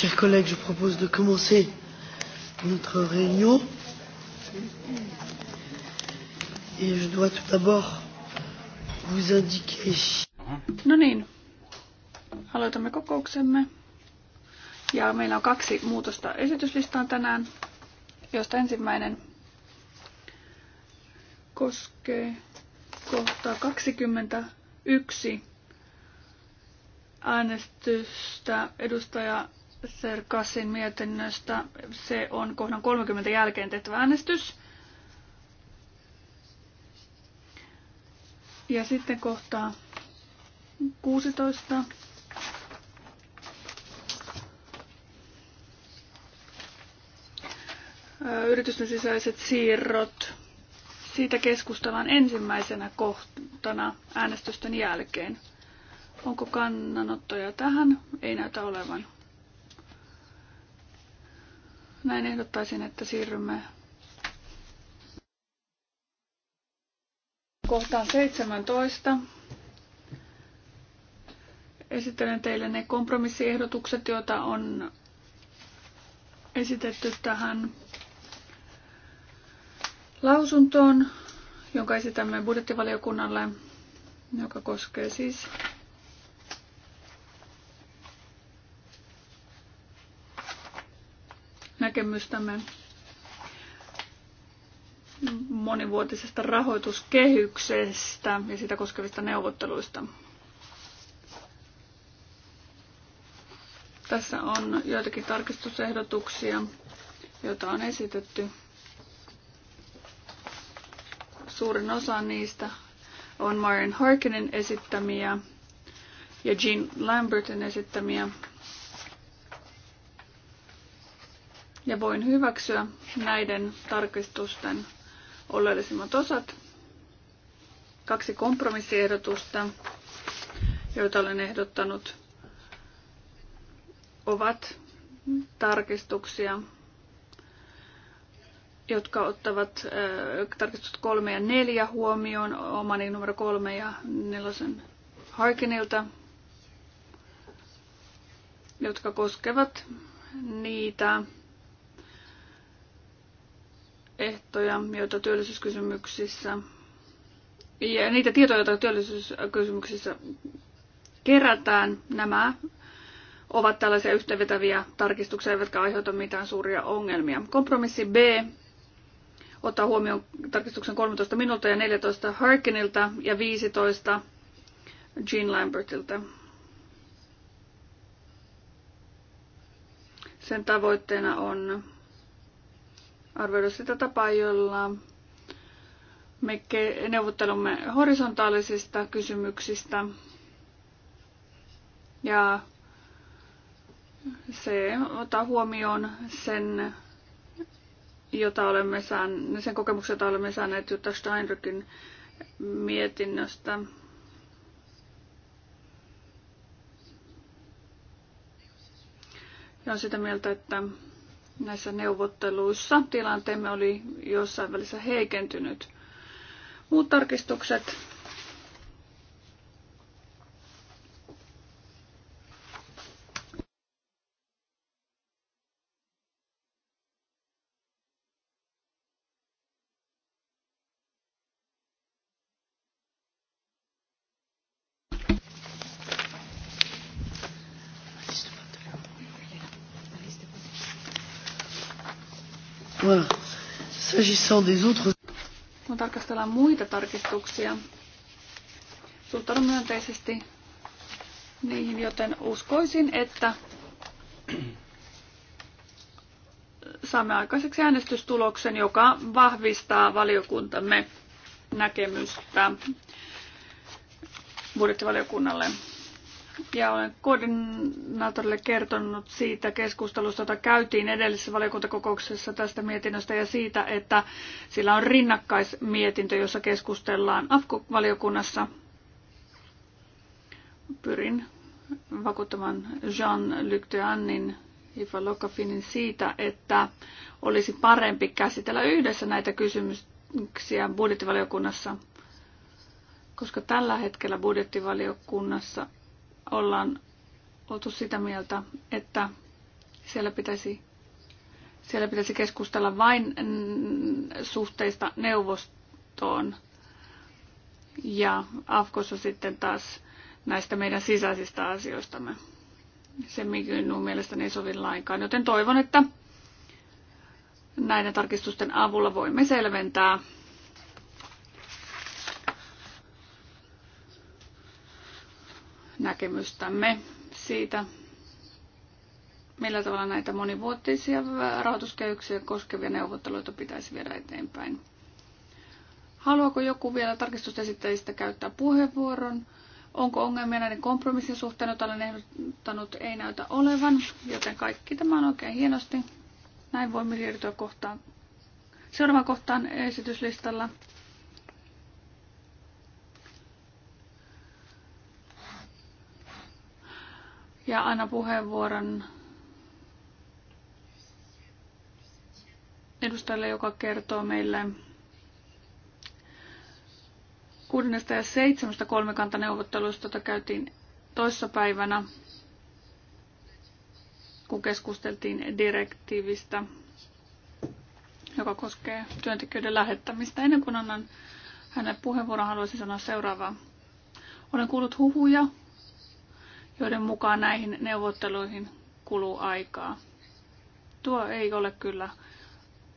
Chers collègues, je propose de commencer notre réunion. Et je dois tout d'abord vous indiquer. No niin. Aloitamme kokouksemme. Ja meillä on kaksi muutosta esityslistaan tänään, josta ensimmäinen koskee kohtaa 21 äänestystä edustaja Serkassin mietinnöstä. Se on kohdan 30 jälkeen tehtävä äänestys. Ja sitten kohtaa 16. Yritysten sisäiset siirrot. Siitä keskustellaan ensimmäisenä kohtana äänestysten jälkeen. Onko kannanottoja tähän? Ei näytä olevan. Näin ehdottaisin, että siirrymme kohtaan 17. Esittelen teille ne kompromissiehdotukset, joita on esitetty tähän lausuntoon, jonka esitämme budjettivaliokunnalle, joka koskee siis näkemystämme monivuotisesta rahoituskehyksestä ja sitä koskevista neuvotteluista. Tässä on joitakin tarkistusehdotuksia, joita on esitetty. Suurin osa niistä on Marian Harkinin esittämiä ja Jean Lambertin esittämiä Ja voin hyväksyä näiden tarkistusten oleellisimmat osat. Kaksi kompromissiehdotusta, joita olen ehdottanut, ovat tarkistuksia, jotka ottavat äh, tarkistukset kolme ja neljä huomioon, omani numero kolme ja nelosen Harkinilta, jotka koskevat niitä ehtoja, joita työllisyyskysymyksissä ja niitä tietoja, joita työllisyyskysymyksissä kerätään, nämä ovat tällaisia yhteenvetäviä tarkistuksia, eivätkä aiheuta mitään suuria ongelmia. Kompromissi B ottaa huomioon tarkistuksen 13 minulta ja 14 Harkinilta ja 15 Jean Lambertilta. Sen tavoitteena on arvioida sitä tapaa, jolla me neuvottelumme horisontaalisista kysymyksistä. Ja se ottaa huomioon sen, jota olemme saaneet, sen kokemuksen, jota olemme saaneet Jutta Steinrückin mietinnöstä. Ja on sitä mieltä, että näissä neuvotteluissa. Tilanteemme oli jossain välissä heikentynyt. Muut tarkistukset voir. S'agissant des autres... tarkastellaan muita tarkistuksia, suhtaudun myönteisesti niihin, joten uskoisin, että saamme aikaiseksi äänestystuloksen, joka vahvistaa valiokuntamme näkemystä budjettivaliokunnalle ja olen koordinaattorille kertonut siitä keskustelusta, jota käytiin edellisessä valiokuntakokouksessa tästä mietinnöstä ja siitä, että sillä on rinnakkaismietintö, jossa keskustellaan AFKO-valiokunnassa. Pyrin vakuuttamaan Jean-Luc Deannin Annin Ifa Lokafinin siitä, että olisi parempi käsitellä yhdessä näitä kysymyksiä budjettivaliokunnassa, koska tällä hetkellä budjettivaliokunnassa ollaan oltu sitä mieltä, että siellä pitäisi, siellä pitäisi keskustella vain suhteista neuvostoon ja Afkossa sitten taas näistä meidän sisäisistä asioistamme. Se minun mielestäni ei sovi lainkaan, joten toivon, että näiden tarkistusten avulla voimme selventää näkemystämme siitä, millä tavalla näitä monivuotisia rahoituskehyksiä koskevia neuvotteluita pitäisi viedä eteenpäin. Haluaako joku vielä tarkistusesittäjistä käyttää puheenvuoron? Onko ongelmia näiden kompromissin suhteen, jota olen ehdottanut, ei näytä olevan, joten kaikki tämä on oikein hienosti. Näin voimme siirtyä kohtaan. Seuraavaan kohtaan esityslistalla. ja anna puheenvuoron edustajalle, joka kertoo meille kuudennesta ja seitsemästä kolmikantaneuvottelusta, jota käytiin toissapäivänä, kun keskusteltiin direktiivistä, joka koskee työntekijöiden lähettämistä. Ennen kuin annan hänelle puheenvuoron, haluaisin sanoa seuraavaa. Olen kuullut huhuja joiden mukaan näihin neuvotteluihin kuluu aikaa. Tuo ei ole kyllä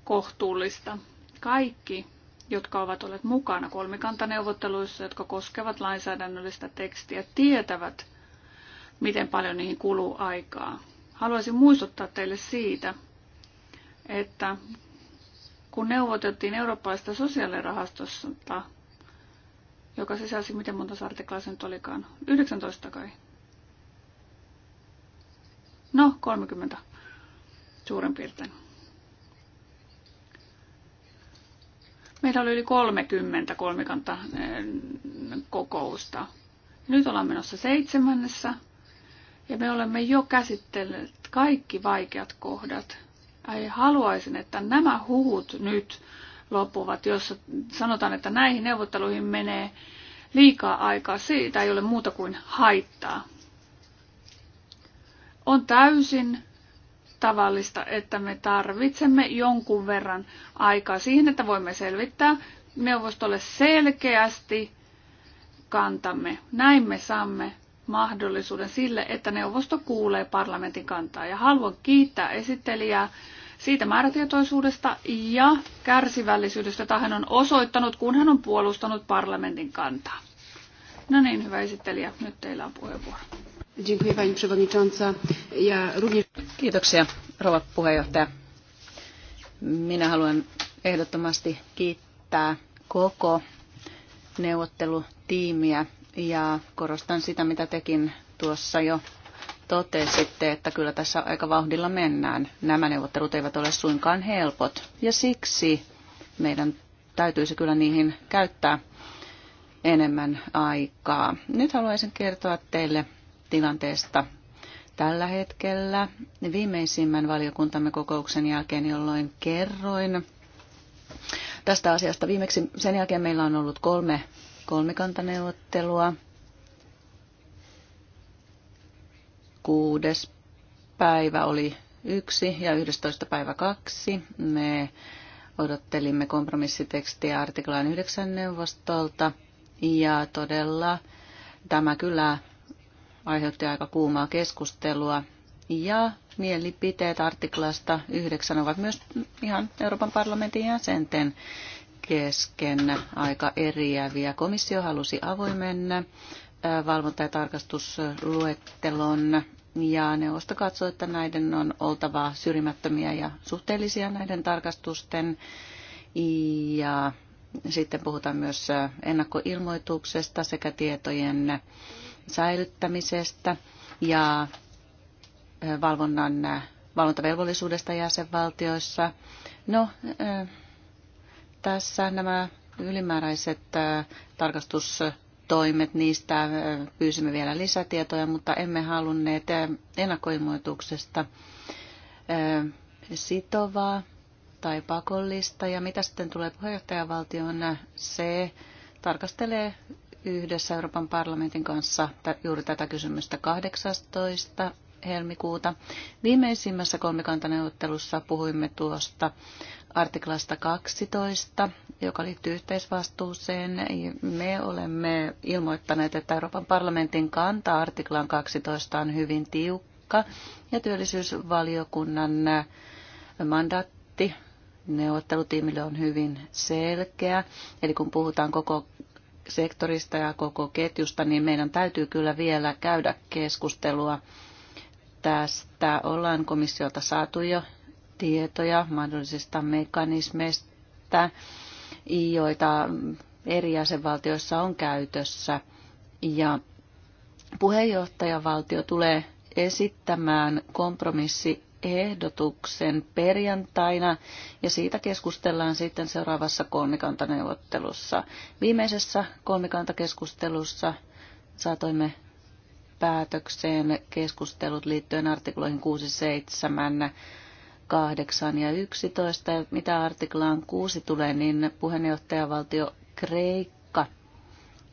kohtuullista. Kaikki, jotka ovat olleet mukana kolmikantaneuvotteluissa, jotka koskevat lainsäädännöllistä tekstiä, tietävät, miten paljon niihin kuluu aikaa. Haluaisin muistuttaa teille siitä, että kun neuvoteltiin eurooppalaista sosiaalirahastosta, joka sisälsi miten monta artiklaa sen olikaan, 19 kai, No, 30 suurin piirtein. Meillä oli yli 30 kolmikanta eh, kokousta. Nyt ollaan menossa seitsemännessä ja me olemme jo käsitelleet kaikki vaikeat kohdat. Ai haluaisin, että nämä huhut nyt loppuvat, jos sanotaan, että näihin neuvotteluihin menee liikaa aikaa. Siitä ei ole muuta kuin haittaa. On täysin tavallista, että me tarvitsemme jonkun verran aikaa siihen, että voimme selvittää neuvostolle selkeästi kantamme. Näin me saamme mahdollisuuden sille, että neuvosto kuulee parlamentin kantaa. Ja haluan kiittää esittelijää siitä määrätietoisuudesta ja kärsivällisyydestä, jota hän on osoittanut, kun hän on puolustanut parlamentin kantaa. No niin, hyvä esittelijä, nyt teillä on puheenvuoro arvoisa puhemies Kiitoksia Minä haluan ehdottomasti kiittää koko neuvottelutiimiä ja korostan sitä, mitä tekin tuossa jo totesitte, että kyllä tässä aika vauhdilla mennään. Nämä neuvottelut eivät ole suinkaan helpot ja siksi meidän täytyisi kyllä niihin käyttää enemmän aikaa. Nyt haluaisin kertoa teille tilanteesta tällä hetkellä. Viimeisimmän valiokuntamme kokouksen jälkeen, jolloin kerroin tästä asiasta. Viimeksi sen jälkeen meillä on ollut kolme kolmikantaneuvottelua. Kuudes päivä oli yksi ja 11. päivä kaksi. Me odottelimme kompromissitekstiä artiklaan yhdeksän neuvostolta ja todella tämä kyllä aiheutti aika kuumaa keskustelua. Ja mielipiteet artiklasta yhdeksän, ovat myös ihan Euroopan parlamentin jäsenten kesken aika eriäviä. Komissio halusi avoimen valvonta- ja tarkastusluettelon ja neuvosto katsoi, että näiden on oltava syrjimättömiä ja suhteellisia näiden tarkastusten. Ja sitten puhutaan myös ennakkoilmoituksesta sekä tietojen säilyttämisestä ja valvonnan, valvontavelvollisuudesta jäsenvaltioissa. No, tässä nämä ylimääräiset tarkastustoimet, niistä pyysimme vielä lisätietoja, mutta emme halunneet ennakkoilmoituksesta sitovaa tai pakollista. Ja mitä sitten tulee puheenjohtajavaltioon, se tarkastelee yhdessä Euroopan parlamentin kanssa juuri tätä kysymystä 18. helmikuuta. Viimeisimmässä kolmikantaneuvottelussa puhuimme tuosta artiklasta 12, joka liittyy yhteisvastuuseen. Me olemme ilmoittaneet, että Euroopan parlamentin kanta artiklan 12 on hyvin tiukka ja työllisyysvaliokunnan mandaatti neuvottelutiimille on hyvin selkeä. Eli kun puhutaan koko sektorista ja koko ketjusta, niin meidän täytyy kyllä vielä käydä keskustelua tästä. Ollaan komissiolta saatu jo tietoja mahdollisista mekanismeista, joita eri jäsenvaltioissa on käytössä. Ja puheenjohtajavaltio tulee esittämään kompromissi ehdotuksen perjantaina ja siitä keskustellaan sitten seuraavassa kolmikantaneuvottelussa. Viimeisessä kolmikantakeskustelussa saatoimme päätökseen keskustelut liittyen artikloihin 6, 7, 8 ja 11. Ja mitä artiklaan 6 tulee, niin puheenjohtajavaltio Kreikka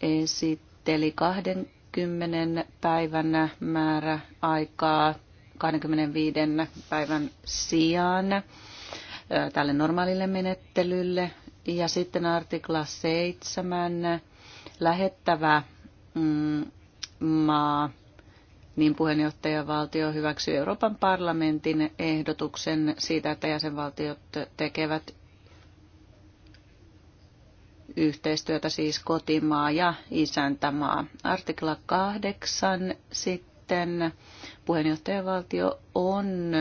esitteli 20 päivänä määrä aikaa 25 päivän sijaan tälle normaalille menettelylle. Ja sitten artikla 7, lähettävä mm, maa, niin puheenjohtajavaltio hyväksyy Euroopan parlamentin ehdotuksen siitä, että jäsenvaltiot tekevät yhteistyötä siis kotimaa ja isäntämaa. Artikla 8 sitten Puheenjohtajavaltio on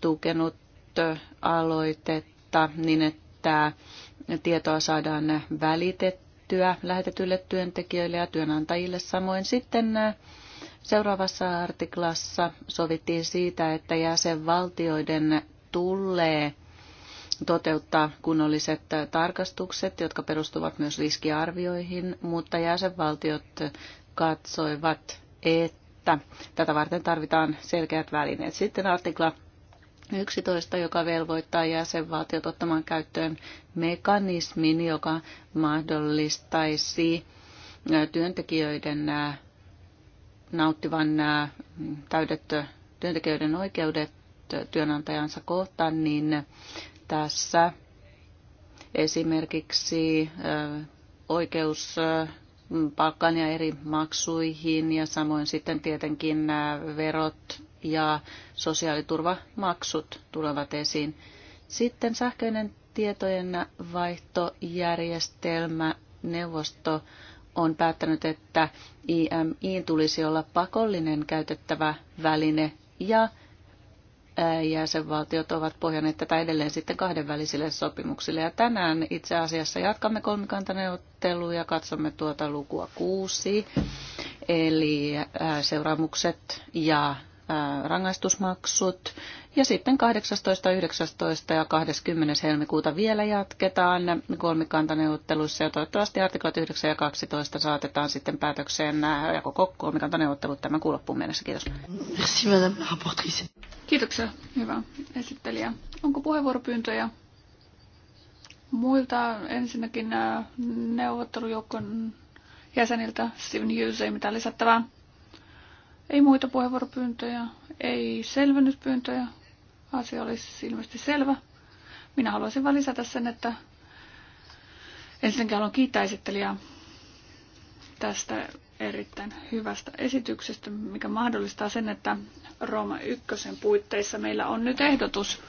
tukenut aloitetta niin, että tietoa saadaan välitettyä lähetetyille työntekijöille ja työnantajille. Samoin sitten seuraavassa artiklassa sovittiin siitä, että jäsenvaltioiden tulee toteuttaa kunnolliset tarkastukset, jotka perustuvat myös riskiarvioihin, mutta jäsenvaltiot katsoivat että tätä varten tarvitaan selkeät välineet. Sitten artikla 11, joka velvoittaa jäsenvaltiot ottamaan käyttöön mekanismin, joka mahdollistaisi työntekijöiden nauttivan täydet työntekijöiden oikeudet työnantajansa kohtaan, niin tässä esimerkiksi oikeus palkkaan ja eri maksuihin ja samoin sitten tietenkin nämä verot ja sosiaaliturvamaksut tulevat esiin. Sitten sähköinen tietojen vaihtojärjestelmä neuvosto on päättänyt, että IMI tulisi olla pakollinen käytettävä väline ja jäsenvaltiot ovat pohjanneet tätä edelleen sitten kahdenvälisille sopimuksille. Ja tänään itse asiassa jatkamme kolmikantaneuvotteluja, katsomme tuota lukua kuusi, eli seuraamukset ja rangaistusmaksut. Ja sitten 18, 19 ja 20 helmikuuta vielä jatketaan kolmikantaneuvotteluissa ja toivottavasti artiklat 9 ja 12 saatetaan sitten päätökseen ja koko kolmikantaneuvottelut tämän kuuloppuun mennessä. Kiitos. Merci, madame Kiitoksia, hyvä esittelijä. Onko puheenvuoropyyntöjä? Muilta ensinnäkin neuvottelujoukon jäseniltä Steven Hughes ei mitään lisättävää. Ei muita puheenvuoropyyntöjä, ei selvennyspyyntöjä. Asia olisi ilmeisesti selvä. Minä haluaisin vain lisätä sen, että ensinnäkin haluan kiittää esittelijää tästä erittäin hyvästä esityksestä, mikä mahdollistaa sen, että Rooma 1 puitteissa meillä on nyt ehdotus,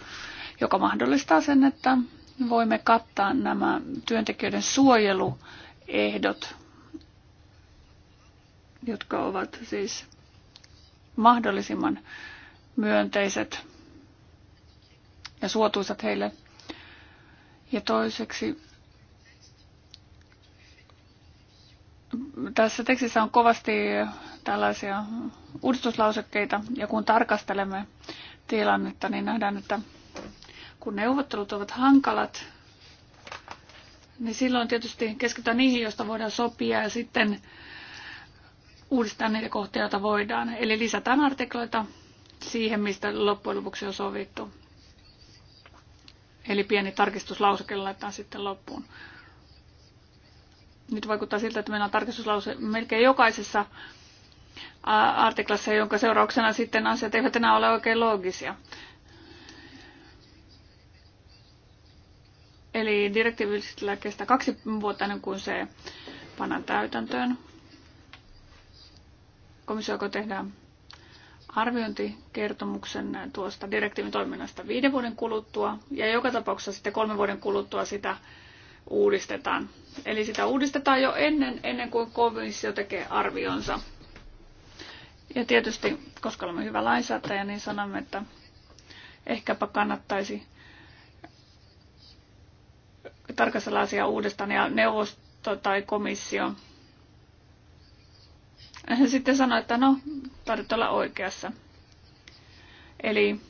joka mahdollistaa sen, että voimme kattaa nämä työntekijöiden suojeluehdot, jotka ovat siis mahdollisimman myönteiset ja suotuisat heille. Ja toiseksi tässä tekstissä on kovasti tällaisia uudistuslausekkeita ja kun tarkastelemme tilannetta, niin nähdään, että kun neuvottelut ovat hankalat, niin silloin tietysti keskitytään niihin, joista voidaan sopia ja sitten uudistaa niitä kohtia, joita voidaan. Eli lisätään artikloita siihen, mistä loppujen lopuksi on sovittu. Eli pieni tarkistuslauseke laitetaan sitten loppuun. Nyt vaikuttaa siltä, että meillä on tarkistuslause melkein jokaisessa artiklassa, jonka seurauksena sitten asiat eivät enää ole oikein loogisia. Eli direktiivillä kestää kaksi vuotta ennen kuin se pannaan täytäntöön komissio joko tehdään arviointikertomuksen tuosta direktiivin toiminnasta viiden vuoden kuluttua ja joka tapauksessa sitten kolmen vuoden kuluttua sitä uudistetaan. Eli sitä uudistetaan jo ennen, ennen kuin komissio tekee arvionsa. Ja tietysti, koska olemme hyvä lainsäätäjä, niin sanomme, että ehkäpä kannattaisi tarkastella asiaa uudestaan ja neuvosto tai komissio hän sitten sanoi, että no, taidat olla oikeassa. Eli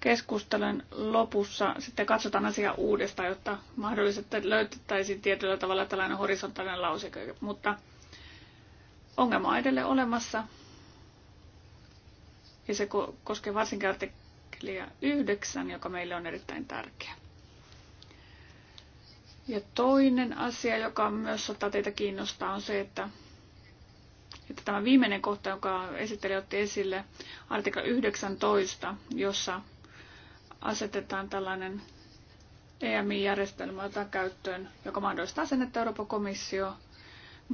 keskustelun lopussa sitten katsotaan asiaa uudestaan, jotta mahdollisesti löytettäisiin tietyllä tavalla tällainen horisontaalinen lauseke. Mutta ongelma on edelleen olemassa. Ja se koskee varsinkin artikkelia 9, joka meille on erittäin tärkeä. Ja toinen asia, joka myös saattaa teitä kiinnostaa, on se, että että tämä viimeinen kohta, joka esitteli otti esille, artikla 19, jossa asetetaan tällainen EMI-järjestelmä ottaa käyttöön, joka mahdollistaa sen, että Euroopan komissio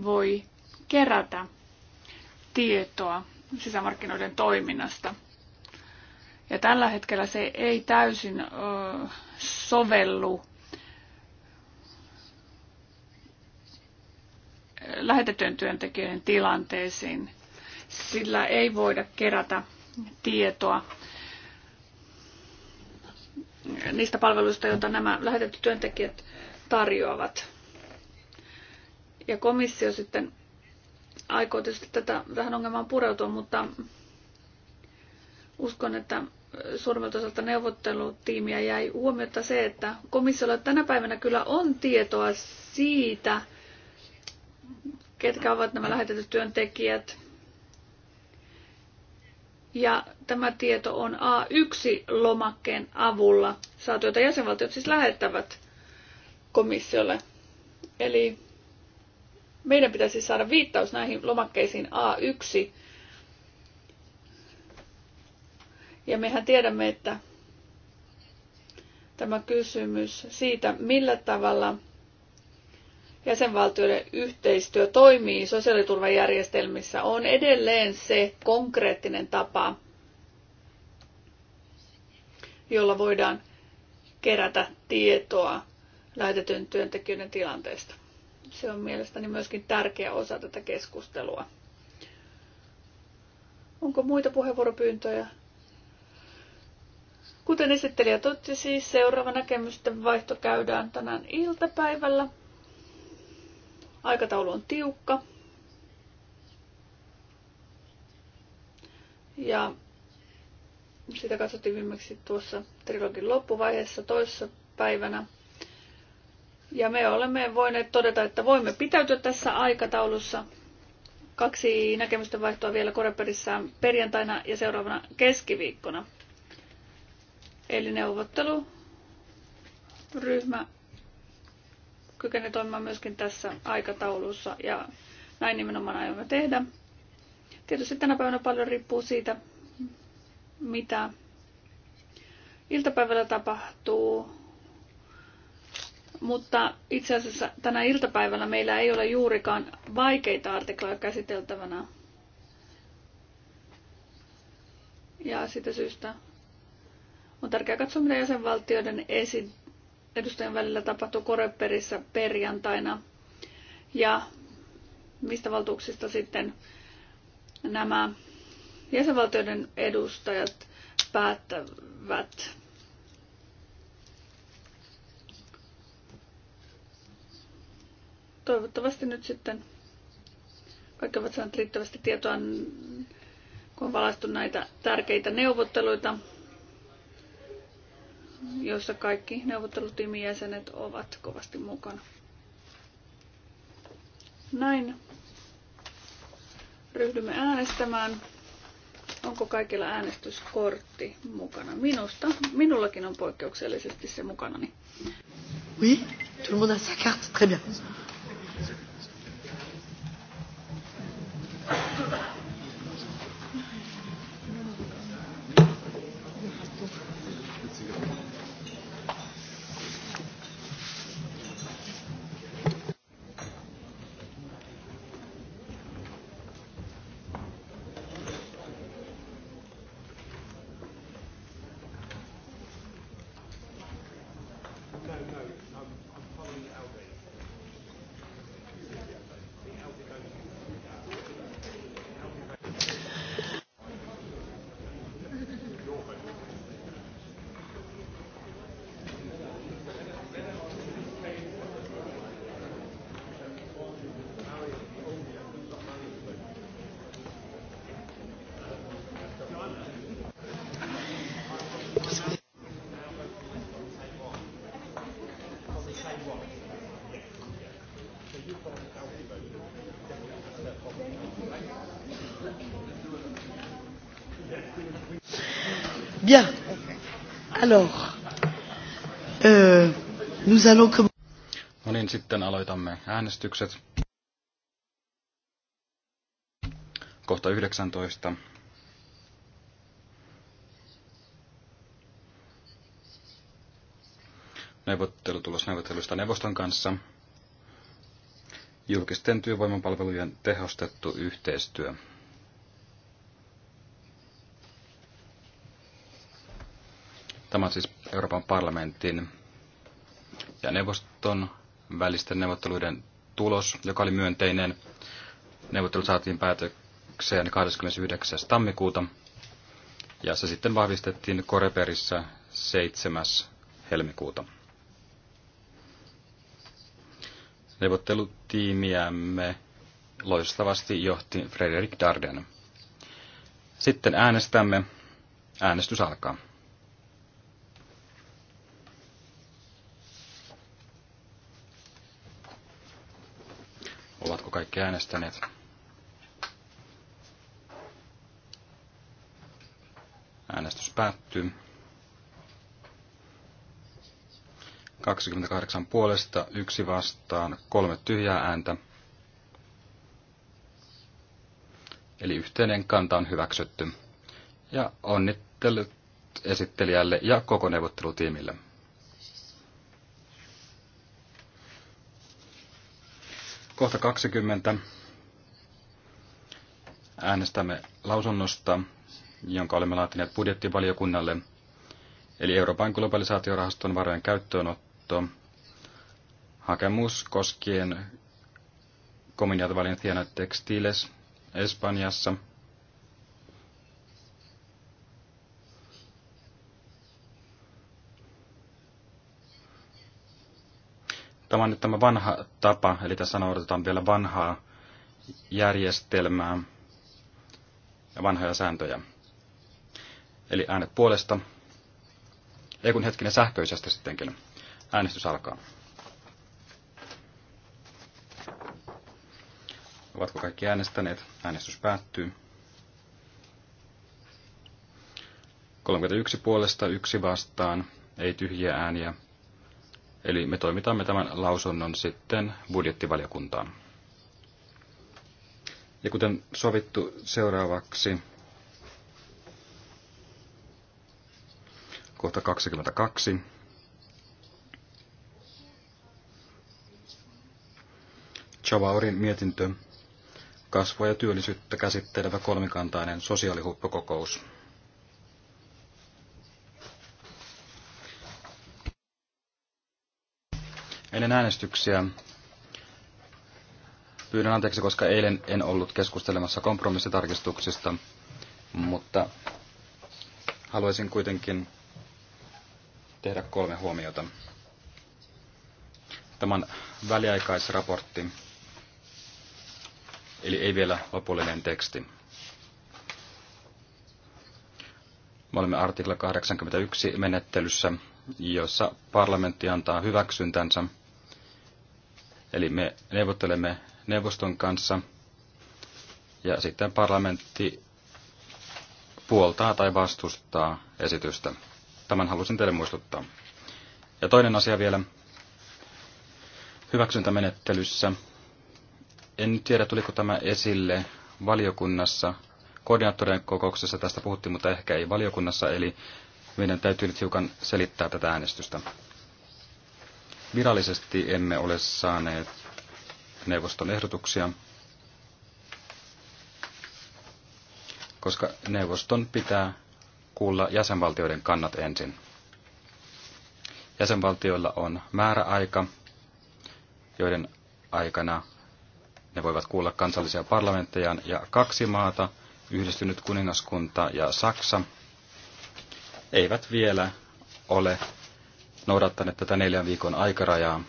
voi kerätä tietoa sisämarkkinoiden toiminnasta. Ja tällä hetkellä se ei täysin ö, sovellu lähetettyjen työntekijöiden tilanteisiin. Sillä ei voida kerätä tietoa niistä palveluista, joita nämä lähetetyt työntekijät tarjoavat. Ja komissio sitten aikoo tietysti tätä, tähän ongelmaan pureutua, mutta uskon, että suurimmalta osalta neuvottelutiimiä jäi huomiota se, että komissiolla tänä päivänä kyllä on tietoa siitä, ketkä ovat nämä lähetetyt työntekijät. Ja tämä tieto on A1-lomakkeen avulla saatu, jota jäsenvaltiot siis lähettävät komissiolle. Eli meidän pitäisi saada viittaus näihin lomakkeisiin A1. Ja mehän tiedämme, että tämä kysymys siitä, millä tavalla jäsenvaltioiden yhteistyö toimii sosiaaliturvajärjestelmissä, on edelleen se konkreettinen tapa, jolla voidaan kerätä tietoa lähetetyn työntekijöiden tilanteesta. Se on mielestäni myöskin tärkeä osa tätä keskustelua. Onko muita puheenvuoropyyntöjä? Kuten esittelijä totesi, seuraava näkemysten vaihto käydään tänään iltapäivällä. Aikataulu on tiukka. Ja sitä katsottiin viimeksi tuossa trilogin loppuvaiheessa toisessa päivänä. Ja me olemme voineet todeta, että voimme pitäytyä tässä aikataulussa. Kaksi näkemysten vaihtoa vielä Koreperissään perjantaina ja seuraavana keskiviikkona. Eli neuvottelu ryhmä kykene toimimaan myöskin tässä aikataulussa ja näin nimenomaan aiomme tehdä. Tietysti tänä päivänä paljon riippuu siitä, mitä iltapäivällä tapahtuu, mutta itse asiassa tänä iltapäivällä meillä ei ole juurikaan vaikeita artikloja käsiteltävänä. Ja sitä syystä on tärkeää katsoa, mitä jäsenvaltioiden esittää edustajan välillä tapahtuu Koreperissä perjantaina. Ja mistä valtuuksista sitten nämä jäsenvaltioiden edustajat päättävät. Toivottavasti nyt sitten kaikki ovat saaneet riittävästi tietoa, kun on valaistu näitä tärkeitä neuvotteluita joissa kaikki neuvottelutiimin jäsenet ovat kovasti mukana. Näin ryhdymme äänestämään. Onko kaikilla äänestyskortti mukana? Minusta. Minullakin on poikkeuksellisesti se mukana Oui, tout le monde a sa carte, très bien. Alors, euh, nous allons No niin, sitten aloitamme äänestykset. Kohta 19. Neuvottelutulos neuvottelusta neuvoston kanssa. Julkisten työvoimapalvelujen tehostettu yhteistyö. Tämä on siis Euroopan parlamentin ja neuvoston välisten neuvotteluiden tulos, joka oli myönteinen. Neuvottelu saatiin päätökseen 29. tammikuuta ja se sitten vahvistettiin Koreperissä 7. helmikuuta. Neuvottelutiimiämme loistavasti johti Frederik Darden. Sitten äänestämme. Äänestys alkaa. kaikki äänestäneet? Äänestys päättyy. 28 puolesta, yksi vastaan, kolme tyhjää ääntä. Eli yhteinen kanta on hyväksytty. Ja onnittelut esittelijälle ja koko neuvottelutiimille. Kohta 20. Äänestämme lausunnosta, jonka olemme laatineet budjettivaliokunnalle, eli Euroopan globalisaatiorahaston varojen käyttöönotto, hakemus koskien Comunidad Valenciana Textiles Espanjassa – Tämä on nyt tämä vanha tapa, eli tässä noudatetaan vielä vanhaa järjestelmää ja vanhoja sääntöjä. Eli äänet puolesta. Ei kun hetkinen sähköisesti sittenkin. Äänestys alkaa. Ovatko kaikki äänestäneet? Äänestys päättyy. 31 puolesta, yksi vastaan, ei tyhjiä ääniä, Eli me toimitamme tämän lausunnon sitten budjettivaliokuntaan. Ja kuten sovittu seuraavaksi, kohta 22. Chavaurin mietintö, kasvua ja työllisyyttä käsittelevä kolmikantainen sosiaalihuppokokous. Ennen äänestyksiä pyydän anteeksi, koska eilen en ollut keskustelemassa kompromissitarkistuksista, mutta haluaisin kuitenkin tehdä kolme huomiota. Tämän väliaikaisraportti, eli ei vielä lopullinen teksti. Me olemme artikla 81 menettelyssä, jossa parlamentti antaa hyväksyntänsä Eli me neuvottelemme neuvoston kanssa ja sitten parlamentti puoltaa tai vastustaa esitystä. Tämän halusin teille muistuttaa. Ja toinen asia vielä hyväksyntämenettelyssä. En tiedä, tuliko tämä esille valiokunnassa. Koordinaattorien kokouksessa tästä puhuttiin, mutta ehkä ei valiokunnassa, eli meidän täytyy nyt hiukan selittää tätä äänestystä. Virallisesti emme ole saaneet neuvoston ehdotuksia, koska neuvoston pitää kuulla jäsenvaltioiden kannat ensin. Jäsenvaltioilla on määräaika, joiden aikana ne voivat kuulla kansallisia parlamenttejaan, ja kaksi maata, yhdistynyt kuningaskunta ja Saksa, eivät vielä ole noudattaneet tätä neljän viikon aikarajaa.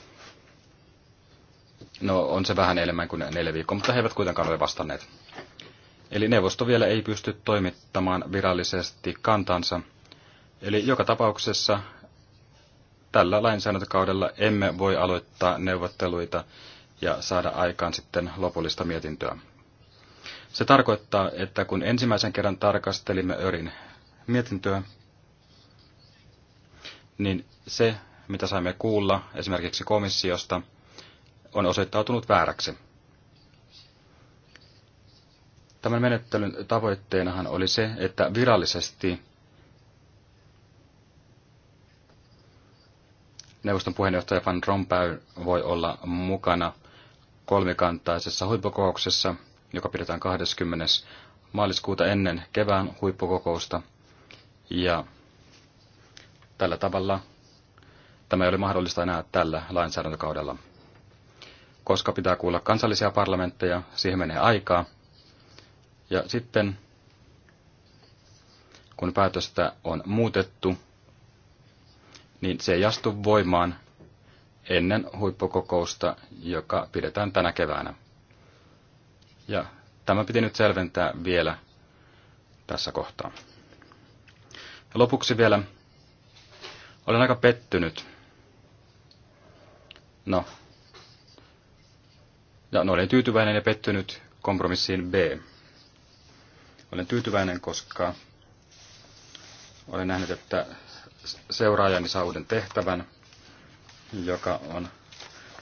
No on se vähän enemmän kuin neljä viikkoa, mutta he eivät kuitenkaan ole vastanneet. Eli neuvosto vielä ei pysty toimittamaan virallisesti kantansa. Eli joka tapauksessa tällä lainsäädäntökaudella emme voi aloittaa neuvotteluita ja saada aikaan sitten lopullista mietintöä. Se tarkoittaa, että kun ensimmäisen kerran tarkastelimme Örin mietintöä, niin se, mitä saimme kuulla esimerkiksi komissiosta, on osoittautunut vääräksi. Tämän menettelyn tavoitteenahan oli se, että virallisesti neuvoston puheenjohtaja Van Rompuy voi olla mukana kolmikantaisessa huippukokouksessa, joka pidetään 20. maaliskuuta ennen kevään huippukokousta. Ja Tällä tavalla tämä ei ole mahdollista enää tällä lainsäädäntökaudella. Koska pitää kuulla kansallisia parlamentteja, siihen menee aikaa. Ja sitten, kun päätöstä on muutettu, niin se ei astu voimaan ennen huippukokousta, joka pidetään tänä keväänä. Ja tämä piti nyt selventää vielä tässä kohtaa. Ja lopuksi vielä olen aika pettynyt. No. Ja no, olen tyytyväinen ja pettynyt kompromissiin B. Olen tyytyväinen, koska olen nähnyt, että seuraajani saa uuden tehtävän, joka on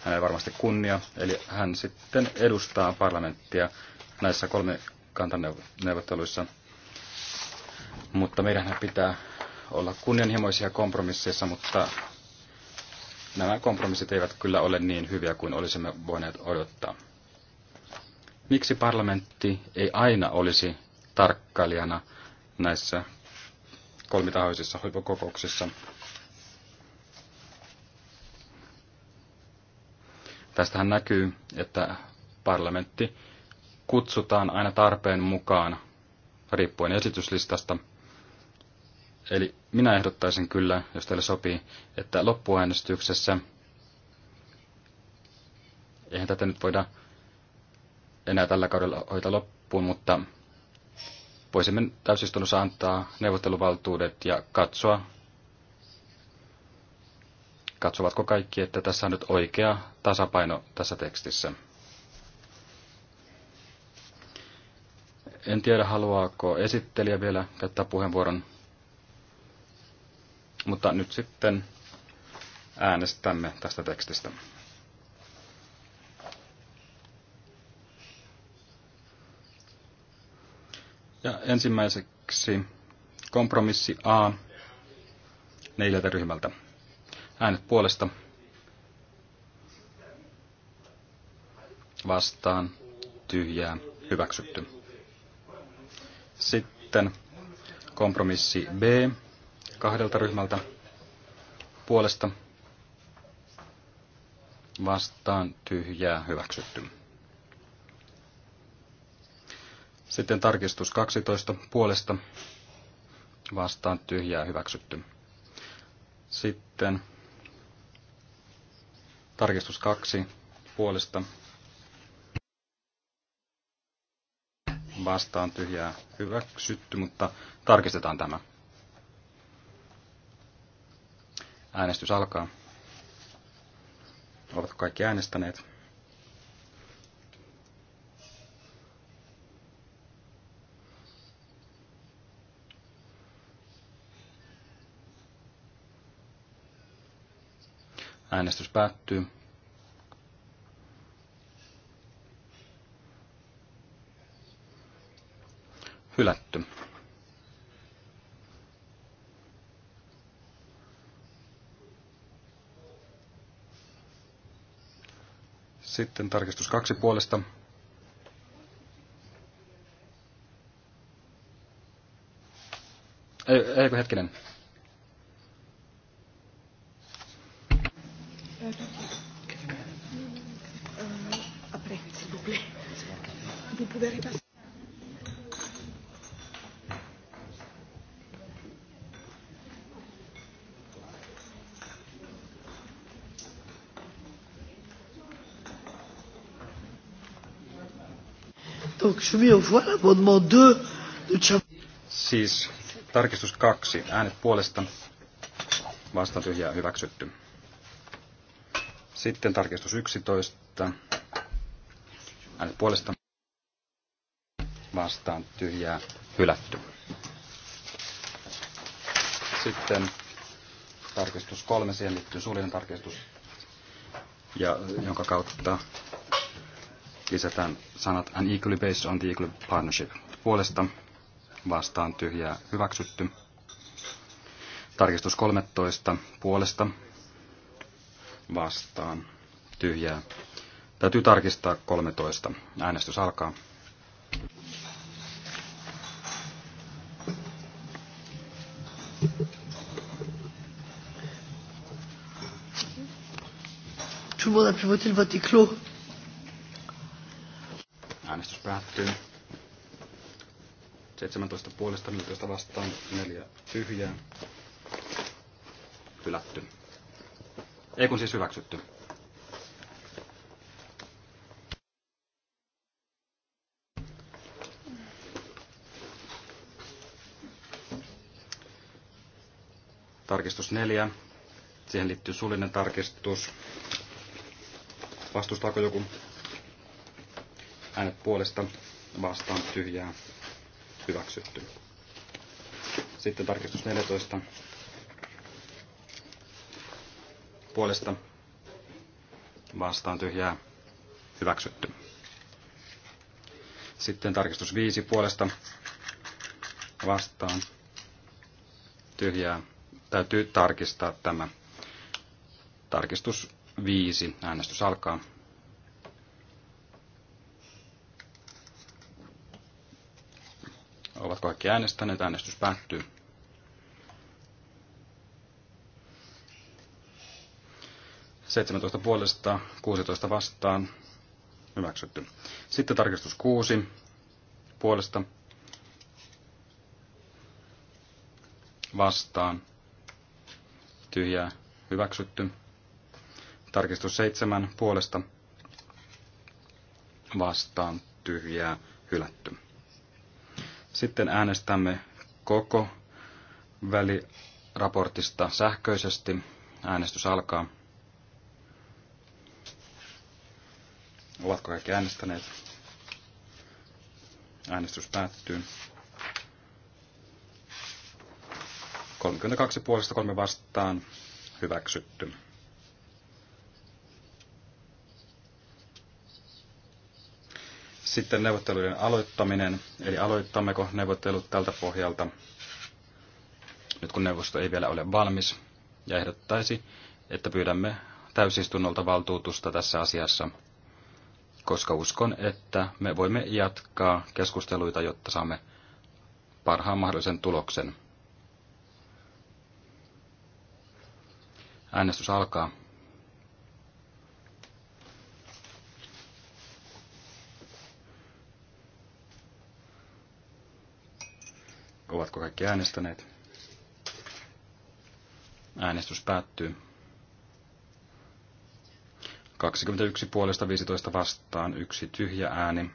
hänelle varmasti kunnia. Eli hän sitten edustaa parlamenttia näissä kolme kantaneuvotteluissa. Mutta meidän pitää olla kunnianhimoisia kompromisseissa, mutta nämä kompromissit eivät kyllä ole niin hyviä kuin olisimme voineet odottaa. Miksi parlamentti ei aina olisi tarkkailijana näissä kolmitahoisissa huippukokouksissa? Tästähän näkyy, että parlamentti kutsutaan aina tarpeen mukaan riippuen esityslistasta – Eli minä ehdottaisin kyllä, jos teille sopii, että loppuäänestyksessä, eihän tätä nyt voida enää tällä kaudella hoitaa loppuun, mutta voisimme täysistunnossa antaa neuvotteluvaltuudet ja katsoa, katsovatko kaikki, että tässä on nyt oikea tasapaino tässä tekstissä. En tiedä, haluaako esittelijä vielä käyttää puheenvuoron. Mutta nyt sitten äänestämme tästä tekstistä. Ja ensimmäiseksi kompromissi A neljältä ryhmältä. Äänet puolesta vastaan tyhjää hyväksytty. Sitten kompromissi B kahdelta ryhmältä puolesta vastaan tyhjää hyväksytty. Sitten tarkistus 12 puolesta vastaan tyhjää hyväksytty. Sitten tarkistus 2 puolesta vastaan tyhjää hyväksytty, mutta tarkistetaan tämä. Äänestys alkaa. Ovatko kaikki äänestäneet? Äänestys päättyy. Hylätty. Sitten tarkistus kaksi puolesta. Eikö hetkinen, Siis tarkistus kaksi. Äänet puolesta. Vastaan tyhjää hyväksytty. Sitten tarkistus 11. Äänet puolesta. Vastaan tyhjää hylätty. Sitten tarkistus kolme, siihen liittyy suullinen tarkistus, ja, jonka kautta lisätään sanat an equally based on the equal partnership. Puolesta vastaan tyhjää hyväksytty. Tarkistus 13 puolesta vastaan tyhjää. Täytyy tarkistaa 13. Äänestys alkaa. Tout le monde a pu voter le vote est clos päättyy. 17 puolesta 14 vastaan, neljä tyhjää. Hylätty. Ei kun siis hyväksytty. Tarkistus 4. Siihen liittyy suullinen tarkistus. Vastustaako joku? Äänet puolesta vastaan tyhjää hyväksytty. Sitten tarkistus 14 puolesta vastaan tyhjää hyväksytty. Sitten tarkistus 5 puolesta vastaan tyhjää. Täytyy tarkistaa tämä tarkistus 5. Äänestys alkaa. ovat kaikki äänestäneet? Äänestys päättyy. puolesta, 16 vastaan. Hyväksytty. Sitten tarkistus 6 puolesta vastaan. Tyhjää hyväksytty. Tarkistus 7 puolesta vastaan tyhjää hylätty. Sitten äänestämme koko väliraportista sähköisesti. Äänestys alkaa. Ovatko kaikki äänestäneet? Äänestys päättyy. 32 puolesta 3 vastaan hyväksytty. Sitten neuvottelujen aloittaminen, eli aloittammeko neuvottelut tältä pohjalta, nyt kun neuvosto ei vielä ole valmis, ja ehdottaisi, että pyydämme täysistunnolta valtuutusta tässä asiassa, koska uskon, että me voimme jatkaa keskusteluita, jotta saamme parhaan mahdollisen tuloksen. Äänestys alkaa. Ovatko kaikki äänestäneet? Äänestys päättyy. 21 puolesta 15 vastaan, yksi tyhjä ääni.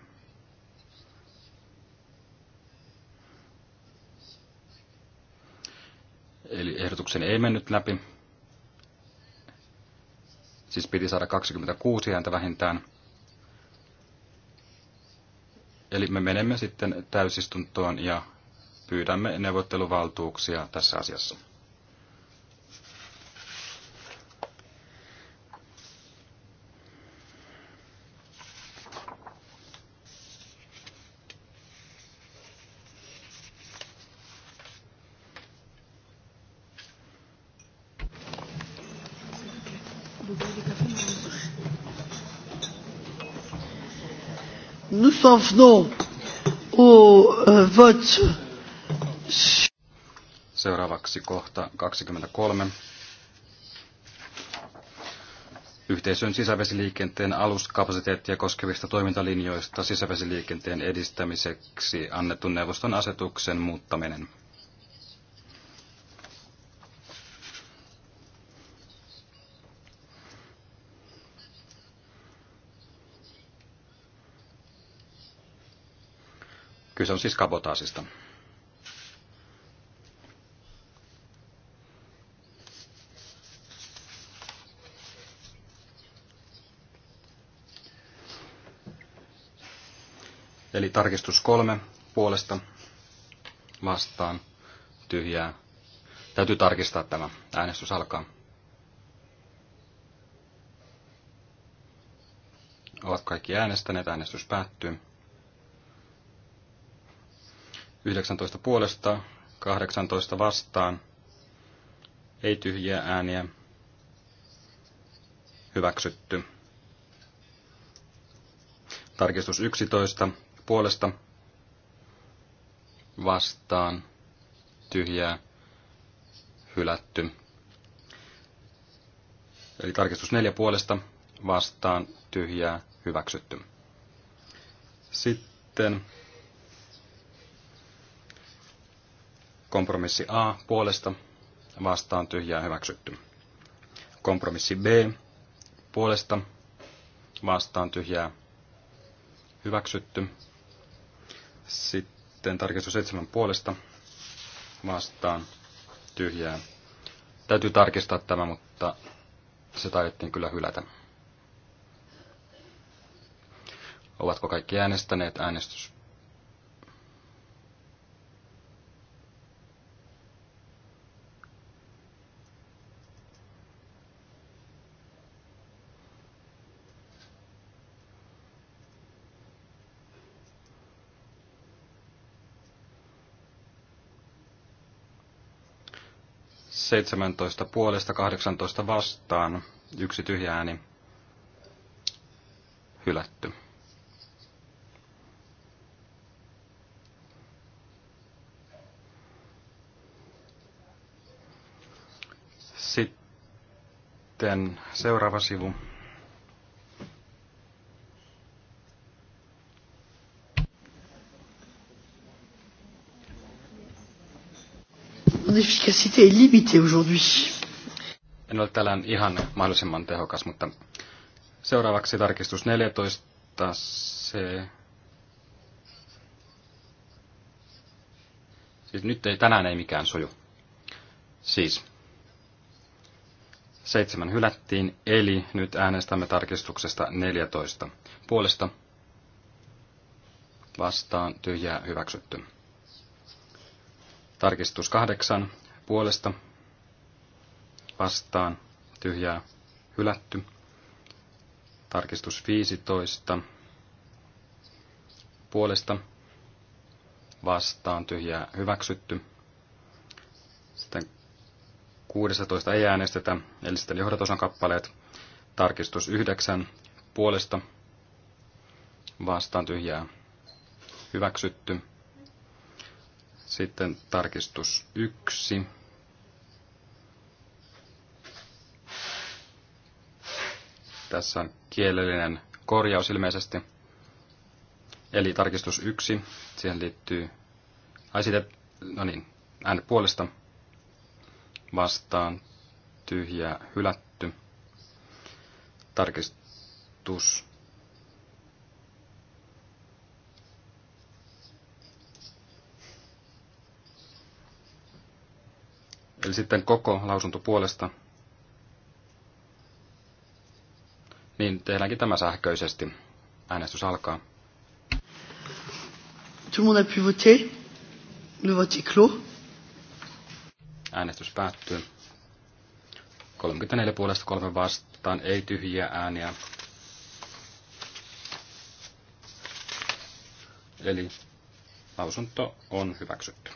Eli ehdotuksen ei mennyt läpi. Siis piti saada 26 ääntä vähintään. Eli me menemme sitten täysistuntoon ja pyydämme neuvotteluvaltuuksia tässä asiassa. Nous en venons au euh, vote Seuraavaksi kohta 23. Yhteisön sisävesiliikenteen aluskapasiteettia koskevista toimintalinjoista sisävesiliikenteen edistämiseksi annetun neuvoston asetuksen muuttaminen. Kyse on siis kabotaasista. Eli tarkistus kolme puolesta vastaan tyhjää. Täytyy tarkistaa tämä. Äänestys alkaa. Ovat kaikki äänestäneet. Äänestys päättyy. 19 puolesta, 18 vastaan. Ei tyhjiä ääniä. Hyväksytty. Tarkistus 11 puolesta vastaan tyhjää hylätty. Eli tarkistus neljä puolesta vastaan tyhjää hyväksytty. Sitten kompromissi A puolesta vastaan tyhjää hyväksytty. Kompromissi B puolesta vastaan tyhjää hyväksytty. Sitten tarkistus seitsemän puolesta vastaan tyhjää. Täytyy tarkistaa tämä, mutta se taidettiin kyllä hylätä. Ovatko kaikki äänestäneet? Äänestys 17 puolesta 18 vastaan, yksi tyhjä ääni hylätty. Sitten seuraava sivu. efficacité est limitée aujourd'hui. En ole tällään ihan mahdollisimman tehokas, mutta seuraavaksi tarkistus 14. Se... Siis nyt ei, tänään ei mikään suju. Siis seitsemän hylättiin, eli nyt äänestämme tarkistuksesta 14. Puolesta vastaan tyhjää hyväksytty. Tarkistus kahdeksan puolesta vastaan tyhjää hylätty. Tarkistus 15 puolesta vastaan tyhjää hyväksytty. Sitten 16 ei äänestetä, eli sitten johdatosan kappaleet. Tarkistus 9 puolesta vastaan tyhjää hyväksytty. Sitten tarkistus yksi. Tässä on kielellinen korjaus ilmeisesti. Eli tarkistus yksi, siihen liittyy, ai sitten, no niin, äänet puolesta vastaan tyhjä hylätty. Tarkistus Eli sitten koko lausunto puolesta. Niin tehdäänkin tämä sähköisesti. Äänestys alkaa. Tout le monde a pu voter. Le vote est clos. Äänestys päättyy. 34 puolesta kolme vastaan, ei tyhjiä ääniä. Eli lausunto on hyväksytty.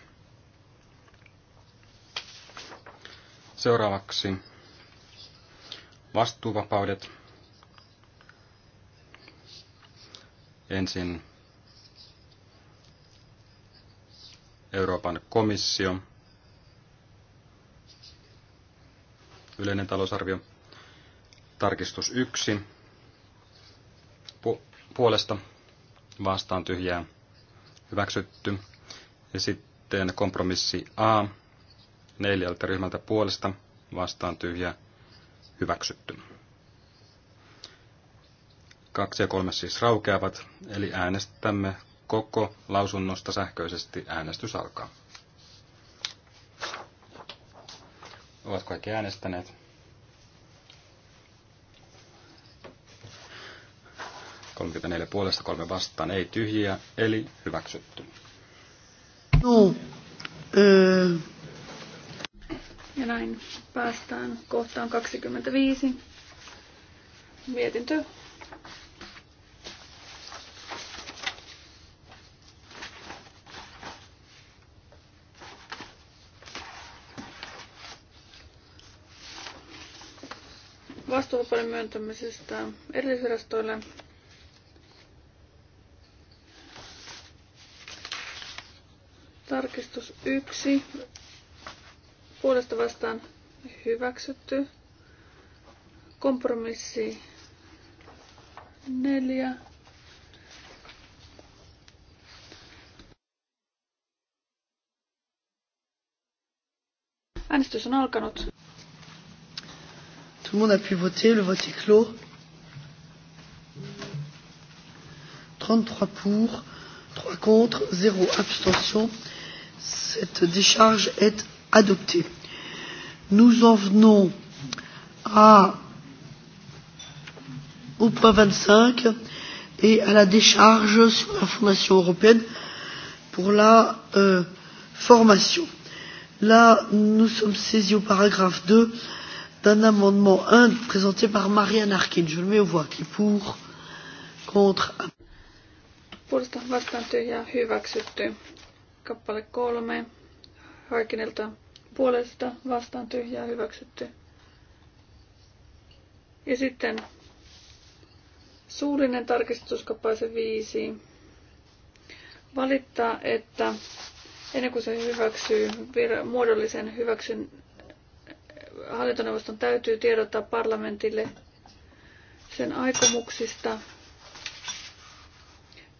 Seuraavaksi vastuuvapaudet. Ensin Euroopan komissio, yleinen talousarvio, tarkistus 1, pu- puolesta vastaan tyhjää hyväksytty. Ja sitten kompromissi A neljältä ryhmältä puolesta vastaan tyhjä hyväksytty. Kaksi ja kolme siis raukeavat, eli äänestämme koko lausunnosta sähköisesti äänestys alkaa. Ovat kaikki äänestäneet? neljä puolesta, kolme vastaan, ei tyhjiä, eli hyväksytty. No, öö. Ja näin päästään kohtaan 25. Mietintö. Vastuuvapauden myöntämisestä erillisvirastoille tarkistus 1 puolesta vastaan hyväksytty. Kompromissi neljä. Äänestys on alkanut. Tout le monde a pu voter, le vote est clos. 33 pour, 3 contre, 0 abstention. Cette décharge est adopté. Nous en venons à, au point 25 et à la décharge sur la Fondation européenne pour la euh, formation. Là, nous sommes saisis au paragraphe 2 d'un amendement 1 présenté par Marianne Arkin. Je le mets au voix. Qui pour Contre Puolesta vastaan tyhjää hyväksytty. Kappale 3 Harkinilta puolesta vastaan tyhjää hyväksytty. Ja sitten suullinen tarkistus viisi 5 valittaa, että ennen kuin se hyväksyy muodollisen hyväksyn, hallintoneuvoston täytyy tiedottaa parlamentille sen aikomuksista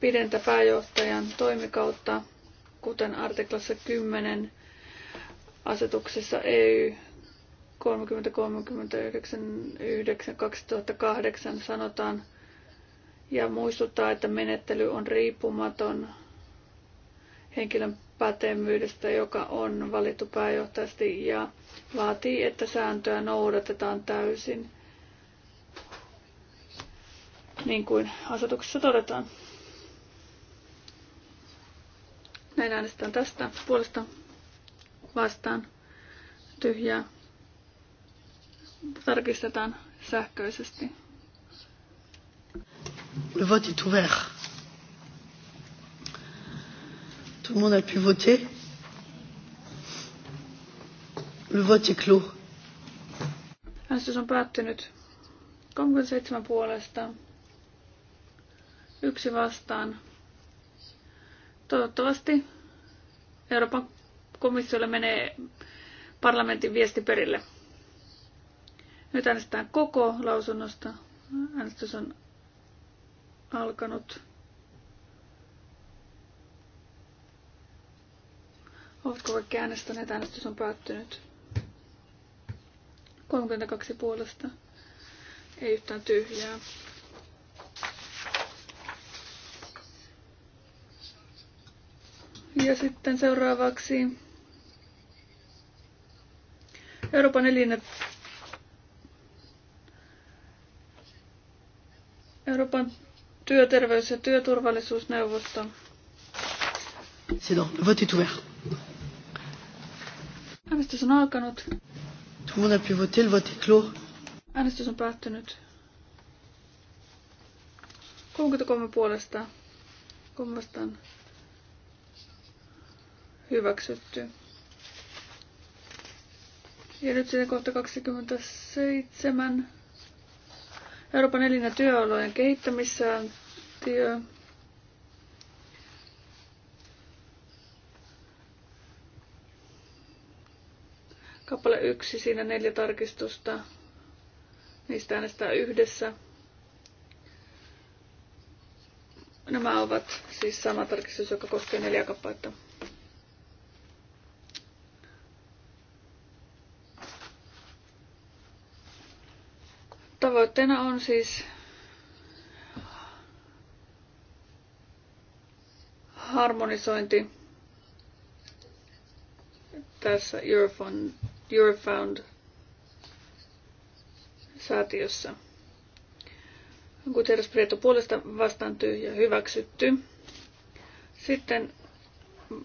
pidentä pääjohtajan toimikautta, kuten artiklassa 10 asetuksessa EY 3039-2008 sanotaan ja muistuttaa, että menettely on riippumaton henkilön pätevyydestä, joka on valittu pääjohtajasti ja vaatii, että sääntöä noudatetaan täysin, niin kuin asetuksessa todetaan. Näin äänestetään tästä puolesta vastaan tyhjää. Tarkistetaan sähköisesti. Le vote est ouvert. Tout le monde a pu voter. Le vote est clos. Äänestys on päättynyt. 37 puolesta. Yksi vastaan. Toivottavasti Euroopan komissiolle menee parlamentin viesti perille. Nyt äänestetään koko lausunnosta. Äänestys on alkanut. Ovatko kaikki äänestäneet? Äänestys on päättynyt. 32 puolesta. Ei yhtään tyhjää. Ja sitten seuraavaksi Euroopan elin... Euroopan työterveys- ja työturvallisuusneuvosto. C'est dans le vote est ouvert. Äänestys on alkanut. Tout le monde a pu voter, le vote est clos. Äänestys on päättynyt. 33 puolesta. Kummastaan hyväksytty. Ja nyt sinne kohta 27. Euroopan elin- ja työolojen työ. Kappale yksi, siinä neljä tarkistusta. Niistä äänestää yhdessä. Nämä ovat siis sama tarkistus, joka koskee neljä kappaletta. Tavoitteena on siis harmonisointi tässä Eurofund, Eurofound säätiössä. Kuten Prieto puolesta vastaan tyhjä hyväksytty. Sitten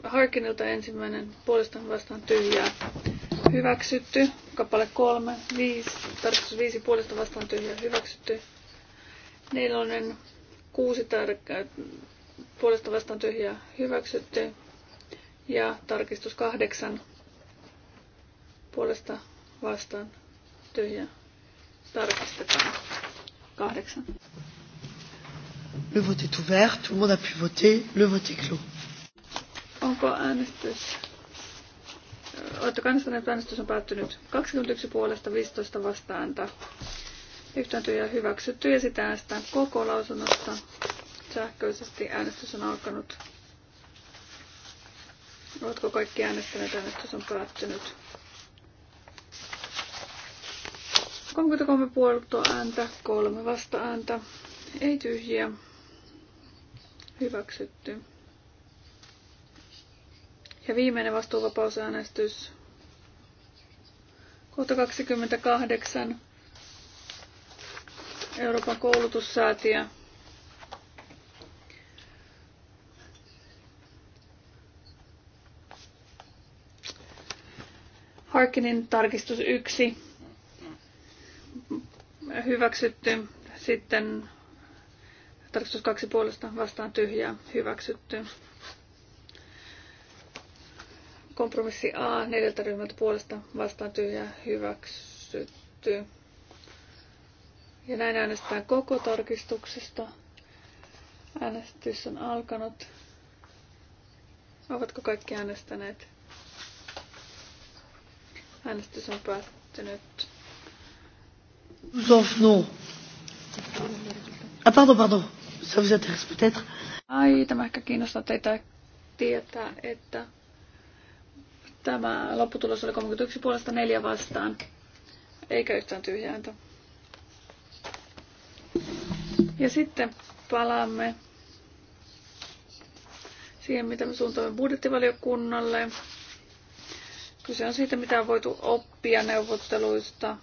Harkinilta ensimmäinen puolestaan vastaan tyhjää hyväksytty. Kappale 3, 5, tarkistus 5 puolesta vastaan tyhjä hyväksytty. Nelonen, kuusi tärkeää äh, puolesta vastaan tyhjä hyväksytty. Ja tarkistus kahdeksan puolesta vastaan tyhjä tarkistetaan. kahdeksan. Le vote est ouvert, tout le monde a pu voter, le vote est clos. Onko äänestys Oletteko Äänestys on päättynyt 21 puolesta 15 vastaanta. Yhtääntyjä hyväksytty ja sitä äänestetään koko lausunnosta. Sähköisesti äänestys on alkanut. Oletko kaikki äänestäneet? Äänestys on päättynyt. 33 puolta ääntä, kolme vasta ääntä, ei tyhjiä. Hyväksytty. Ja viimeinen vastuuvapausäänestys. Kohta 28. Euroopan koulutussäätiö. Harkinin tarkistus 1 hyväksytty, sitten tarkistus 2 puolesta vastaan tyhjää hyväksytty. Kompromissi A neljältä ryhmältä puolesta vastaan tyhjää hyväksytty. Ja näin äänestetään koko tarkistuksesta. Äänestys on alkanut. Ovatko kaikki äänestäneet? Äänestys on päättynyt. Sauf non. Ah pardon, pardon. Ça vous intéresse peut-être? Ai, tämä ehkä kiinnostaa teitä tietää, että Tämä lopputulos oli 31 puolesta 4 vastaan. Eikä yhtään tyhjääntä. Ja sitten palaamme siihen, mitä me suuntaamme budjettivaliokunnalle. Kyse on siitä, mitä on voitu oppia neuvotteluista,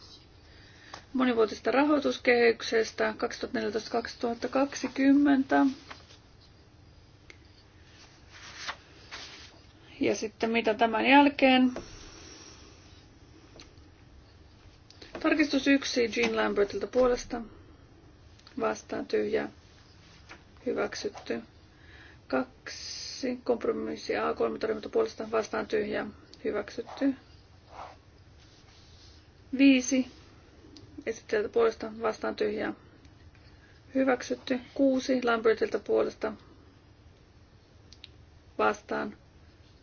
monivuotisesta rahoituskehyksestä 2014-2020. Ja sitten mitä tämän jälkeen? Tarkistus 1 Jean Lambertilta puolesta. Vastaan tyhjä. Hyväksytty. 2. Kompromissi A3 tarjota puolesta. Vastaan tyhjä. Hyväksytty. 5. Esittäjältä puolesta. Vastaan tyhjä. Hyväksytty. 6. Lambertilta puolesta. Vastaan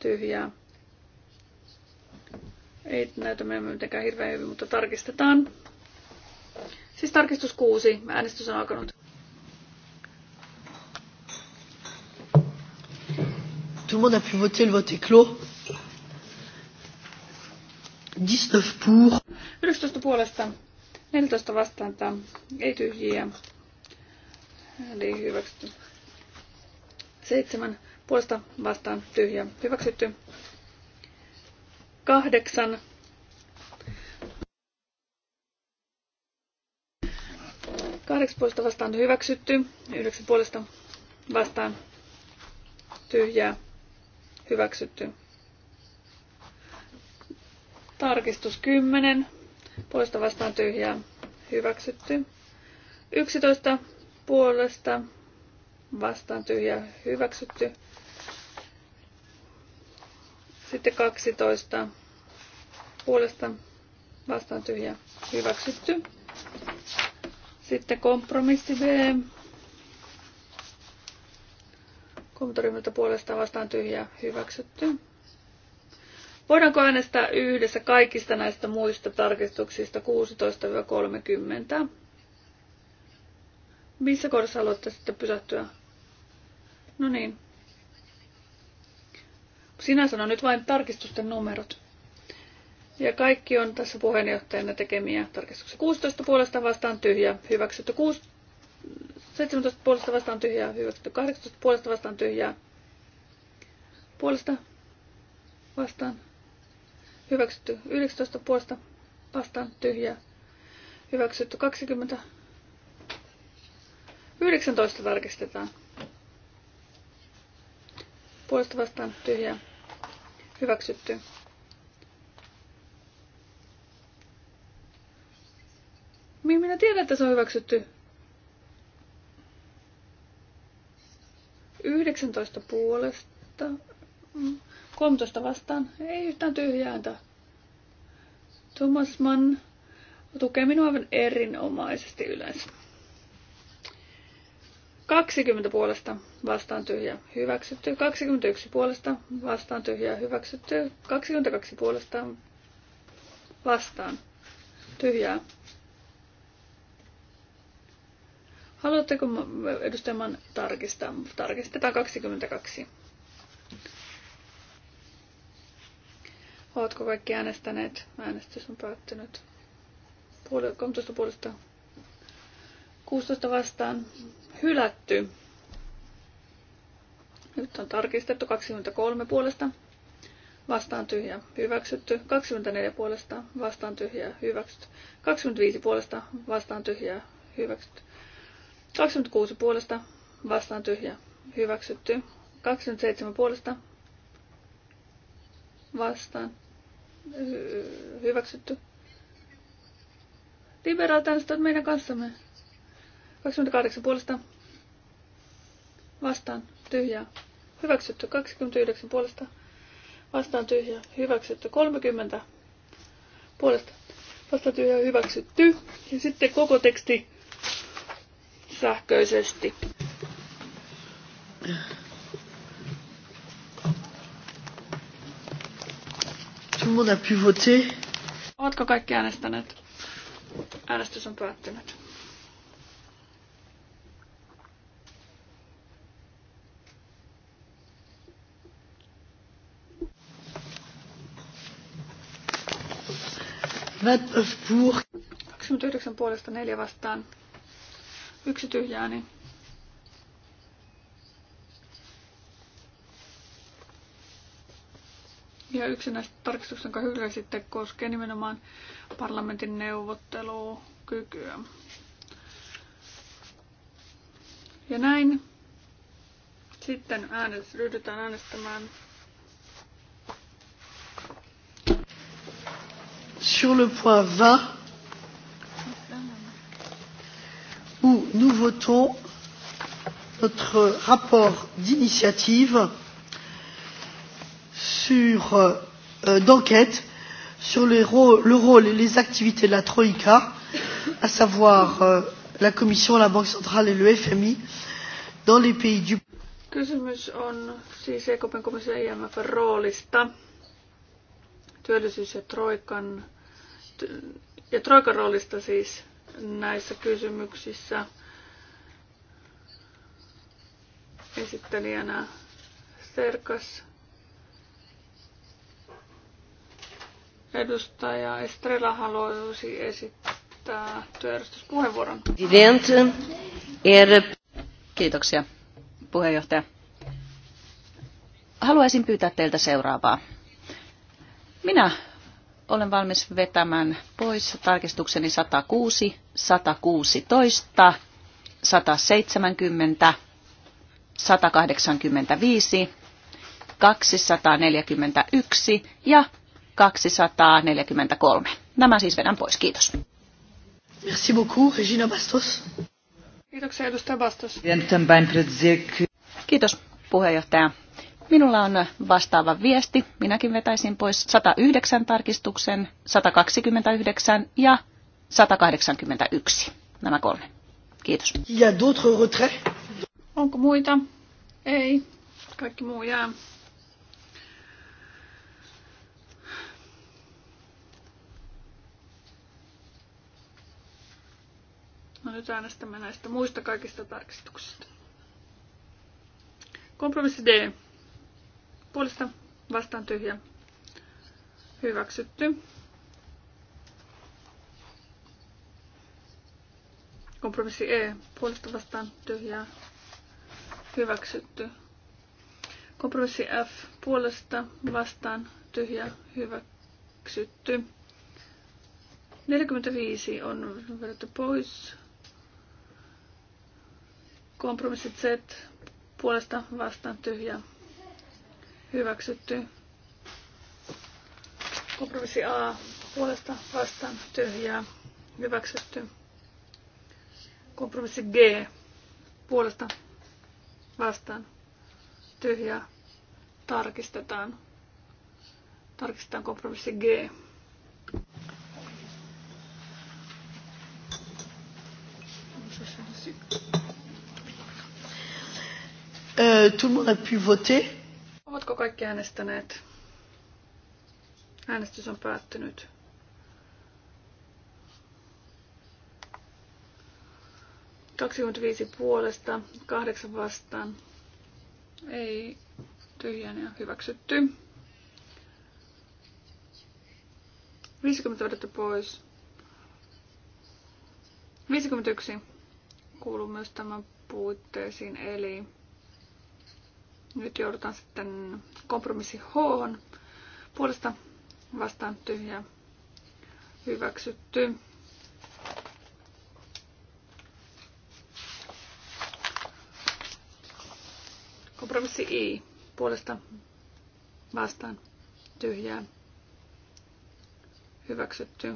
tyhjää. Ei näytä menemään mitenkään hirveän hyvin, mutta tarkistetaan. Siis tarkistus 6. Äänestys on alkanut. Tout le monde a pu voter, le vote est clos. 19 pour. 11 puolesta, 14 vastaan, tämä ei tyhjiä. Eli hyväksytty. 7 puolesta vastaan tyhjä hyväksytty. Kahdeksan Kahdeksan puolesta vastaan hyväksytty, yhdeksän puolesta vastaan tyhjää hyväksytty. Tarkistus 10. Puolesta vastaan tyhjää. Hyväksytty. 11. Puolesta vastaan tyhjää. Hyväksytty. Sitten 12 puolesta vastaan tyhjä hyväksytty. Sitten kompromissi B. Kommentoryhmältä puolesta vastaan tyhjä hyväksytty. Voidaanko äänestää yhdessä kaikista näistä muista tarkistuksista 16-30? Missä kohdassa haluatte sitten pysähtyä? No niin, sinä sanon nyt vain tarkistusten numerot. Ja kaikki on tässä puheenjohtajana tekemiä tarkistuksia. 16 puolesta vastaan tyhjä, hyväksytty 6, 17 puolesta vastaan tyhjä, hyväksytty 18 puolesta vastaan tyhjä, puolesta vastaan, hyväksytty 19 puolesta vastaan tyhjä, hyväksytty 20, 19 tarkistetaan, puolesta vastaan tyhjää, Hyväksytty. Mihin minä tiedän, että se on hyväksytty? 19 puolesta. 13 mm, vastaan. Ei yhtään tyhjääntä. Thomas Mann tukee minua aivan erinomaisesti yleensä. 20 puolesta vastaan tyhjä hyväksytty. 21 puolesta vastaan tyhjä hyväksytty. 22 puolesta vastaan tyhjää. Haluatteko edustajan tarkistaa? Tarkistetaan 22. Oletko kaikki äänestäneet? Äänestys on päättynyt. Puoli, 13 puolesta 16 vastaan hylätty. Nyt on tarkistettu 23 puolesta vastaan tyhjä hyväksytty, 24 puolesta vastaan tyhjä hyväksytty, 25 puolesta vastaan tyhjä hyväksytty, 26 puolesta vastaan tyhjä hyväksytty, 27 puolesta vastaan hyväksytty. Liberaalit äänestävät meidän kanssamme. 28 puolesta vastaan tyhjää. Hyväksytty 29 puolesta vastaan tyhjää. Hyväksytty 30 puolesta vastaan tyhjää. Hyväksytty. Ja sitten koko teksti sähköisesti. Ovatko kaikki äänestäneet? Äänestys on päättynyt. 29 puolesta neljä vastaan. Yksi tyhjää, niin Ja yksi näistä tarkistuksista, jonka sitten koskee nimenomaan parlamentin neuvottelukykyä. Ja näin sitten äänet, ryhdytään äänestämään sur le point 20 où nous votons notre rapport d'initiative sur euh, euh d'enquête sur les rôles, le rôle et les activités de la Troïka, à savoir euh, la Commission, la Banque centrale et le FMI dans les pays du Kysymys on siis EKPn komission IMF e roolista työllisyys- ja troikan ja Troikan roolista siis näissä kysymyksissä esittelijänä Serkas edustaja Estrella haluaisi esittää työjärjestyspuheenvuoron. Kiitoksia puheenjohtaja. Haluaisin pyytää teiltä seuraavaa. Minä olen valmis vetämään pois tarkistukseni 106, 116, 170, 185, 241 ja 243. Nämä siis vedän pois. Kiitos. Merci beaucoup, Regina Bastos. Kiitoksia, edustaja Bastos. Kiitos, puheenjohtaja. Minulla on vastaava viesti. Minäkin vetäisin pois 109 tarkistuksen, 129 ja 181. Nämä kolme. Kiitos. Ja Onko muita? Ei. Kaikki muu jää. No nyt äänestämme näistä muista kaikista tarkistuksista. Kompromissi D. Puolesta vastaan tyhjä. Hyväksytty. Kompromissi E. Puolesta vastaan tyhjää. Hyväksytty. Kompromissi F. Puolesta vastaan tyhjä. Hyväksytty. 45 on vedetty pois. Kompromissi Z. Puolesta vastaan tyhjä. Hyväksytty. Kompromissi A puolesta vastaan tyhjää. Hyväksytty. Kompromissi G puolesta vastaan tyhjää. Tarkistetaan. Tarkistetaan kompromissi G. Euh, tout le monde a pu voter. Ovatko kaikki äänestäneet? Äänestys on päättynyt. Kaksikymmentäviisi puolesta, kahdeksan vastaan. Ei tyhjän ja hyväksytty. 50 vedetty pois. 51 kuuluu myös tämän puutteisiin, eli nyt joudutaan sitten kompromissi H puolesta vastaan tyhjä hyväksytty. Kompromissi I puolesta vastaan tyhjää hyväksytty.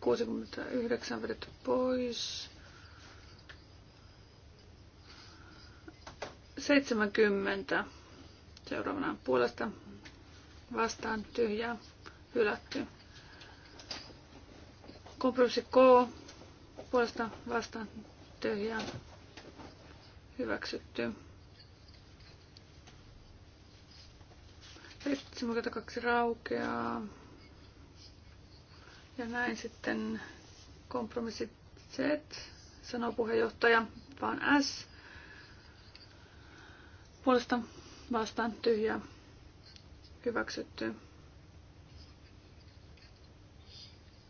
69 vedetty pois. 70. Seuraavana puolesta vastaan tyhjää hylätty. Kompromissi K puolesta vastaan tyhjää hyväksytty. 72 raukeaa. Ja näin sitten kompromissi Z, sanoo puheenjohtaja, vaan S puolesta vastaan tyhjää hyväksytty.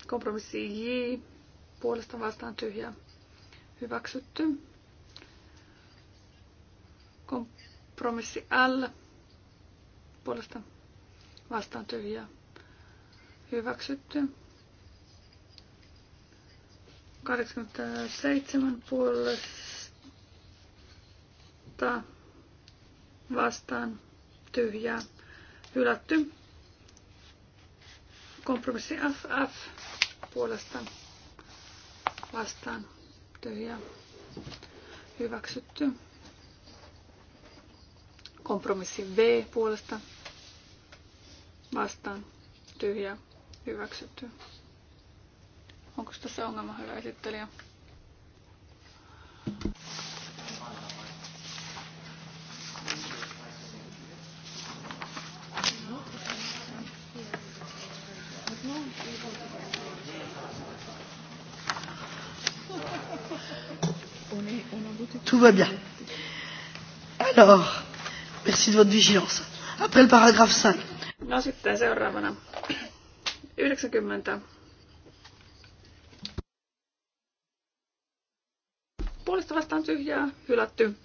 Kompromissi J puolesta vastaan tyhjää hyväksytty. Kompromissi L puolesta vastaan tyhjää hyväksytty. 87 puolesta vastaan tyhjää hylätty. Kompromissi FF puolesta vastaan tyhjää hyväksytty. Kompromissi V puolesta vastaan tyhjää hyväksytty. Onko tässä ongelma hyvä esittelijä? Tout va bien. Alors, merci de votre vigilance. Après le paragraphe 5. No sitten seuraavana. 90. Puolesta vastaan tyhjää, hylätty.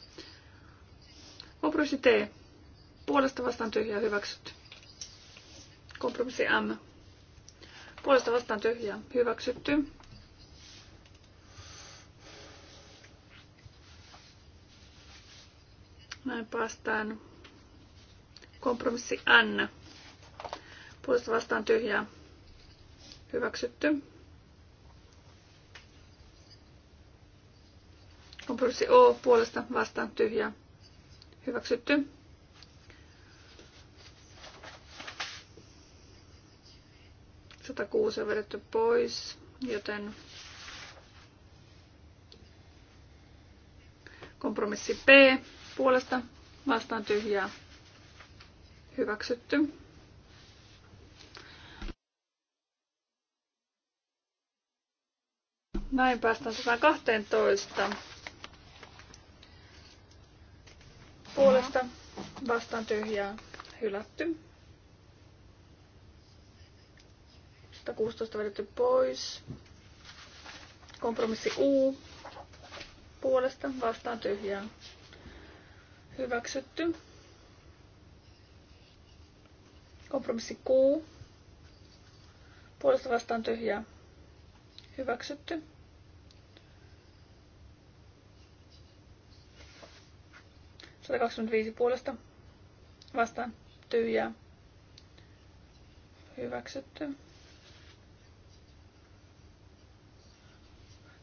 Kompromissi T. Puolesta vastaan tyhjää, hyväksytty. Kompromissi M. Puolesta vastaan tyhjää, hyväksytty. Näin päästään kompromissi N. Puolesta vastaan tyhjää. Hyväksytty. Kompromissi O puolesta vastaan tyhjää. Hyväksytty. Sata kuusi on vedetty pois, joten kompromissi P puolesta vastaan tyhjää hyväksytty. Näin päästään 112. Puolesta vastaan tyhjää hylätty. 116 vedetty pois. Kompromissi U. Puolesta vastaan tyhjää Hyväksytty. Kompromissi Q. Puolesta vastaan tyhjää. Hyväksytty. viisi puolesta vastaan tyhjää. Hyväksytty.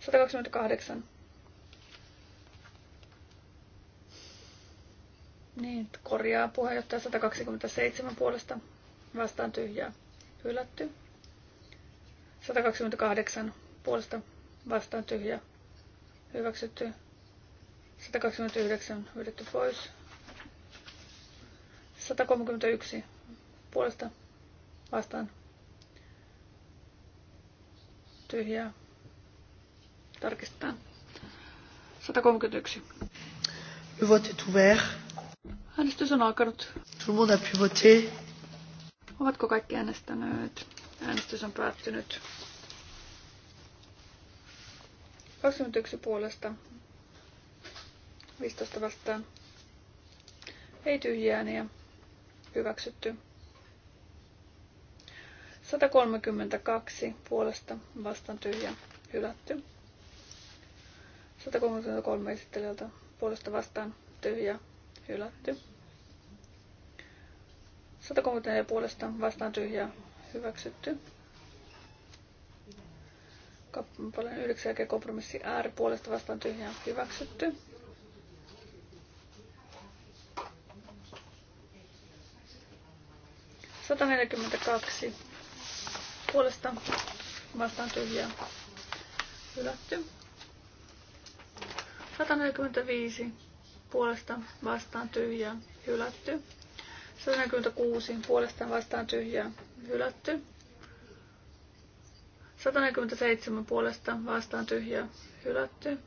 128 Niin, korjaa puheenjohtaja 127 puolesta vastaan tyhjää. Hylätty. 128 puolesta vastaan tyhjää. Hyväksytty. 129 yritetty pois. 131 puolesta vastaan tyhjää. Tarkistetaan. 131. Vote ouvert. Äänestys on alkanut. Ovatko kaikki äänestäneet? Äänestys on päättynyt. 21 puolesta. 15 vastaan. Ei tyhjää ja hyväksytty. 132 puolesta vastaan tyhjä hylätty. 133 esittelijältä puolesta vastaan tyhjä hylätty. 134 puolesta vastaan tyhjää hyväksytty. Kappaleen yhdeksän jälkeen kompromissi R puolesta vastaan tyhjää hyväksytty. Sataneljäkymmentäkaksi puolesta vastaan tyhjää hylätty. 145 puolesta vastaan tyhjää hylätty. 146 puolesta vastaan tyhjää hylätty. 147 puolesta vastaan tyhjää hylätty.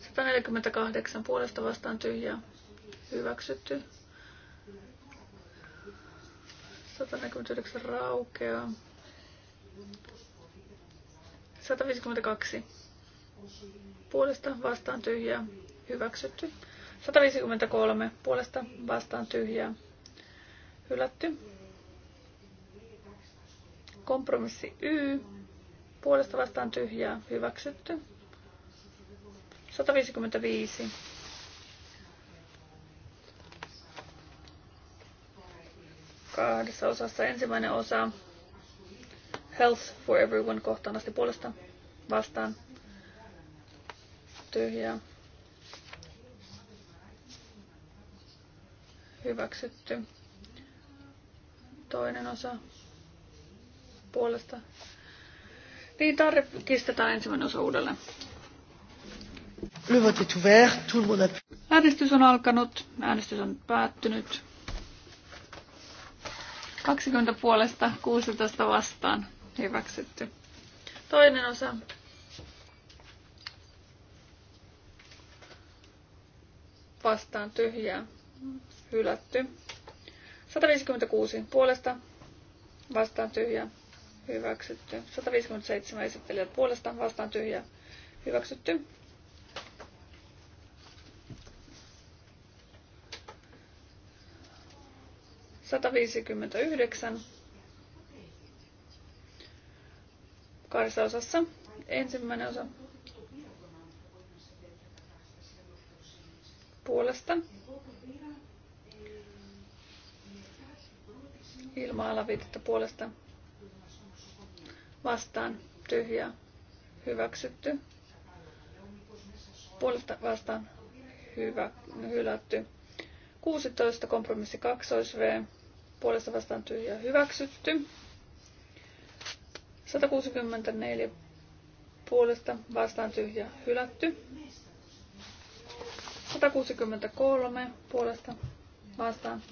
148 puolesta vastaan tyhjää hyväksytty. 149 raukeaa. 152 puolesta vastaan tyhjää hyväksytty. 153 puolesta vastaan tyhjää hylätty. Kompromissi Y puolesta vastaan tyhjää hyväksytty. 155 kahdessa osassa. Ensimmäinen osa Health for Everyone kohtaan asti puolesta vastaan. Tyhjää. Hyväksytty. Toinen osa puolesta. Niin tarkistetaan ensimmäinen osa uudelleen. Le vote est ouvert, tout le monde a Äänestys on alkanut, äänestys on päättynyt. 20 puolesta, 16 vastaan. Hyväksytty. Toinen osa. Vastaan tyhjää hylätty. 156 puolesta vastaan tyhjä, hyväksytty. 157 esittelijät puolesta vastaan tyhjä, hyväksytty. Sataviisikymmentäyhdeksän kahdessa osassa. Ensimmäinen osa puolesta ilma alaviitettä puolesta vastaan tyhjää hyväksytty puolesta vastaan hyvä, hylätty 16 kompromissi 2 V puolesta vastaan tyhjää hyväksytty 164 puolesta vastaan tyhjä hylätty. 163 puolesta vastaan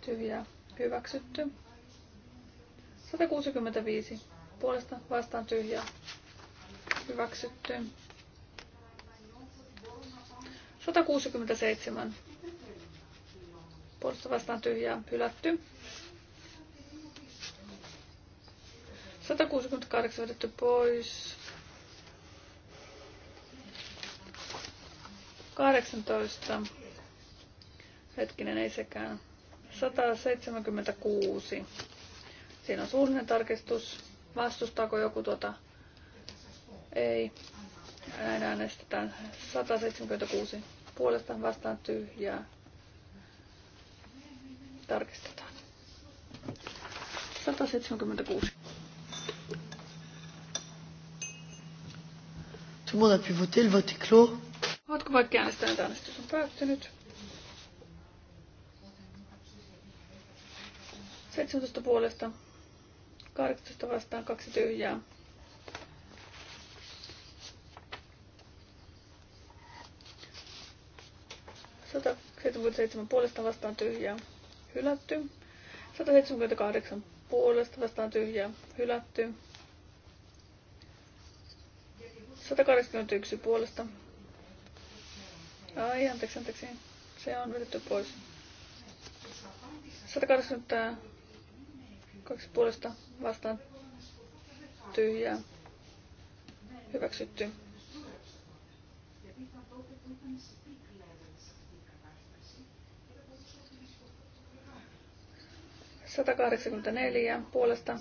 tyhjää Hyväksytty. 165. Puolesta vastaan tyhjää. Hyväksytty. 167. Puolesta vastaan tyhjää. Hylätty. 168 vedetty pois. 18. Hetkinen, ei sekään. 176. Siinä on suullinen tarkistus. Vastustaako joku tuota? Ei. Näin äänestetään 176. Puolesta vastaan tyhjää. Tarkistetaan. 176. Tout le monde a pu voter, le vote est clos. Ovatko kaikki äänestäneet? Äänestys on päättynyt. 18 puolesta, 18 vastaan, kaksi tyhjää. Sata puolesta vastaan tyhjää, hylätty. 178 puolesta vastaan tyhjää, hylätty. 181 puolesta. Ai, anteeksi, anteeksi. Se on vedetty pois. 180 Kaksi puolesta vastaan tyhjää. Hyväksytty. Satakahdeksankymmentäneljä puolesta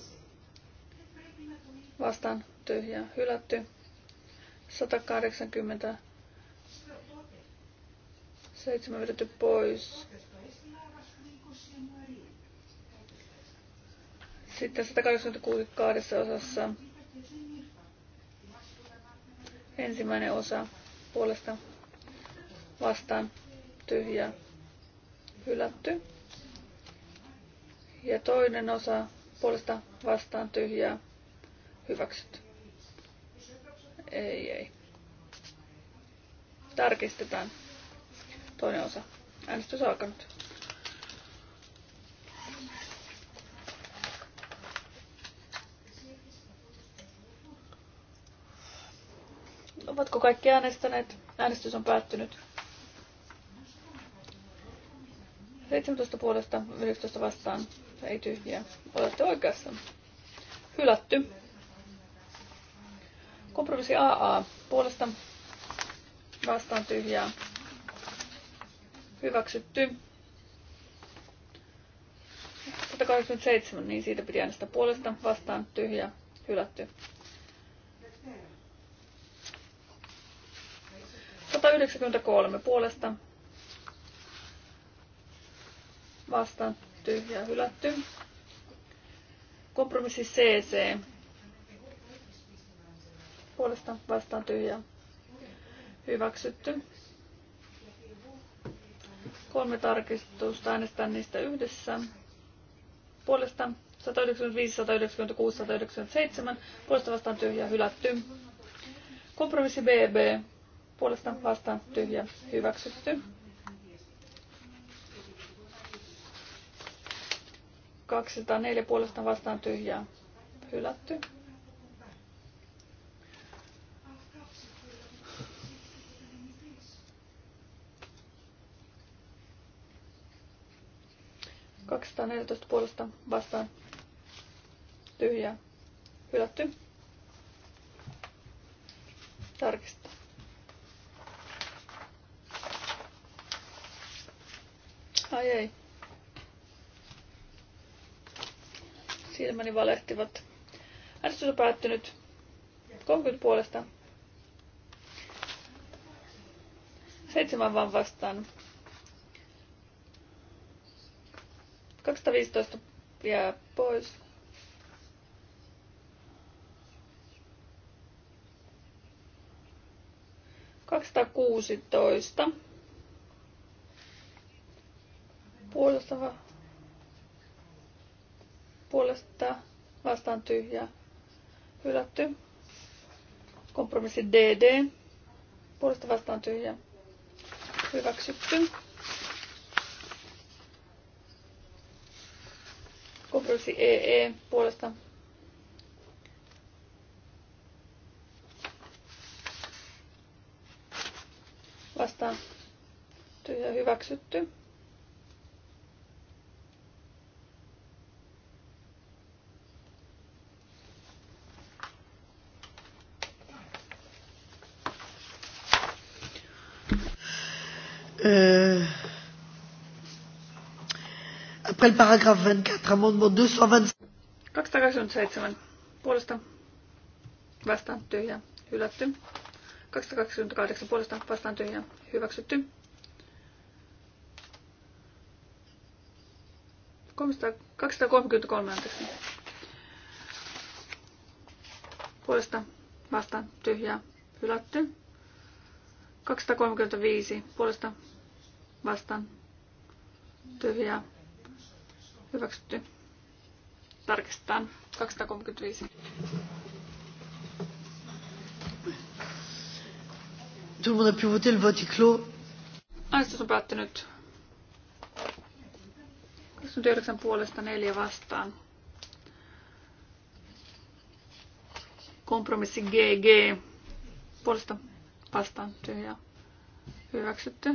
vastaan tyhjää hylätty. 180 seitsemän vedetty pois. Sitten 182 osassa. Ensimmäinen osa puolesta vastaan tyhjä hylätty. Ja toinen osa puolesta vastaan tyhjää hyväksytty. Ei, ei. Tarkistetaan toinen osa. Äänestys alkanut. Ovatko kaikki äänestäneet? Äänestys on päättynyt. 17 puolesta 19 vastaan. Ei tyhjiä. Olette oikeassa. Hylätty. Kompromissi AA. Puolesta vastaan tyhjää. Hyväksytty. 187, niin siitä piti äänestää puolesta vastaan tyhjä, hylätty. 193 puolesta. Vastaan tyhjää hylätty. Kompromissi CC. Puolesta vastaan tyhjää. Hyväksytty. Kolme tarkistusta. Äänestän niistä yhdessä. Puolesta 195, 196, 197. Puolesta vastaan tyhjää hylätty. Kompromissi BB puolesta vastaan tyhjä hyväksytty. 204 puolesta vastaan tyhjä hylätty. neljätoista puolesta vastaan tyhjä hylätty. Tarkistetaan. Ai ei. Silmäni valehtivat. Äänestys on päättynyt 30 puolesta. Seitsemän vaan vastaan. 215 jää pois. Kaksisataakuusitoista puolesta, puolesta vastaan tyhjä hylätty. Kompromissi DD puolesta vastaan tyhjä hyväksytty. Kompromissi EE e. puolesta vastaan tyhjä hyväksytty. Après le paragraphe 24, amendement 225. 227 puolesta vastaan tyhjä. hylätty. 228 puolesta vastaan tyhjä, hyväksytty. 233 anteeksi. Puolesta vastaan tyhjä. hylätty. 235 puolesta vastaan tyhjä. Hyväksytty. Tarkistetaan. 235. Tout le monde a pu voter le on päättynyt 29 puolesta 4 vastaan. Kompromissi GG puolesta vastaan tyhjää hyväksytty.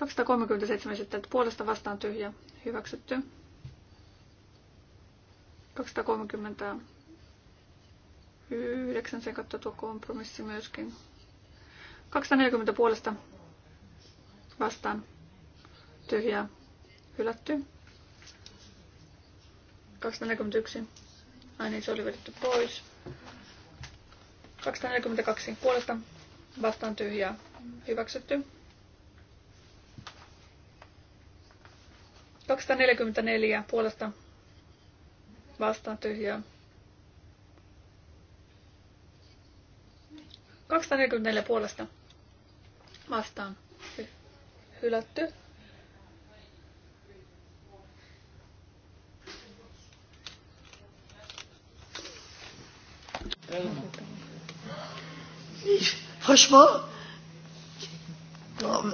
237 että puolesta vastaan tyhjä. Hyväksytty. 239 se katsoi tuo kompromissi myöskin. 240 puolesta vastaan tyhjä, hylätty. 241. Ai niin, se oli vedetty pois. 242 puolesta vastaan tyhjä, hyväksytty. 244 puolesta vastaan tyhjää. 244 puolesta vastaan hylätty. Franchement,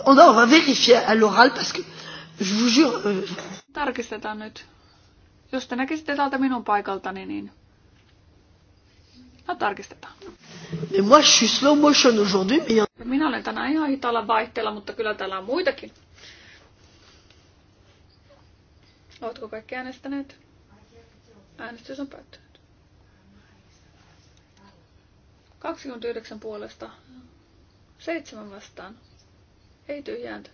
on va vérifier à l'oral parce que Je vous jure... Euh, tarkistetaan nyt. Jos te näkisitte täältä minun paikaltani, niin... No tarkistetaan. Mais moi, je suis slow motion aujourd'hui, mais... Minä olen tänään ihan hitaalla vaihteella, mutta kyllä täällä on muitakin. Oletko kaikki äänestäneet? Äänestys on päättynyt. 29 puolesta. 7 vastaan. Ei tyhjääntä.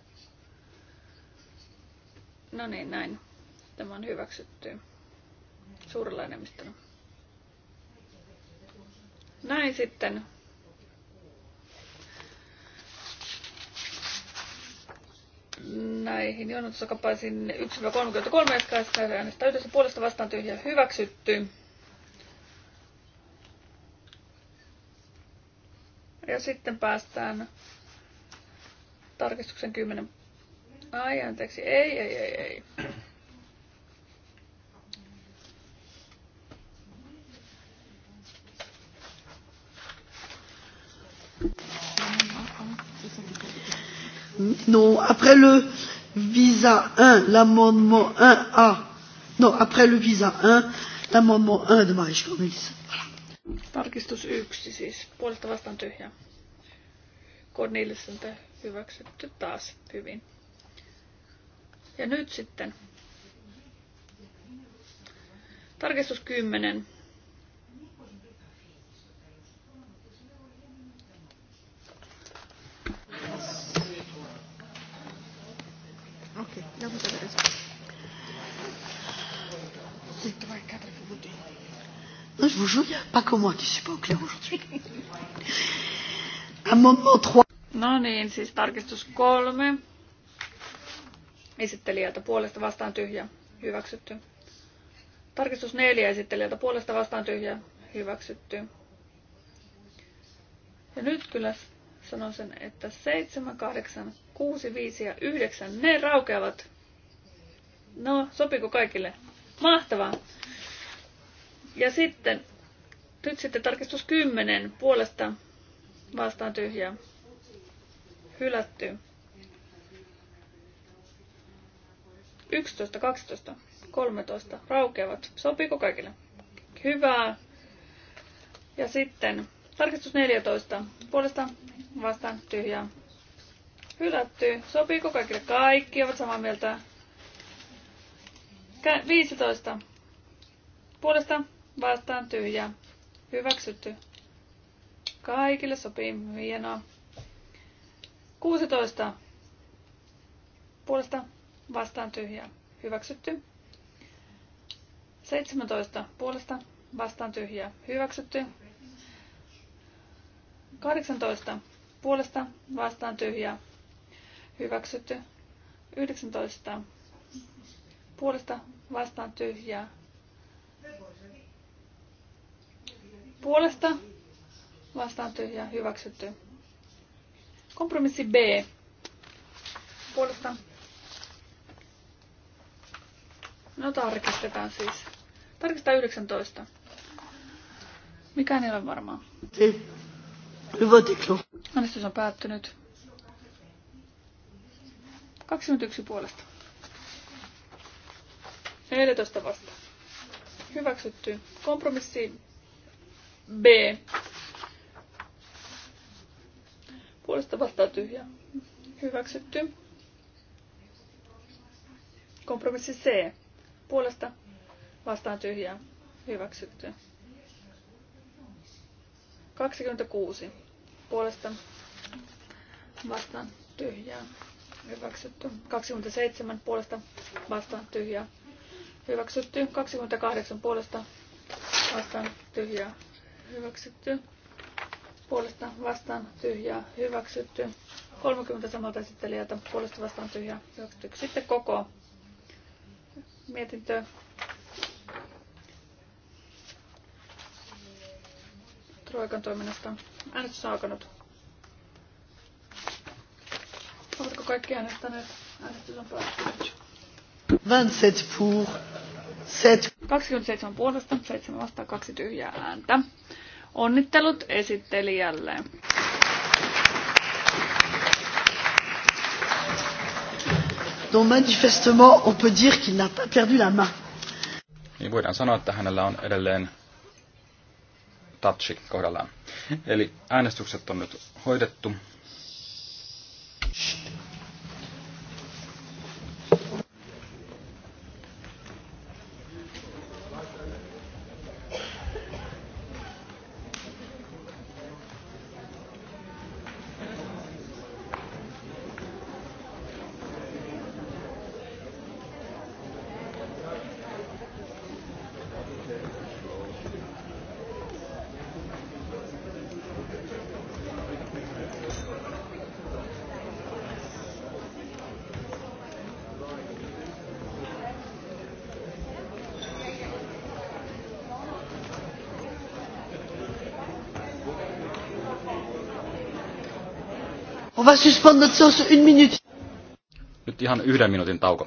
No niin, näin. Tämä on hyväksytty suurella enemmistöllä. Näin sitten. Näihin jonotusakapaisiin 1-33 äänestä yhdessä puolesta vastaan tyhjä hyväksytty. Ja sitten päästään tarkistuksen 10 Ai, anteeksi. Ei, ei, ei, ei. Non, après le visa 1, l'amendement 1A. Non, après le visa 1, l'amendement 1 de Marie Cornelis. Tarkistus 1 siis. Puolesta vastaan tyhjä. on hyväksytty taas hyvin. Ja nyt sitten tarkistus 10. Okei, no, Non, je vous jure, pas que moi qui suis pas au clair aujourd'hui. No niin, siis tarkistus kolme esittelijältä puolesta vastaan tyhjä, hyväksytty. Tarkistus 4 esittelijältä puolesta vastaan tyhjä, hyväksytty. Ja nyt kyllä sanon sen, että 7, 8, 6, 5 ja 9, ne raukeavat. No, sopiko kaikille? Mahtavaa! Ja sitten, nyt sitten tarkistus 10 puolesta vastaan tyhjä, hylätty. 11, 12, 13 raukeavat. Sopiiko kaikille? Hyvää. Ja sitten tarkistus 14. Puolesta vastaan tyhjää. Hylätty. Sopiiko kaikille? Kaikki ovat samaa mieltä. 15. Puolesta vastaan tyhjää. Hyväksytty. Kaikille sopii. Hienoa. 16. Puolesta vastaan tyhjää, hyväksytty. 17 puolesta vastaan tyhjää, hyväksytty. 18 puolesta vastaan tyhjää, hyväksytty. 19 puolesta vastaan tyhjää. Puolesta vastaan tyhjää, hyväksytty. Kompromissi B. Puolesta No tarkistetaan siis. Tarkistetaan 19. Mikä ei ole varmaa. Anistus on päättynyt. 21 puolesta. 14 vasta. Hyväksytty. Kompromissi B. Puolesta vastaa tyhjä. Hyväksytty. Kompromissi C puolesta vastaan tyhjää hyväksytty. 26 puolesta vastaan tyhjää hyväksytty. 27 puolesta vastaan tyhjää hyväksytty. 28 puolesta vastaan tyhjää hyväksytty. Puolesta vastaan tyhjää hyväksytty. 30 samalta esittelijältä puolesta vastaan tyhjää hyväksytty. Sitten koko mietintöä. Troikan toiminnasta. Äänestys on alkanut. Oletko kaikki äänestäneet? Äänestys on päättynyt. 27 pour, 7. 27 puolesta, 7 vastaan, 2 tyhjää ääntä. Onnittelut esittelijälle. dont manifestement on peut dire qu'il n'a pas perdu la main. Niin voidaan sanoa, että hänellä on edelleen touchi kohdallaan. Eli äänestykset on nyt hoidettu. On va suspendre notre séance une minute. Nyt ihan yhden minuutin tauko.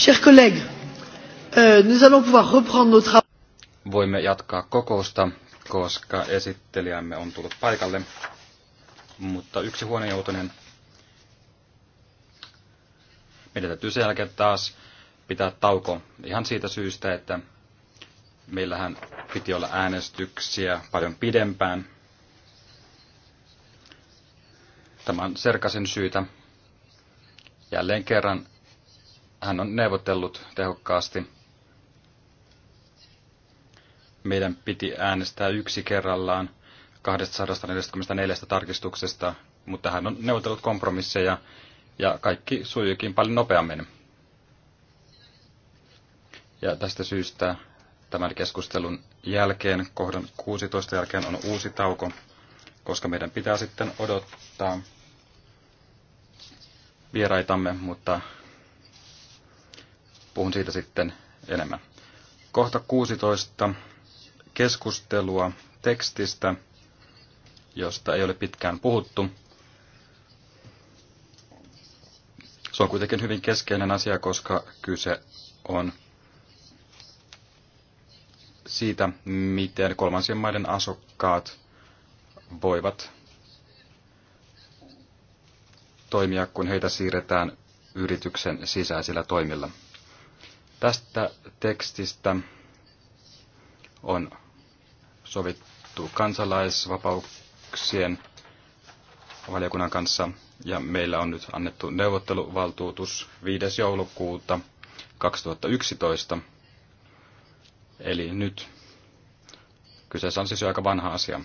Chers collègues, euh, nous allons pouvoir reprendre nos travaux. Voimme jatkaa kokousta, koska esittelijämme on tullut paikalle. Mutta yksi huonejoutonen. Meidän täytyy sen jälkeen taas pitää tauko ihan siitä syystä, että meillähän piti olla äänestyksiä paljon pidempään. tämän serkasin Serkasen syytä. Jälleen kerran hän on neuvotellut tehokkaasti. Meidän piti äänestää yksi kerrallaan 244 tarkistuksesta, mutta hän on neuvotellut kompromisseja ja kaikki sujuikin paljon nopeammin. Ja tästä syystä tämän keskustelun jälkeen, kohdan 16 jälkeen on uusi tauko, koska meidän pitää sitten odottaa vieraitamme, mutta puhun siitä sitten enemmän. Kohta 16. Keskustelua tekstistä, josta ei ole pitkään puhuttu. Se on kuitenkin hyvin keskeinen asia, koska kyse on siitä, miten kolmansien maiden asukkaat voivat toimia, kun heitä siirretään yrityksen sisäisillä toimilla. Tästä tekstistä on sovittu kansalaisvapauksien valiokunnan kanssa ja meillä on nyt annettu neuvotteluvaltuutus 5. joulukuuta 2011. Eli nyt kyseessä on siis jo aika vanha asia.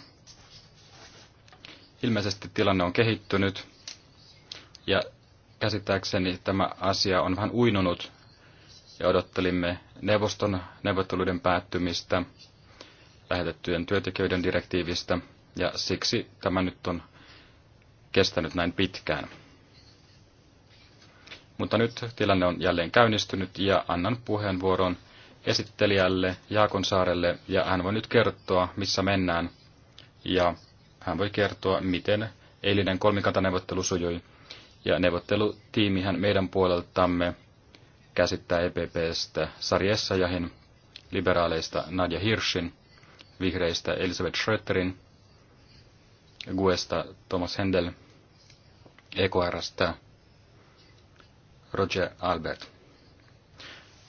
Ilmeisesti tilanne on kehittynyt ja käsittääkseni tämä asia on vähän uinunut ja odottelimme neuvoston neuvotteluiden päättymistä lähetettyjen työntekijöiden direktiivistä, ja siksi tämä nyt on kestänyt näin pitkään. Mutta nyt tilanne on jälleen käynnistynyt ja annan puheenvuoron esittelijälle Jaakon Saarelle ja hän voi nyt kertoa, missä mennään. Ja hän voi kertoa, miten eilinen kolmikantaneuvottelu sujui. Ja neuvottelutiimihän meidän puoleltamme käsittää EPPstä Sari Essayahin, liberaaleista Nadja Hirschin, vihreistä Elisabeth Schröterin, Guesta Thomas Händel, EKRstä Roger Albert.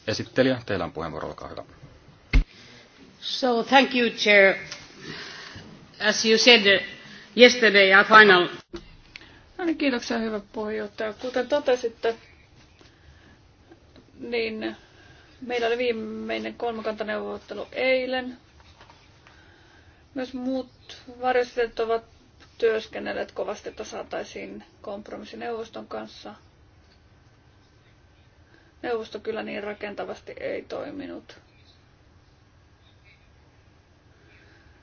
Esittelijä, teillä on puheenvuoro, olkaa hyvä. So, thank you, Chair. As you said uh, yesterday, our final... No niin, kiitoksia, hyvä puheenjohtaja. Kuten totesitte, niin meillä oli viimeinen kolmikantaneuvottelu eilen. Myös muut varjostajat ovat työskennelleet kovasti, että saataisiin kompromissineuvoston kanssa. Neuvosto kyllä niin rakentavasti ei toiminut.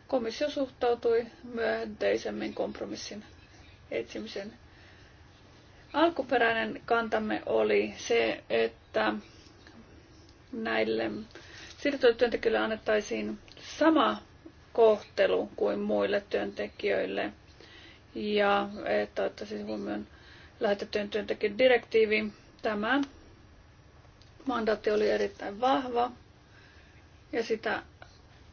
Komissio suhtautui myöhenteisemmin kompromissin etsimisen Alkuperäinen kantamme oli se, että näille siirtotyöntekijöille annettaisiin sama kohtelu kuin muille työntekijöille ja että ottaisiin huomioon lähetettyjen työntekijän direktiivi. Tämä mandaatti oli erittäin vahva ja sitä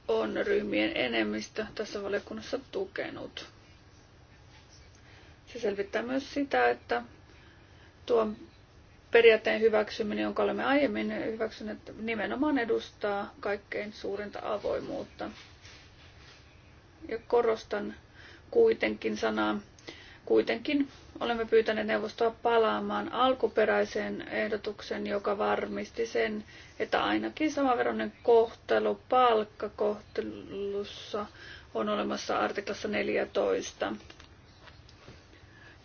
on ryhmien enemmistö tässä valiokunnassa tukenut. Se selvittää myös sitä, että tuon periaatteen hyväksyminen, jonka olemme aiemmin hyväksyneet, nimenomaan edustaa kaikkein suurinta avoimuutta. Ja korostan kuitenkin sanaa kuitenkin. Olemme pyytäneet neuvostoa palaamaan alkuperäiseen ehdotukseen, joka varmisti sen, että ainakin samanveroinen kohtelu palkkakohtelussa on olemassa artiklassa 14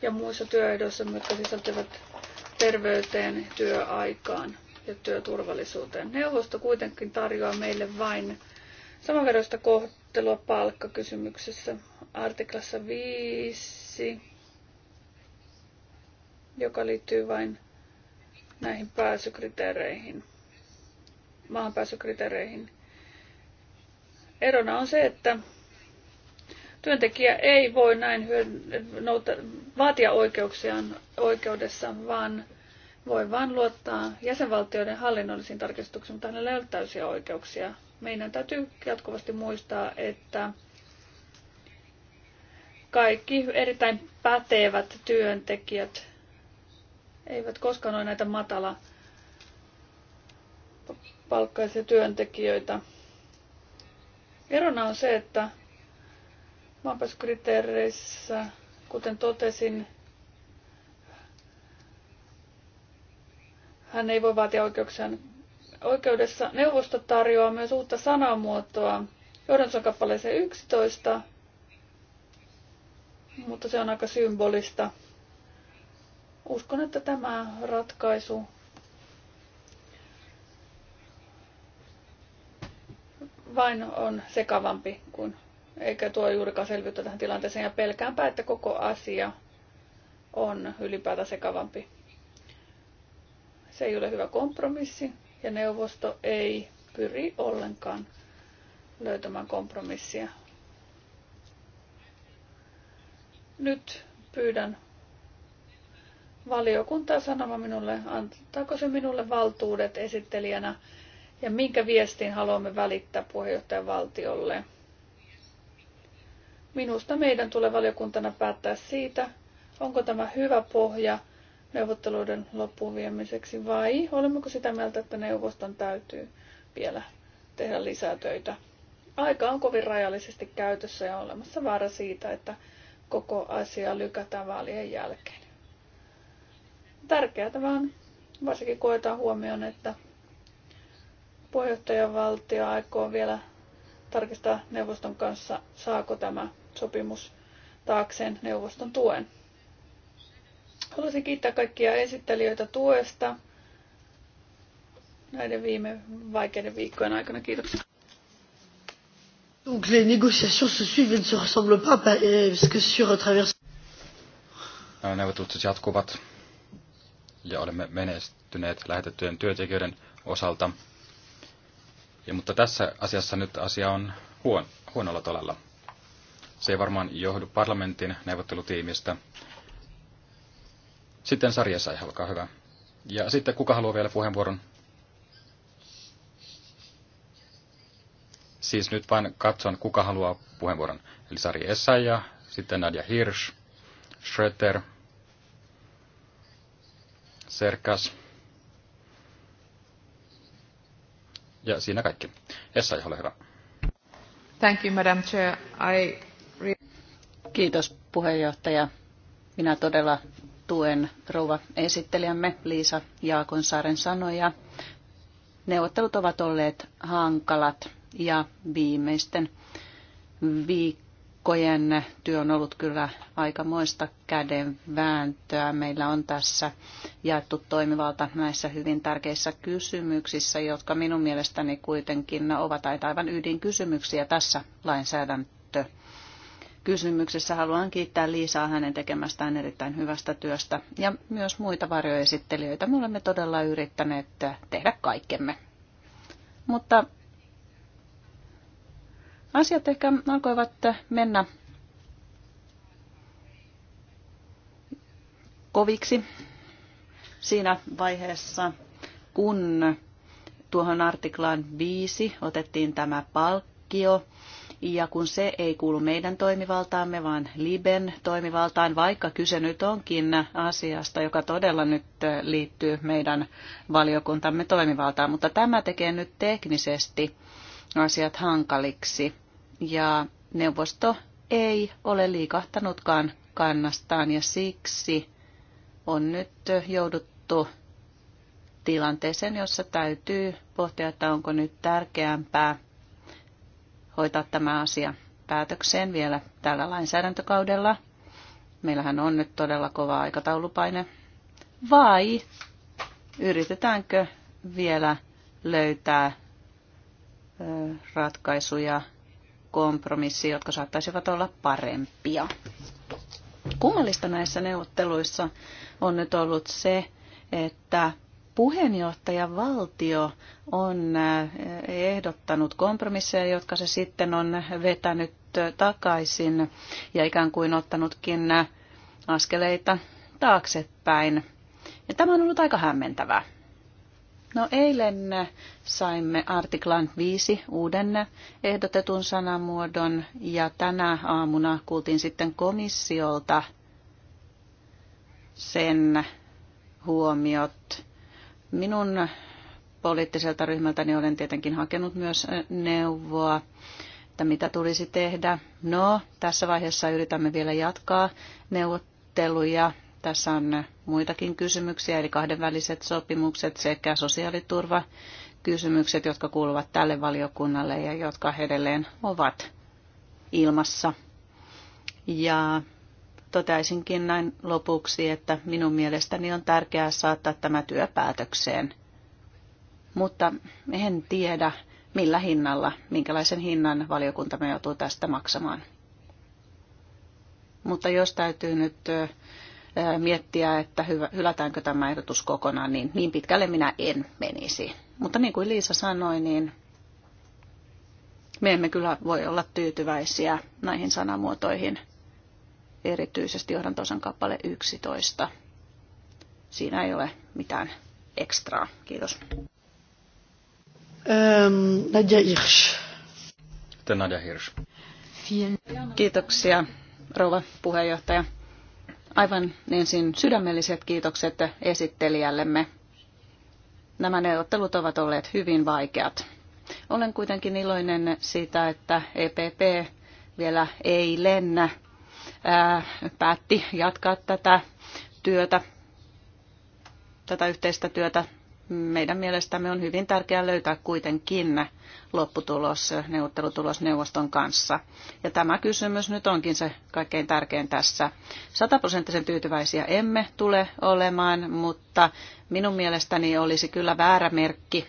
ja muissa työehdoissa, jotka sisältyvät terveyteen, työaikaan ja työturvallisuuteen. Neuvosto kuitenkin tarjoaa meille vain samanveroista kohtelua palkkakysymyksessä artiklassa 5, joka liittyy vain näihin pääsykriteereihin, maahanpääsykriteereihin. Erona on se, että Työntekijä ei voi näin vaatia oikeuksiaan oikeudessa, vaan voi vain luottaa jäsenvaltioiden hallinnollisiin tarkistuksiin, mutta hänellä ei ole täysiä oikeuksia. Meidän täytyy jatkuvasti muistaa, että kaikki erittäin pätevät työntekijät eivät koskaan ole näitä matala palkkaisia työntekijöitä. Erona on se, että maanpääsykriteereissä, kuten totesin, hän ei voi vaatia oikeuksiaan oikeudessa. Neuvosto tarjoaa myös uutta sanamuotoa johdantosan kappaleeseen 11, mutta se on aika symbolista. Uskon, että tämä ratkaisu vain on sekavampi kuin eikä tuo juurikaan selvyyttä tähän tilanteeseen ja pelkäänpä, että koko asia on ylipäätään sekavampi. Se ei ole hyvä kompromissi ja neuvosto ei pyri ollenkaan löytämään kompromissia. Nyt pyydän valiokuntaa sanomaan minulle, antaako se minulle valtuudet esittelijänä ja minkä viestin haluamme välittää puheenjohtajan valtiolle – Minusta meidän tulee valiokuntana päättää siitä, onko tämä hyvä pohja neuvotteluiden loppuun viemiseksi vai olemmeko sitä mieltä, että neuvoston täytyy vielä tehdä lisää töitä. Aika on kovin rajallisesti käytössä ja on olemassa vaara siitä, että koko asia lykätään vaalien jälkeen. Tärkeää tämä on, varsinkin koetaan huomioon, että puheenjohtajavaltio aikoo vielä tarkistaa neuvoston kanssa, saako tämä sopimus taakseen neuvoston tuen. Haluaisin kiittää kaikkia esittelijöitä tuesta näiden viime vaikeiden viikkojen aikana. Kiitoksia. Donc les négociations se suivent et ne se ressemblent pas euh, parce que sur euh, travers... Neuvottelut siis jatkuvat ja olemme menestyneet lähetettyjen työntekijöiden osalta. Ja, mutta tässä asiassa nyt asia on huon, huonolla tolalla. Se ei varmaan johdu parlamentin neuvottelutiimistä. Sitten Sarja sai, olkaa hyvä. Ja sitten kuka haluaa vielä puheenvuoron? Siis nyt vain katson, kuka haluaa puheenvuoron. Eli Sari Essaija, sitten Nadia Hirsch, Schröter, Serkas. Ja siinä kaikki. Essaija, ole hyvä. Thank you, Madam Chair. I Kiitos puheenjohtaja. Minä todella tuen rouva esittelijämme Liisa Jaakonsaaren sanoja. Neuvottelut ovat olleet hankalat ja viimeisten viikkojen työ on ollut kyllä aikamoista kädenvääntöä. Meillä on tässä jaettu toimivalta näissä hyvin tärkeissä kysymyksissä, jotka minun mielestäni kuitenkin ovat aivan ydinkysymyksiä tässä lainsäädäntö kysymyksessä. Haluan kiittää Liisaa hänen tekemästään erittäin hyvästä työstä ja myös muita varjoesittelijöitä. Me olemme todella yrittäneet tehdä kaikkemme. Mutta asiat ehkä alkoivat mennä koviksi siinä vaiheessa, kun tuohon artiklaan 5 otettiin tämä palkkio ja kun se ei kuulu meidän toimivaltaamme, vaan Liben toimivaltaan, vaikka kyse nyt onkin asiasta, joka todella nyt liittyy meidän valiokuntamme toimivaltaan, mutta tämä tekee nyt teknisesti asiat hankaliksi. Ja neuvosto ei ole liikahtanutkaan kannastaan ja siksi on nyt jouduttu tilanteeseen, jossa täytyy pohtia, että onko nyt tärkeämpää hoitaa tämä asia päätökseen vielä tällä lainsäädäntökaudella. Meillähän on nyt todella kova aikataulupaine. Vai yritetäänkö vielä löytää ratkaisuja, kompromissia, jotka saattaisivat olla parempia. Kummallista näissä neuvotteluissa on nyt ollut se, että puheenjohtaja valtio on äh, ehdottanut kompromisseja, jotka se sitten on vetänyt äh, takaisin ja ikään kuin ottanutkin äh, askeleita taaksepäin. Ja tämä on ollut aika hämmentävää. No eilen saimme artiklan 5 uuden ehdotetun sanamuodon ja tänä aamuna kuultiin sitten komissiolta sen huomiot Minun poliittiselta ryhmältäni olen tietenkin hakenut myös neuvoa, että mitä tulisi tehdä. No, tässä vaiheessa yritämme vielä jatkaa neuvotteluja. Tässä on muitakin kysymyksiä, eli kahdenväliset sopimukset sekä sosiaaliturva kysymykset, jotka kuuluvat tälle valiokunnalle ja jotka edelleen ovat ilmassa. Ja toteaisinkin näin lopuksi, että minun mielestäni on tärkeää saattaa tämä työ päätökseen. Mutta en tiedä, millä hinnalla, minkälaisen hinnan valiokunta me joutuu tästä maksamaan. Mutta jos täytyy nyt miettiä, että hylätäänkö tämä ehdotus kokonaan, niin niin pitkälle minä en menisi. Mutta niin kuin Liisa sanoi, niin me emme kyllä voi olla tyytyväisiä näihin sanamuotoihin – erityisesti johdantosan kappale 11. Siinä ei ole mitään ekstraa. Kiitos. Ähm, Nadja Hirsch. Nadja Hirsch. Kiitoksia, rouva puheenjohtaja. Aivan ensin sydämelliset kiitokset esittelijällemme. Nämä neuvottelut ovat olleet hyvin vaikeat. Olen kuitenkin iloinen siitä, että EPP vielä ei lennä päätti jatkaa tätä työtä, tätä yhteistä työtä. Meidän mielestämme on hyvin tärkeää löytää kuitenkin lopputulos, neuvottelutulos neuvoston kanssa. Ja tämä kysymys nyt onkin se kaikkein tärkein tässä. Sataprosenttisen tyytyväisiä emme tule olemaan, mutta minun mielestäni olisi kyllä väärä merkki,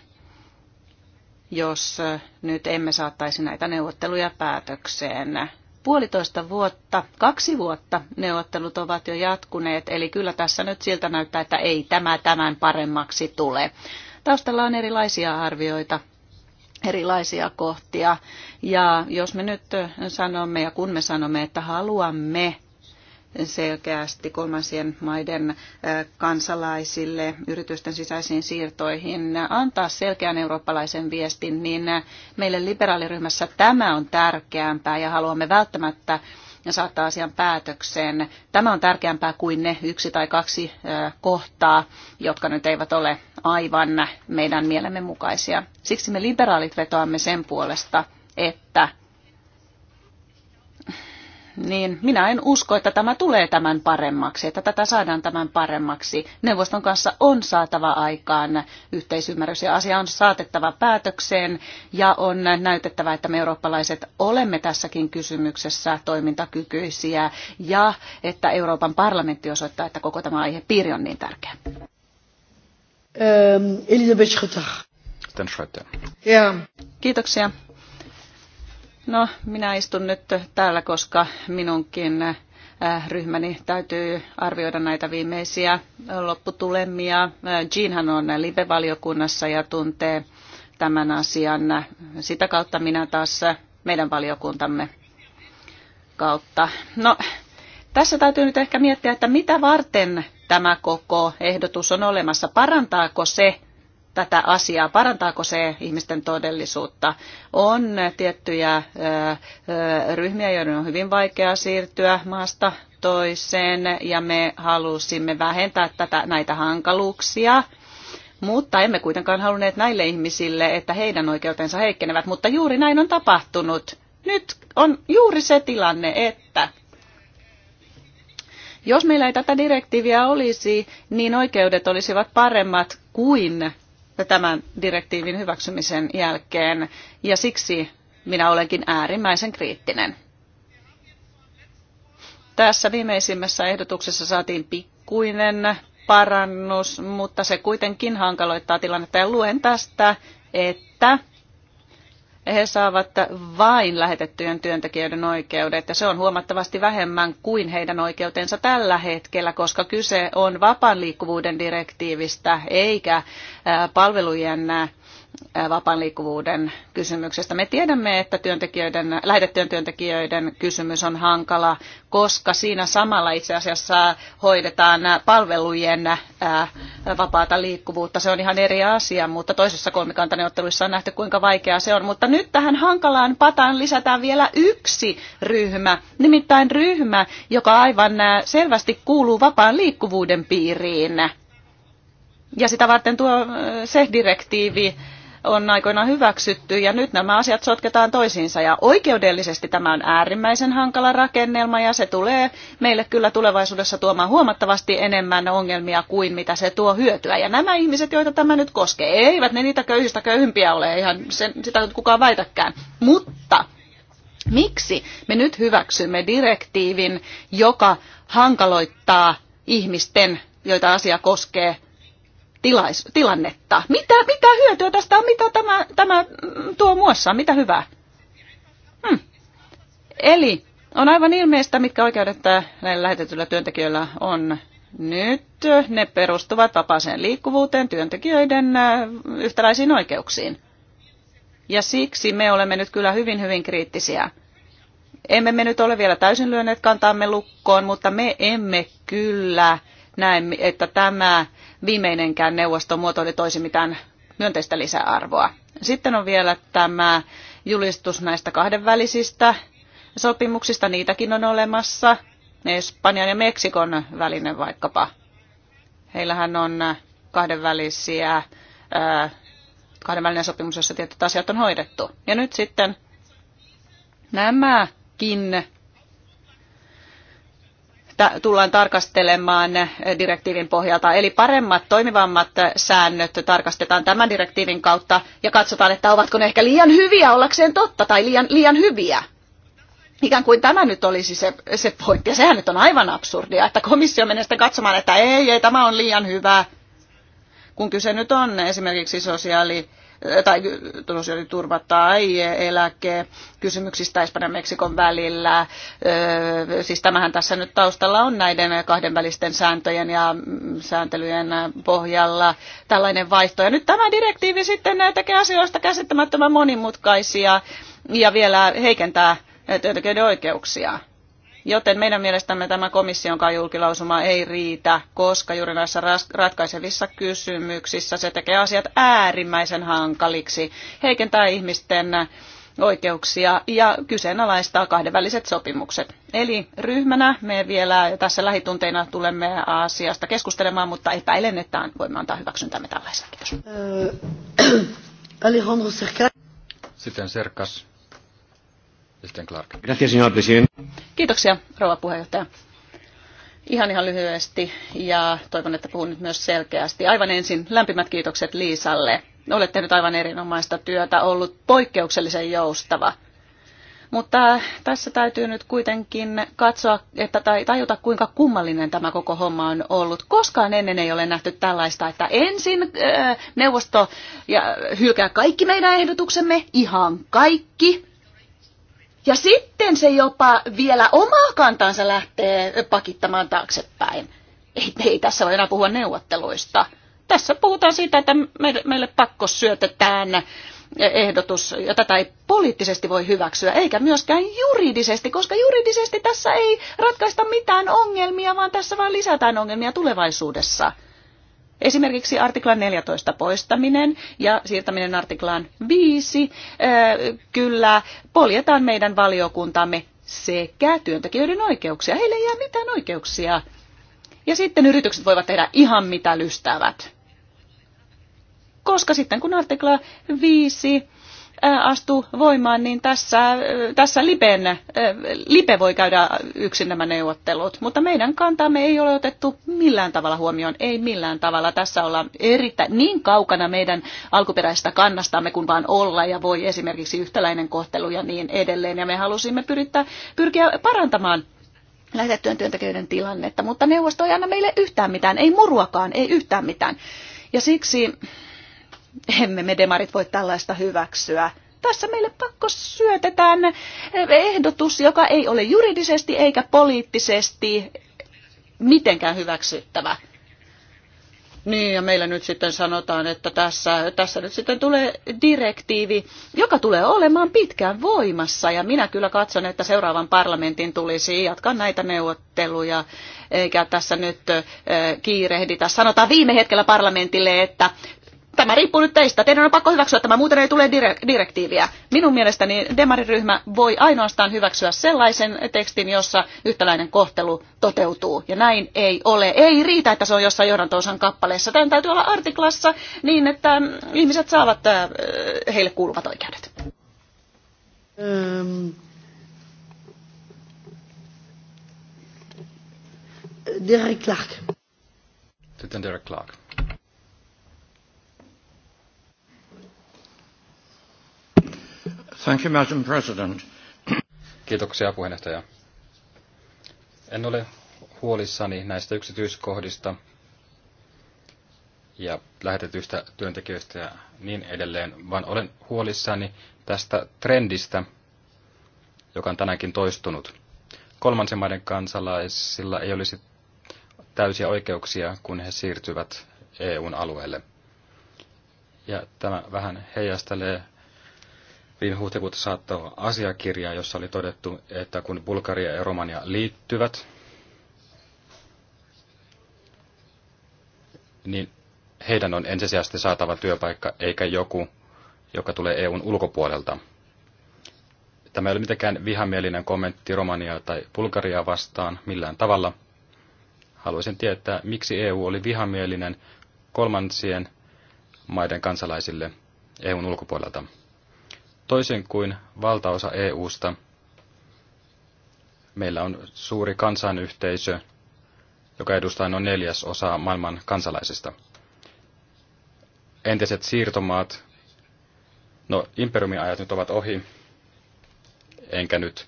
jos nyt emme saattaisi näitä neuvotteluja päätökseen puolitoista vuotta, kaksi vuotta neuvottelut ovat jo jatkuneet, eli kyllä tässä nyt siltä näyttää, että ei tämä tämän paremmaksi tule. Taustalla on erilaisia arvioita, erilaisia kohtia, ja jos me nyt sanomme ja kun me sanomme, että haluamme selkeästi kolmansien maiden kansalaisille yritysten sisäisiin siirtoihin, antaa selkeän eurooppalaisen viestin, niin meille liberaaliryhmässä tämä on tärkeämpää ja haluamme välttämättä ja saattaa asian päätökseen. Tämä on tärkeämpää kuin ne yksi tai kaksi kohtaa, jotka nyt eivät ole aivan meidän mielemme mukaisia. Siksi me liberaalit vetoamme sen puolesta, että niin minä en usko, että tämä tulee tämän paremmaksi, että tätä saadaan tämän paremmaksi. Neuvoston kanssa on saatava aikaan yhteisymmärrys ja asia on saatettava päätökseen ja on näytettävä, että me eurooppalaiset olemme tässäkin kysymyksessä toimintakykyisiä ja että Euroopan parlamentti osoittaa, että koko tämä aihepiiri on niin tärkeä. Ähm, Elisabeth Schröter. Schröter. Kiitoksia No, minä istun nyt täällä, koska minunkin äh, ryhmäni täytyy arvioida näitä viimeisiä lopputulemia. Äh, Jeanhan on live-valiokunnassa ja tuntee tämän asian. Sitä kautta minä taas meidän valiokuntamme kautta. No, tässä täytyy nyt ehkä miettiä, että mitä varten tämä koko ehdotus on olemassa. Parantaako se tätä asiaa, parantaako se ihmisten todellisuutta. On tiettyjä ryhmiä, joiden on hyvin vaikea siirtyä maasta toiseen ja me halusimme vähentää tätä, näitä hankaluuksia. Mutta emme kuitenkaan halunneet näille ihmisille, että heidän oikeutensa heikkenevät, mutta juuri näin on tapahtunut. Nyt on juuri se tilanne, että jos meillä ei tätä direktiiviä olisi, niin oikeudet olisivat paremmat kuin tämän direktiivin hyväksymisen jälkeen ja siksi minä olenkin äärimmäisen kriittinen. Tässä viimeisimmässä ehdotuksessa saatiin pikkuinen parannus, mutta se kuitenkin hankaloittaa tilannetta ja luen tästä, että he saavat vain lähetettyjen työntekijöiden oikeudet, ja se on huomattavasti vähemmän kuin heidän oikeutensa tällä hetkellä, koska kyse on vapaan liikkuvuuden direktiivistä, eikä palvelujen vapaan liikkuvuuden kysymyksestä. Me tiedämme, että työntekijöiden, lähetettyjen työntekijöiden kysymys on hankala, koska siinä samalla itse asiassa hoidetaan palvelujen vapaata liikkuvuutta. Se on ihan eri asia, mutta toisessa kolmikantaneuvotteluissa on nähty, kuinka vaikeaa se on. Mutta nyt tähän hankalaan pataan lisätään vielä yksi ryhmä, nimittäin ryhmä, joka aivan selvästi kuuluu vapaan liikkuvuuden piiriin. Ja sitä varten tuo se direktiivi on aikoinaan hyväksytty ja nyt nämä asiat sotketaan toisiinsa ja oikeudellisesti tämä on äärimmäisen hankala rakennelma ja se tulee meille kyllä tulevaisuudessa tuomaan huomattavasti enemmän ongelmia kuin mitä se tuo hyötyä. Ja nämä ihmiset, joita tämä nyt koskee, eivät ne niitä köyhistä köyhimpiä ole, eihän sen, sitä nyt kukaan väitäkään, mutta miksi me nyt hyväksymme direktiivin, joka hankaloittaa ihmisten, joita asia koskee, tilais, tilannetta. Mitä, mitä hyötyä tästä on? Mitä tämä, tämä mm, tuo muassa, Mitä hyvää? Hmm. Eli on aivan ilmeistä, mitkä oikeudet näillä lähetetyillä työntekijöillä on nyt. Ne perustuvat vapaaseen liikkuvuuteen, työntekijöiden äh, yhtäläisiin oikeuksiin. Ja siksi me olemme nyt kyllä hyvin, hyvin kriittisiä. Emme me nyt ole vielä täysin lyöneet kantaamme lukkoon, mutta me emme kyllä näe, että tämä viimeinenkään neuvoston muoto toisi mitään myönteistä lisäarvoa. Sitten on vielä tämä julistus näistä kahdenvälisistä sopimuksista, niitäkin on olemassa. Espanjan ja Meksikon välinen vaikkapa. Heillähän on kahdenvälisiä, kahdenvälinen sopimus, jossa tietyt asiat on hoidettu. Ja nyt sitten nämäkin tullaan tarkastelemaan direktiivin pohjalta. Eli paremmat, toimivammat säännöt tarkastetaan tämän direktiivin kautta ja katsotaan, että ovatko ne ehkä liian hyviä ollakseen totta tai liian, liian hyviä. Ikään kuin tämä nyt olisi se, se pointti, ja sehän nyt on aivan absurdia, että komissio menee sitten katsomaan, että ei, ei, tämä on liian hyvä, kun kyse nyt on esimerkiksi sosiaali- tai sosiaaliturva tai eläke kysymyksistä Espanjan ja Meksikon välillä. Siis tämähän tässä nyt taustalla on näiden kahdenvälisten sääntöjen ja sääntelyjen pohjalla tällainen vaihto. Ja nyt tämä direktiivi sitten tekee asioista käsittämättömän monimutkaisia ja vielä heikentää työntekijöiden oikeuksia. Joten meidän mielestämme tämä komissionkaan julkilausuma ei riitä, koska juuri näissä ratkaisevissa kysymyksissä se tekee asiat äärimmäisen hankaliksi, heikentää ihmisten oikeuksia ja kyseenalaistaa kahdenväliset sopimukset. Eli ryhmänä me vielä tässä lähitunteina tulemme asiasta keskustelemaan, mutta epäilen, että voimme antaa hyväksyntämme tällaisen. Kiitos. Äh, Alejandro Serkas. Sitten Serkas. Sitten Clark. Kiitoksia, rouva puheenjohtaja. Ihan ihan lyhyesti ja toivon, että puhun nyt myös selkeästi. Aivan ensin lämpimät kiitokset Liisalle. Olet tehnyt aivan erinomaista työtä, ollut poikkeuksellisen joustava. Mutta tässä täytyy nyt kuitenkin katsoa että, tai tajuta, kuinka kummallinen tämä koko homma on ollut. Koskaan ennen ei ole nähty tällaista, että ensin äh, neuvosto ja, hylkää kaikki meidän ehdotuksemme, ihan kaikki, ja sitten se jopa vielä omaa kantansa lähtee pakittamaan taaksepäin. Ei, ei tässä voi enää puhua neuvotteluista. Tässä puhutaan siitä, että meille, meille pakko syötetään ehdotus, ja tätä ei poliittisesti voi hyväksyä, eikä myöskään juridisesti, koska juridisesti tässä ei ratkaista mitään ongelmia, vaan tässä vain lisätään ongelmia tulevaisuudessa. Esimerkiksi artiklan 14 poistaminen ja siirtäminen artiklaan 5 kyllä poljetaan meidän valiokuntamme sekä työntekijöiden oikeuksia. Heille ei jää mitään oikeuksia. Ja sitten yritykset voivat tehdä ihan mitä lystävät. Koska sitten kun artikla 5 astuu voimaan, niin tässä, tässä Liben, Libe voi käydä yksin nämä neuvottelut. Mutta meidän kantaamme ei ole otettu millään tavalla huomioon, ei millään tavalla. Tässä ollaan erittäin niin kaukana meidän alkuperäisestä kannastamme kuin vaan olla ja voi esimerkiksi yhtäläinen kohtelu ja niin edelleen. Ja me halusimme pyrittää, pyrkiä parantamaan lähetettyjen työntekijöiden tilannetta, mutta neuvosto ei anna meille yhtään mitään, ei muruakaan, ei yhtään mitään. Ja siksi emme me demarit voi tällaista hyväksyä. Tässä meille pakko syötetään ehdotus, joka ei ole juridisesti eikä poliittisesti mitenkään hyväksyttävä. Niin, ja meillä nyt sitten sanotaan, että tässä, tässä nyt sitten tulee direktiivi, joka tulee olemaan pitkään voimassa. Ja minä kyllä katson, että seuraavan parlamentin tulisi jatkaa näitä neuvotteluja, eikä tässä nyt eh, kiirehditä. Sanotaan viime hetkellä parlamentille, että Tämä riippuu nyt teistä. Teidän on pakko hyväksyä tämä, muuten ei tule direktiiviä. Minun mielestäni demariryhmä voi ainoastaan hyväksyä sellaisen tekstin, jossa yhtäläinen kohtelu toteutuu. Ja näin ei ole. Ei riitä, että se on jossain johdantoosan kappaleessa. Tämän täytyy olla artiklassa niin, että ihmiset saavat äh, heille kuuluvat oikeudet. Um. Derek Clark. Sitten Derek Clark. Thank you, Madam President. Kiitoksia puheenjohtaja. En ole huolissani näistä yksityiskohdista ja lähetetyistä työntekijöistä ja niin edelleen, vaan olen huolissani tästä trendistä, joka on tänäänkin toistunut. Kolmansien maiden kansalaisilla ei olisi täysiä oikeuksia, kun he siirtyvät EUn alueelle. Ja tämä vähän heijastelee viime huhtikuuta saattava asiakirja, jossa oli todettu, että kun Bulgaria ja Romania liittyvät, niin heidän on ensisijaisesti saatava työpaikka, eikä joku, joka tulee EUn ulkopuolelta. Tämä ei ole mitenkään vihamielinen kommentti Romaniaa tai Bulgariaa vastaan millään tavalla. Haluaisin tietää, miksi EU oli vihamielinen kolmansien maiden kansalaisille EUn ulkopuolelta. Toisin kuin valtaosa EUsta, meillä on suuri kansanyhteisö, joka edustaa noin neljäs osaa maailman kansalaisista. Entiset siirtomaat, no ajat nyt ovat ohi, enkä nyt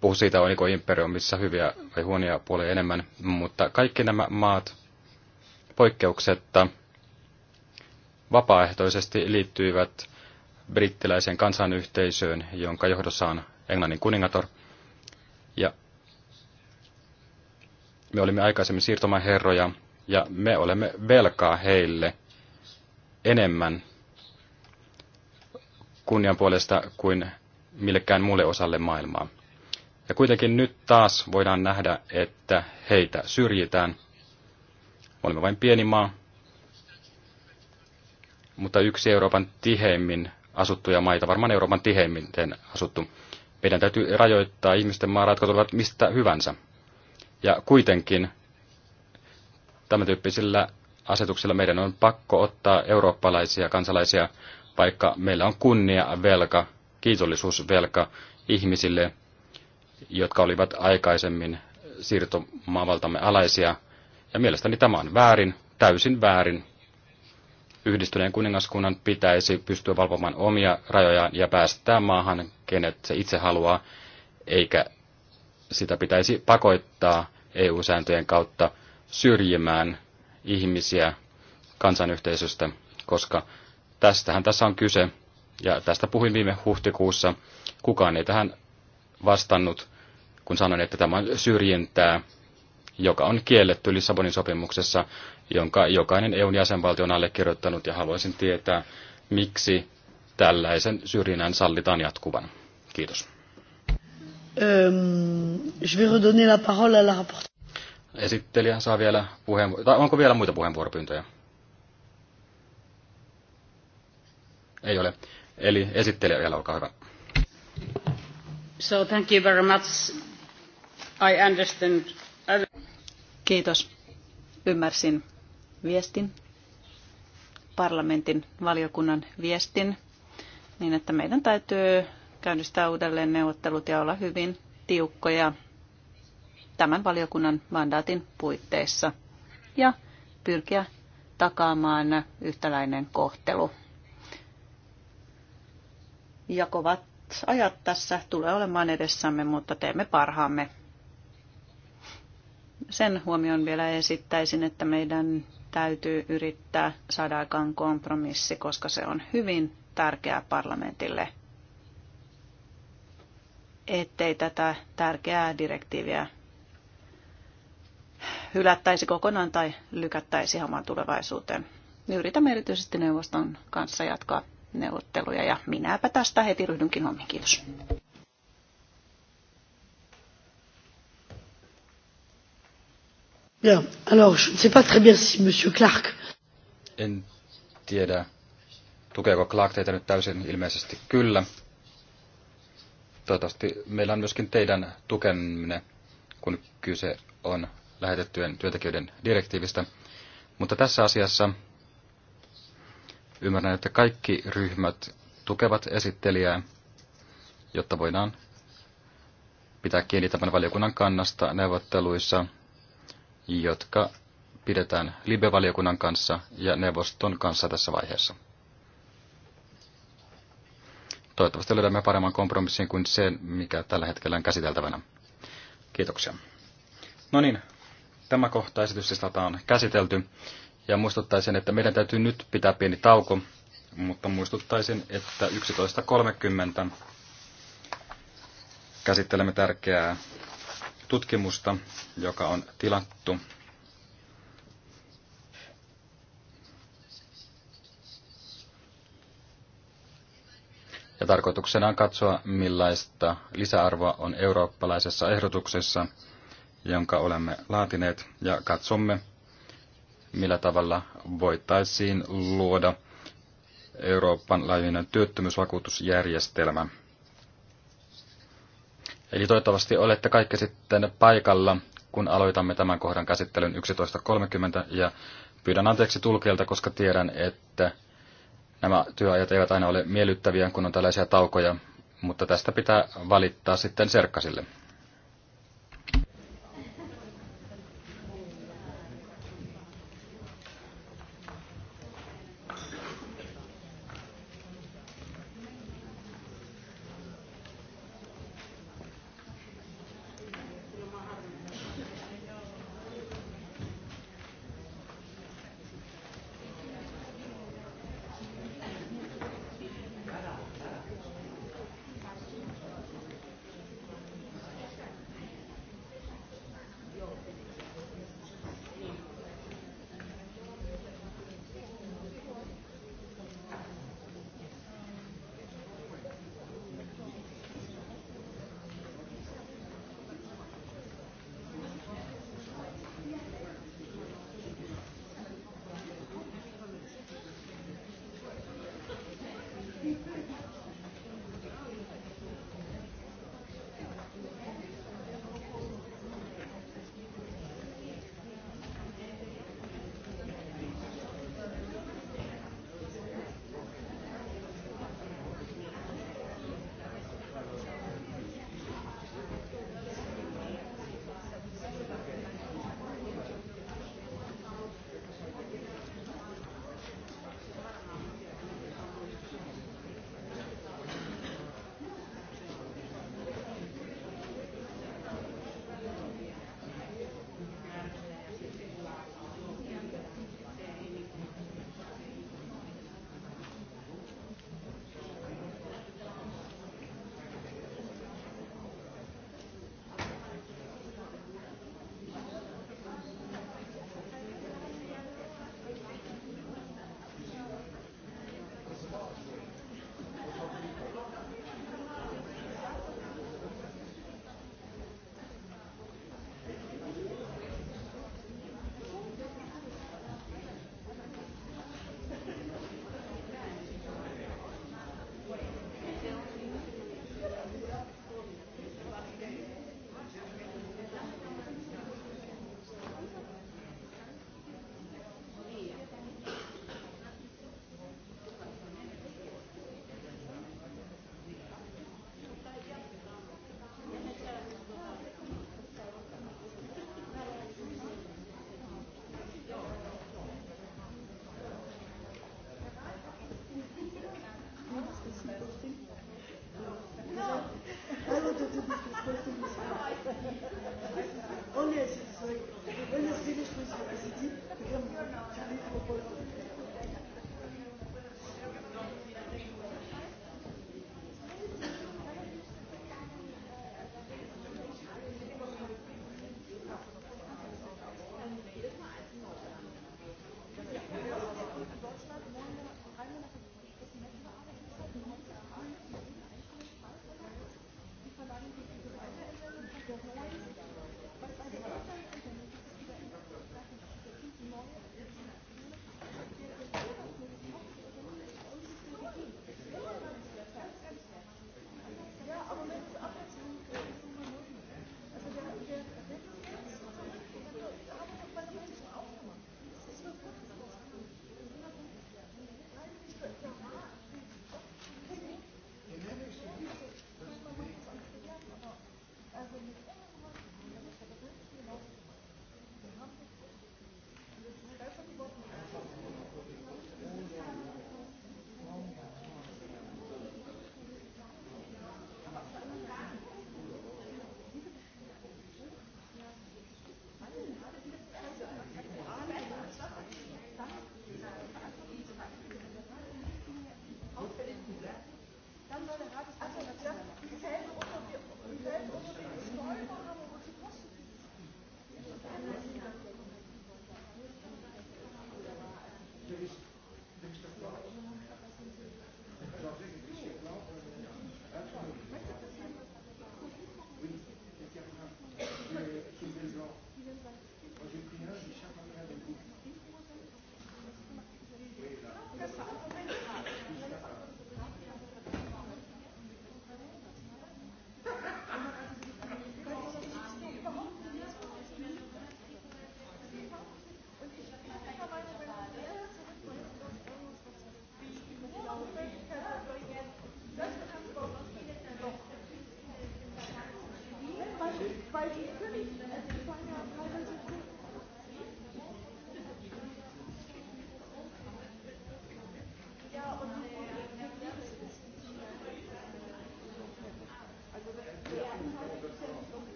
puhu siitä, oliko imperiumissa hyviä vai huonia puolia enemmän, mutta kaikki nämä maat poikkeuksetta vapaaehtoisesti liittyivät brittiläiseen kansanyhteisöön, jonka johdossa on Englannin kuningator. Ja me olimme aikaisemmin siirtomaherroja ja me olemme velkaa heille enemmän kunnian puolesta kuin millekään muulle osalle maailmaa. Ja kuitenkin nyt taas voidaan nähdä, että heitä syrjitään. Me olemme vain pieni maa, mutta yksi Euroopan tiheimmin asuttuja maita, varmaan Euroopan tiheimmin asuttu. Meidän täytyy rajoittaa ihmisten maarat, jotka tulevat mistä hyvänsä. Ja kuitenkin tämän tyyppisillä asetuksilla meidän on pakko ottaa eurooppalaisia kansalaisia, vaikka meillä on kunnia velka, kiitollisuusvelka ihmisille, jotka olivat aikaisemmin siirtomaavaltamme alaisia. Ja mielestäni tämä on väärin, täysin väärin yhdistyneen kuningaskunnan pitäisi pystyä valvomaan omia rajojaan ja päästää maahan, kenet se itse haluaa, eikä sitä pitäisi pakoittaa EU-sääntöjen kautta syrjimään ihmisiä kansanyhteisöstä, koska tästähän tässä on kyse, ja tästä puhuin viime huhtikuussa. Kukaan ei tähän vastannut, kun sanoin, että tämä on syrjintää joka on kielletty Lissabonin sopimuksessa, jonka jokainen EUn jäsenvaltio on allekirjoittanut, ja haluaisin tietää, miksi tällaisen syrjinnän sallitaan jatkuvan. Kiitos. Esittelijä saa vielä puheenvuoro, Tai onko vielä muita puheenvuoropyyntöjä? Ei ole. Eli esittelijä vielä, olkaa hyvä. So thank you very much. I understand Kiitos. Ymmärsin viestin, parlamentin valiokunnan viestin, niin että meidän täytyy käynnistää uudelleen neuvottelut ja olla hyvin tiukkoja tämän valiokunnan mandaatin puitteissa ja pyrkiä takaamaan yhtäläinen kohtelu. Ja kovat ajat tässä tulee olemaan edessämme, mutta teemme parhaamme sen huomion vielä esittäisin, että meidän täytyy yrittää saada aikaan kompromissi, koska se on hyvin tärkeää parlamentille, ettei tätä tärkeää direktiiviä hylättäisi kokonaan tai lykättäisi hamaan tulevaisuuteen. Yritämme erityisesti neuvoston kanssa jatkaa neuvotteluja ja minäpä tästä heti ryhdynkin hommiin. Kiitos. Alors, je ne sais pas très bien si Monsieur Clark. En tiedä, tukeeko Clark teitä nyt täysin ilmeisesti kyllä. Toivottavasti meillä on myöskin teidän tukenne, kun kyse on lähetettyjen työntekijöiden direktiivistä. Mutta tässä asiassa ymmärrän, että kaikki ryhmät tukevat esittelijää, jotta voidaan pitää kiinni tämän valiokunnan kannasta neuvotteluissa – jotka pidetään Libe-valiokunnan kanssa ja neuvoston kanssa tässä vaiheessa. Toivottavasti löydämme paremman kompromissin kuin sen, mikä tällä hetkellä on käsiteltävänä. Kiitoksia. No niin, tämä kohta esityslistalta on käsitelty. Ja muistuttaisin, että meidän täytyy nyt pitää pieni tauko, mutta muistuttaisin, että 11.30 käsittelemme tärkeää tutkimusta, joka on tilattu. Ja tarkoituksena on katsoa, millaista lisäarvoa on eurooppalaisessa ehdotuksessa, jonka olemme laatineet, ja katsomme, millä tavalla voitaisiin luoda Euroopan laajuinen työttömyysvakuutusjärjestelmä – Eli toivottavasti olette kaikki sitten paikalla, kun aloitamme tämän kohdan käsittelyn 11.30 ja pyydän anteeksi tulkielta, koska tiedän, että nämä työajat eivät aina ole miellyttäviä, kun on tällaisia taukoja, mutta tästä pitää valittaa sitten serkkasille.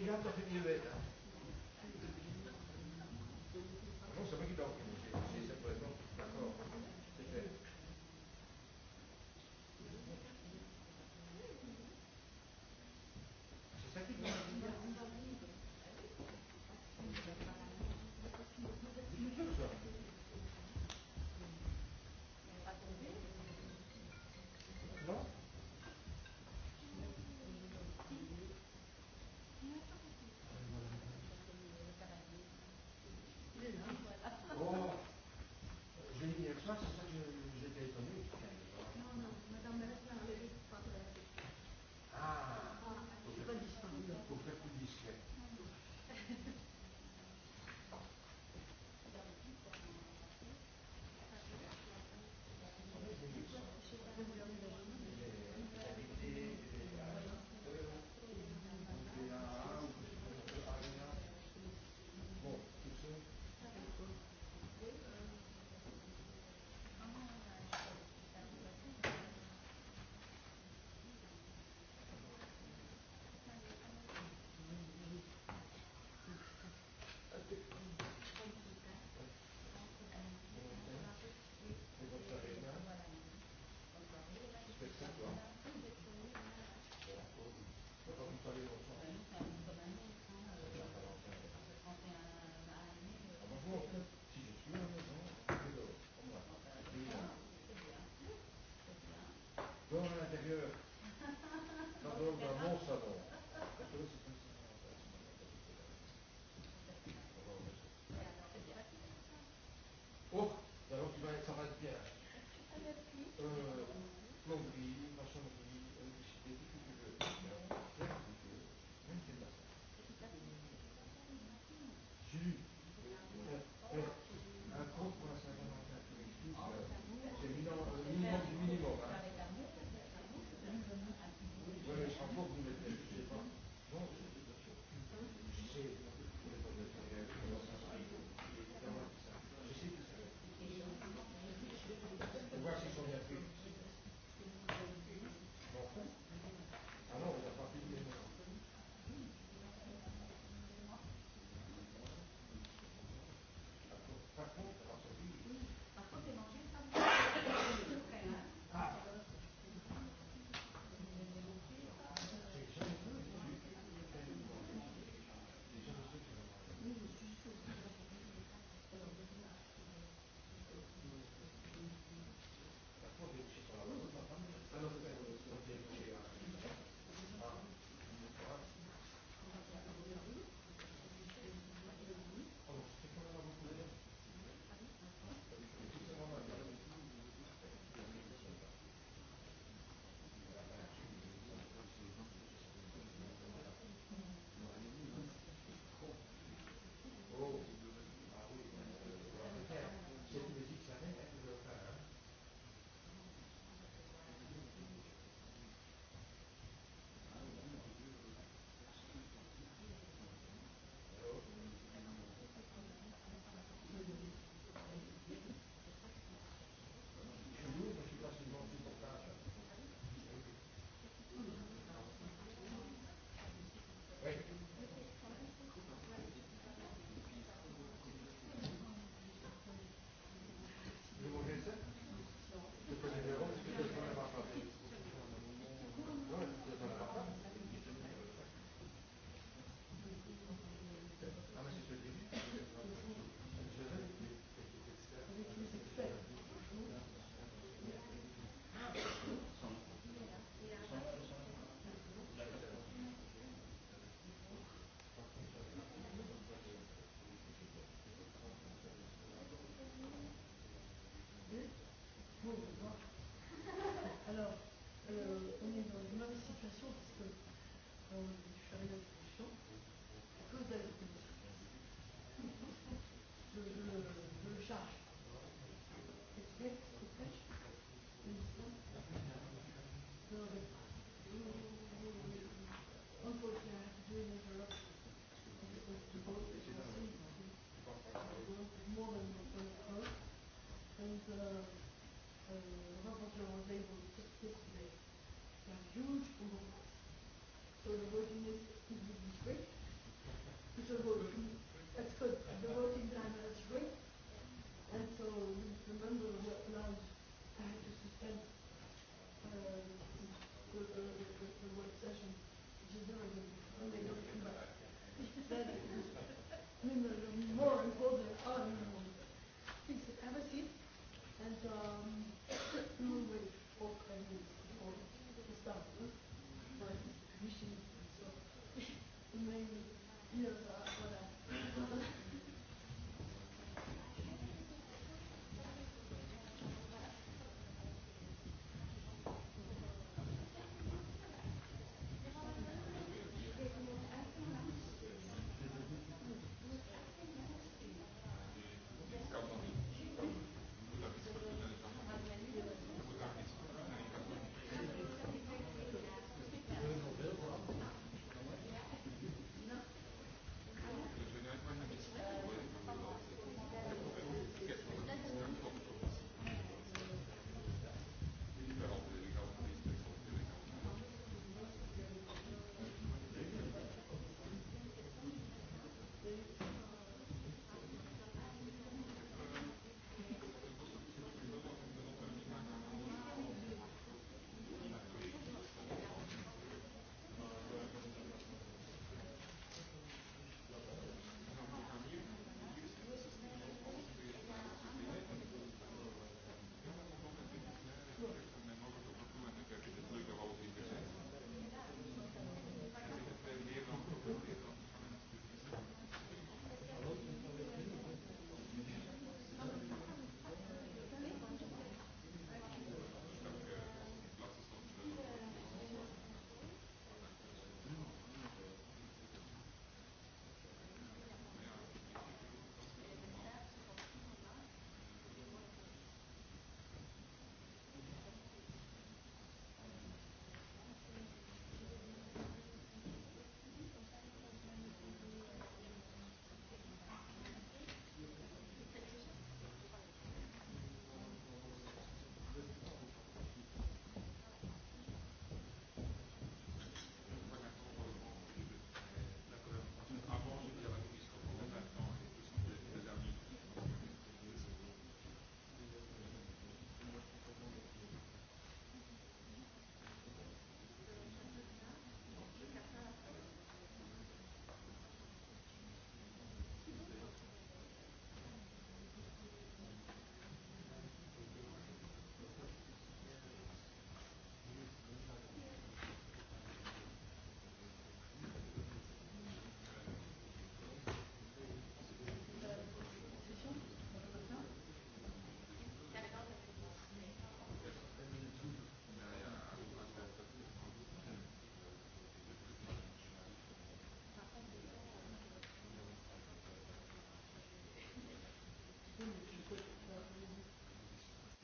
obligato a finire Då är det högt. Då drog de oss då.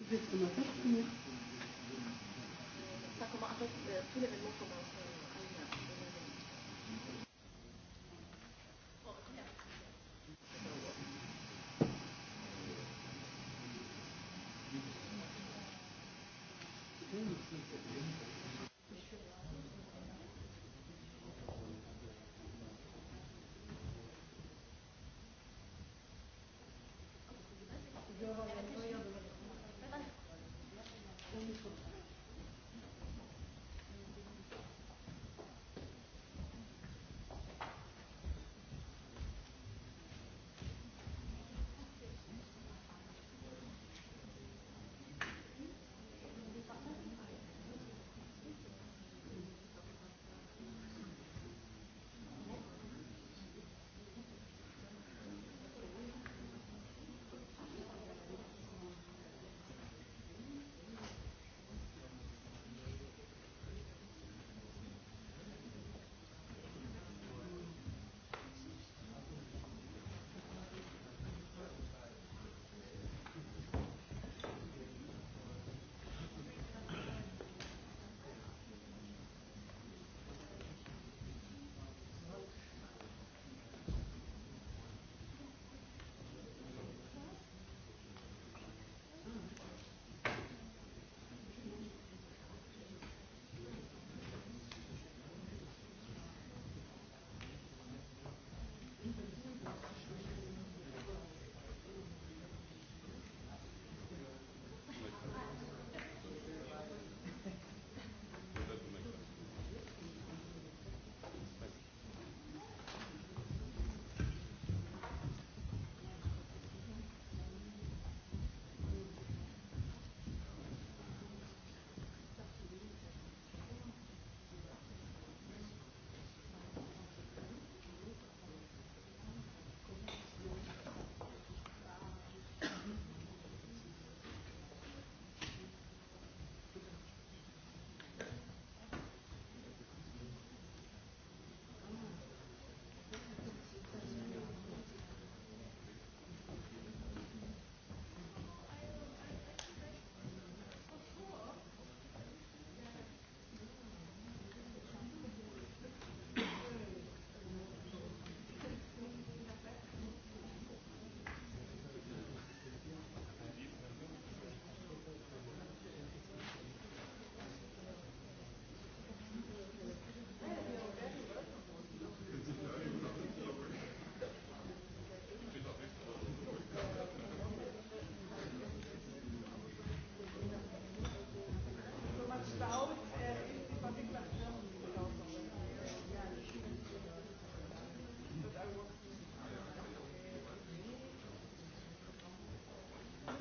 Willst du mal 16? Da kann man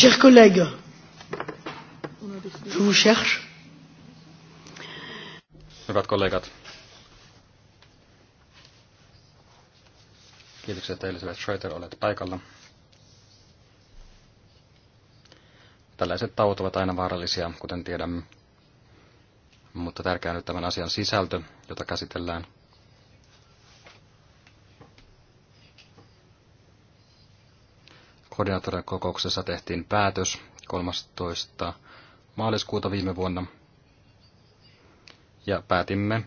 Chers collègues, je vous cherche. Hyvät kollegat. Kiitoksia teille, että Schreiter olet paikalla. Tällaiset tauot ovat aina vaarallisia, kuten tiedämme. Mutta tärkeää nyt tämän asian sisältö, jota käsitellään – koordinaattorikokouksessa kokouksessa tehtiin päätös 13. maaliskuuta viime vuonna. Ja päätimme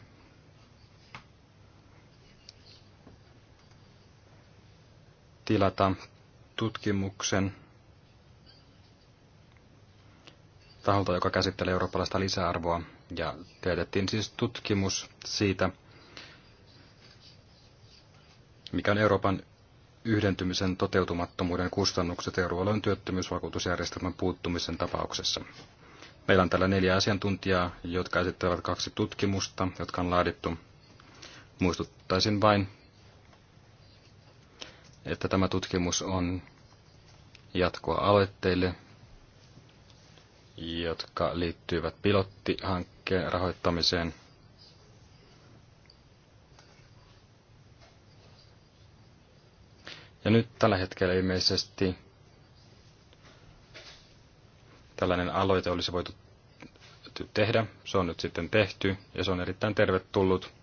tilata tutkimuksen taholta, joka käsittelee eurooppalaista lisäarvoa. Ja teetettiin siis tutkimus siitä, mikä on Euroopan yhdentymisen toteutumattomuuden kustannukset euroalueen työttömyysvakuutusjärjestelmän puuttumisen tapauksessa. Meillä on täällä neljä asiantuntijaa, jotka esittävät kaksi tutkimusta, jotka on laadittu. Muistuttaisin vain, että tämä tutkimus on jatkoa aloitteille, jotka liittyvät pilottihankkeen rahoittamiseen – Ja nyt tällä hetkellä ilmeisesti tällainen aloite olisi voitu tehdä. Se on nyt sitten tehty ja se on erittäin tervetullut.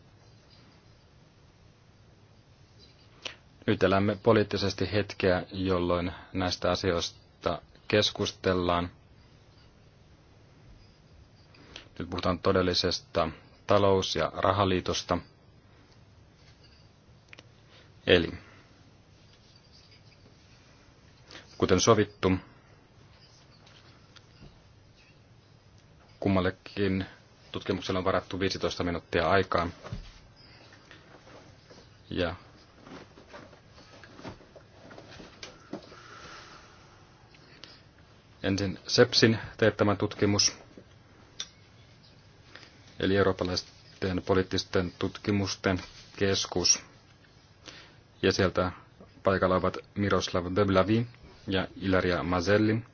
Nyt elämme poliittisesti hetkeä, jolloin näistä asioista keskustellaan. Nyt puhutaan todellisesta talous- ja rahaliitosta. Eli kuten sovittu, kummallekin tutkimukselle on varattu 15 minuuttia aikaa. Ja ensin SEPSin teettämä tutkimus, eli eurooppalaisten poliittisten tutkimusten keskus. Ja sieltä paikalla ovat Miroslav Böblavi ja Ilaria Mazellin.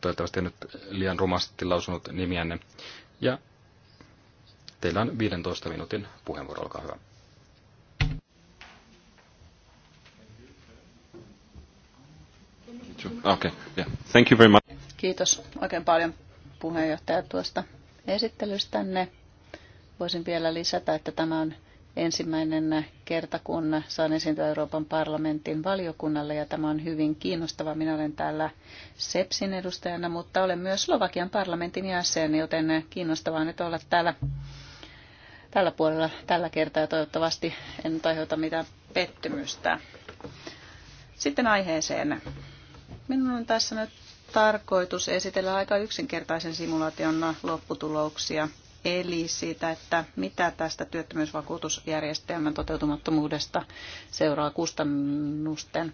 Toivottavasti en nyt liian rumasti lausunut nimiänne. Ja teillä on 15 minuutin puheenvuoro, olkaa hyvä. Okay, yeah. Thank you very much. Kiitos oikein paljon puheenjohtaja tuosta esittelystänne. Voisin vielä lisätä, että tämä on ensimmäinen kerta, kun saan esiintyä Euroopan parlamentin valiokunnalle ja tämä on hyvin kiinnostava. Minä olen täällä SEPSin edustajana, mutta olen myös Slovakian parlamentin jäsen, joten kiinnostavaa nyt olla täällä tällä puolella tällä kertaa ja toivottavasti en aiheuta mitään pettymystä. Sitten aiheeseen. Minun on tässä nyt tarkoitus esitellä aika yksinkertaisen simulaation lopputuloksia – eli siitä, että mitä tästä työttömyysvakuutusjärjestelmän toteutumattomuudesta seuraa kustannusten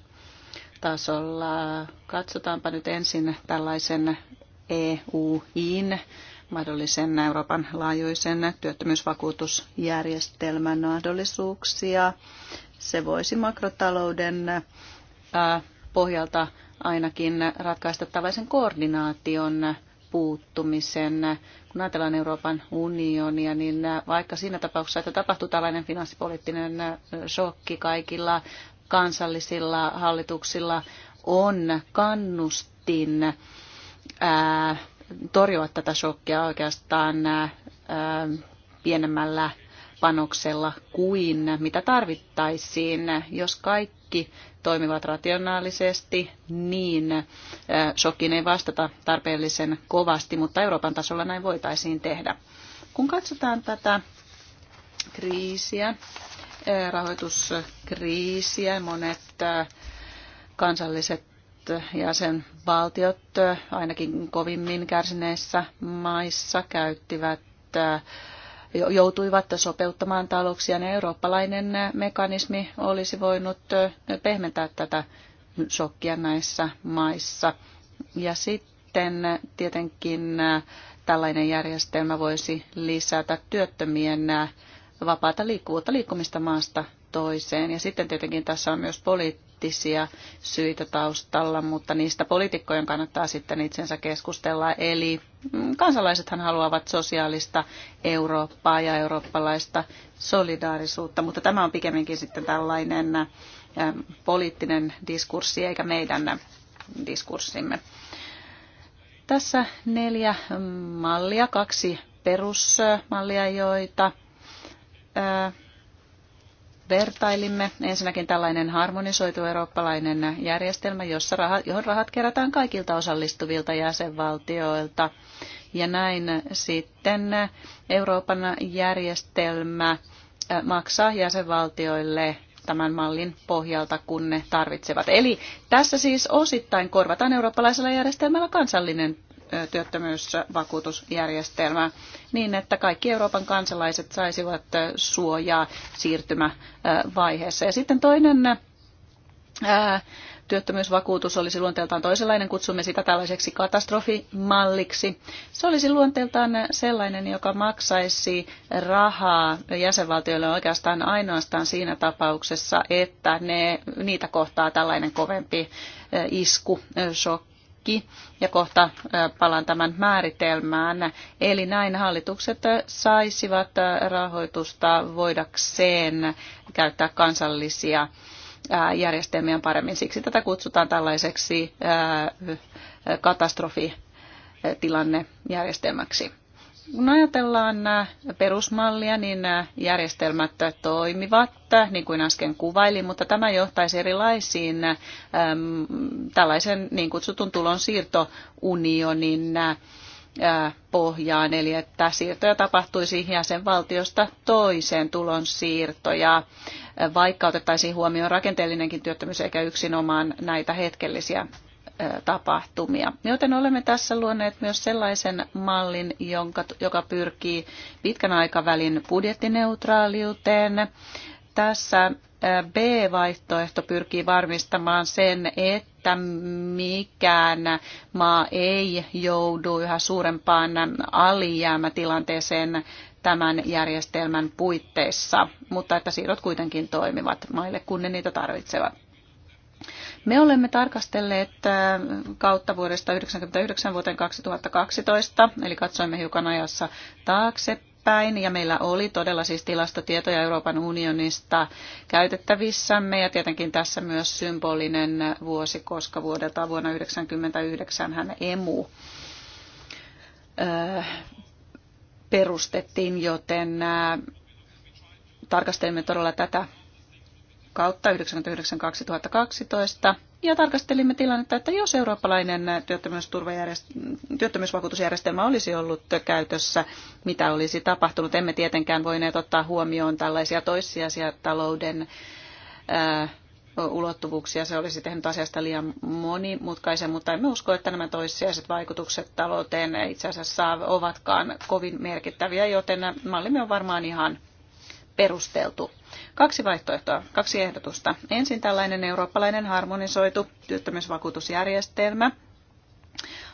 tasolla. Katsotaanpa nyt ensin tällaisen EUIin mahdollisen Euroopan laajuisen työttömyysvakuutusjärjestelmän mahdollisuuksia. Se voisi makrotalouden pohjalta ainakin ratkaista tällaisen koordinaation puuttumisen. Kun ajatellaan Euroopan unionia, niin vaikka siinä tapauksessa, että tapahtuu tällainen finanssipoliittinen shokki kaikilla kansallisilla hallituksilla, on kannustin ää, torjua tätä shokkia oikeastaan ää, pienemmällä panoksella kuin mitä tarvittaisiin, jos kaikki toimivat rationaalisesti, niin shokin ei vastata tarpeellisen kovasti, mutta Euroopan tasolla näin voitaisiin tehdä. Kun katsotaan tätä kriisiä, rahoituskriisiä, monet kansalliset jäsenvaltiot ainakin kovimmin kärsineissä maissa käyttivät joutuivat sopeuttamaan talouksia, niin eurooppalainen mekanismi olisi voinut pehmentää tätä shokkia näissä maissa. Ja sitten tietenkin tällainen järjestelmä voisi lisätä työttömien vapaata liikkuvuutta liikkumista maasta toiseen. Ja sitten tietenkin tässä on myös poliittinen poliittisia syitä taustalla, mutta niistä poliitikkojen kannattaa sitten itsensä keskustella. Eli mm, kansalaisethan haluavat sosiaalista Eurooppaa ja eurooppalaista solidaarisuutta, mutta tämä on pikemminkin sitten tällainen ähm, poliittinen diskurssi eikä meidän diskurssimme. Tässä neljä mallia, kaksi perusmallia, joita äh, vertailimme. Ensinnäkin tällainen harmonisoitu eurooppalainen järjestelmä, jossa rahat, johon rahat kerätään kaikilta osallistuvilta jäsenvaltioilta. Ja näin sitten Euroopan järjestelmä äh, maksaa jäsenvaltioille tämän mallin pohjalta, kun ne tarvitsevat. Eli tässä siis osittain korvataan eurooppalaisella järjestelmällä kansallinen työttömyysvakuutusjärjestelmää niin, että kaikki Euroopan kansalaiset saisivat suojaa siirtymävaiheessa. Ja sitten toinen työttömyysvakuutus olisi luonteeltaan toisenlainen, kutsumme sitä tällaiseksi katastrofimalliksi. Se olisi luonteeltaan sellainen, joka maksaisi rahaa jäsenvaltioille oikeastaan ainoastaan siinä tapauksessa, että ne, niitä kohtaa tällainen kovempi isku, shokki kaikki, ja kohta palaan tämän määritelmään. Eli näin hallitukset saisivat rahoitusta voidakseen käyttää kansallisia järjestelmiä paremmin. Siksi tätä kutsutaan tällaiseksi katastrofitilannejärjestelmäksi. Kun ajatellaan nämä äh, perusmallia, niin nämä äh, järjestelmät äh, toimivat, niin kuin äsken kuvailin, mutta tämä johtaisi erilaisiin äm, tällaisen niin kutsutun tulonsiirtounionin siirtounionin pohjaan, eli että siirtoja tapahtuisi jäsenvaltiosta toiseen tulonsiirtoja, vaikka otettaisiin huomioon rakenteellinenkin työttömyys eikä yksinomaan näitä hetkellisiä tapahtumia. Joten olemme tässä luoneet myös sellaisen mallin, jonka, joka pyrkii pitkän aikavälin budjettineutraaliuteen. Tässä B-vaihtoehto pyrkii varmistamaan sen, että mikään maa ei joudu yhä suurempaan alijäämätilanteeseen tämän järjestelmän puitteissa, mutta että siirrot kuitenkin toimivat maille, kun ne niitä tarvitsevat. Me olemme tarkastelleet äh, kautta vuodesta 1999 vuoteen 2012, eli katsoimme hiukan ajassa taaksepäin, ja meillä oli todella siis tilastotietoja Euroopan unionista käytettävissämme, ja tietenkin tässä myös symbolinen vuosi, koska vuodelta vuonna 1999 hän emu äh, perustettiin, joten äh, tarkastelimme todella tätä kautta 99-2012 ja tarkastelimme tilannetta, että jos eurooppalainen työttömyysvakuutusjärjestelmä olisi ollut käytössä, mitä olisi tapahtunut. Emme tietenkään voineet ottaa huomioon tällaisia toissijaisia talouden ää, ulottuvuuksia. Se olisi tehnyt asiasta liian monimutkaisen, mutta emme usko, että nämä toissijaiset vaikutukset talouteen itse asiassa ovatkaan kovin merkittäviä, joten mallimme on varmaan ihan perusteltu. Kaksi vaihtoehtoa, kaksi ehdotusta. Ensin tällainen eurooppalainen harmonisoitu työttömyysvakuutusjärjestelmä.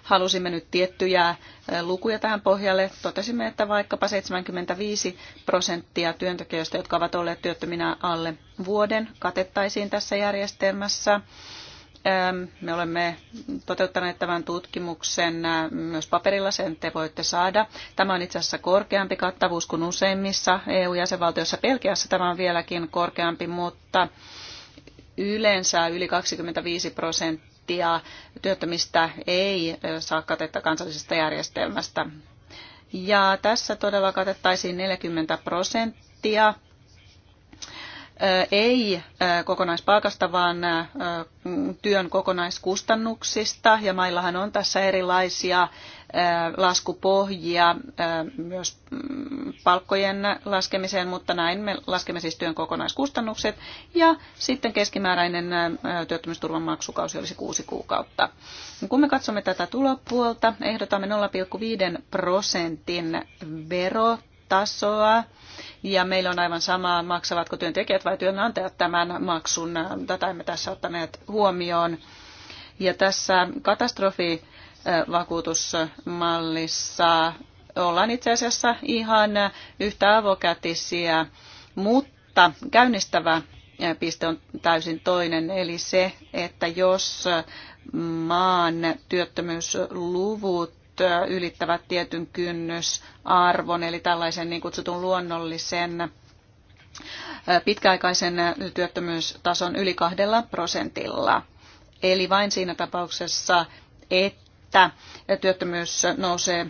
Halusimme nyt tiettyjä lukuja tähän pohjalle. Totesimme, että vaikkapa 75 prosenttia työntekijöistä, jotka ovat olleet työttöminä alle vuoden, katettaisiin tässä järjestelmässä. Me olemme toteuttaneet tämän tutkimuksen myös paperilla, sen te voitte saada. Tämä on itse asiassa korkeampi kattavuus kuin useimmissa EU-jäsenvaltioissa. Pelkiässä tämä on vieläkin korkeampi, mutta yleensä yli 25 prosenttia työttömistä ei saa katetta kansallisesta järjestelmästä. Ja tässä todella katettaisiin 40 prosenttia ei kokonaispalkasta, vaan työn kokonaiskustannuksista. Ja maillahan on tässä erilaisia laskupohjia myös mm, palkkojen laskemiseen, mutta näin me laskemme siis työn kokonaiskustannukset. Ja sitten keskimääräinen työttömyysturvan maksukausi olisi kuusi kuukautta. Kun me katsomme tätä tulopuolta, ehdotamme 0,5 prosentin verot tasoa. Ja meillä on aivan sama, maksavatko työntekijät vai työnantajat tämän maksun. Tätä emme tässä ottaneet huomioon. Ja tässä katastrofivakuutusmallissa ollaan itse asiassa ihan yhtä avokätisiä, mutta käynnistävä piste on täysin toinen, eli se, että jos maan työttömyysluvut ylittävät tietyn kynnysarvon, eli tällaisen niin kutsutun luonnollisen pitkäaikaisen työttömyystason yli kahdella prosentilla. Eli vain siinä tapauksessa, että työttömyys nousee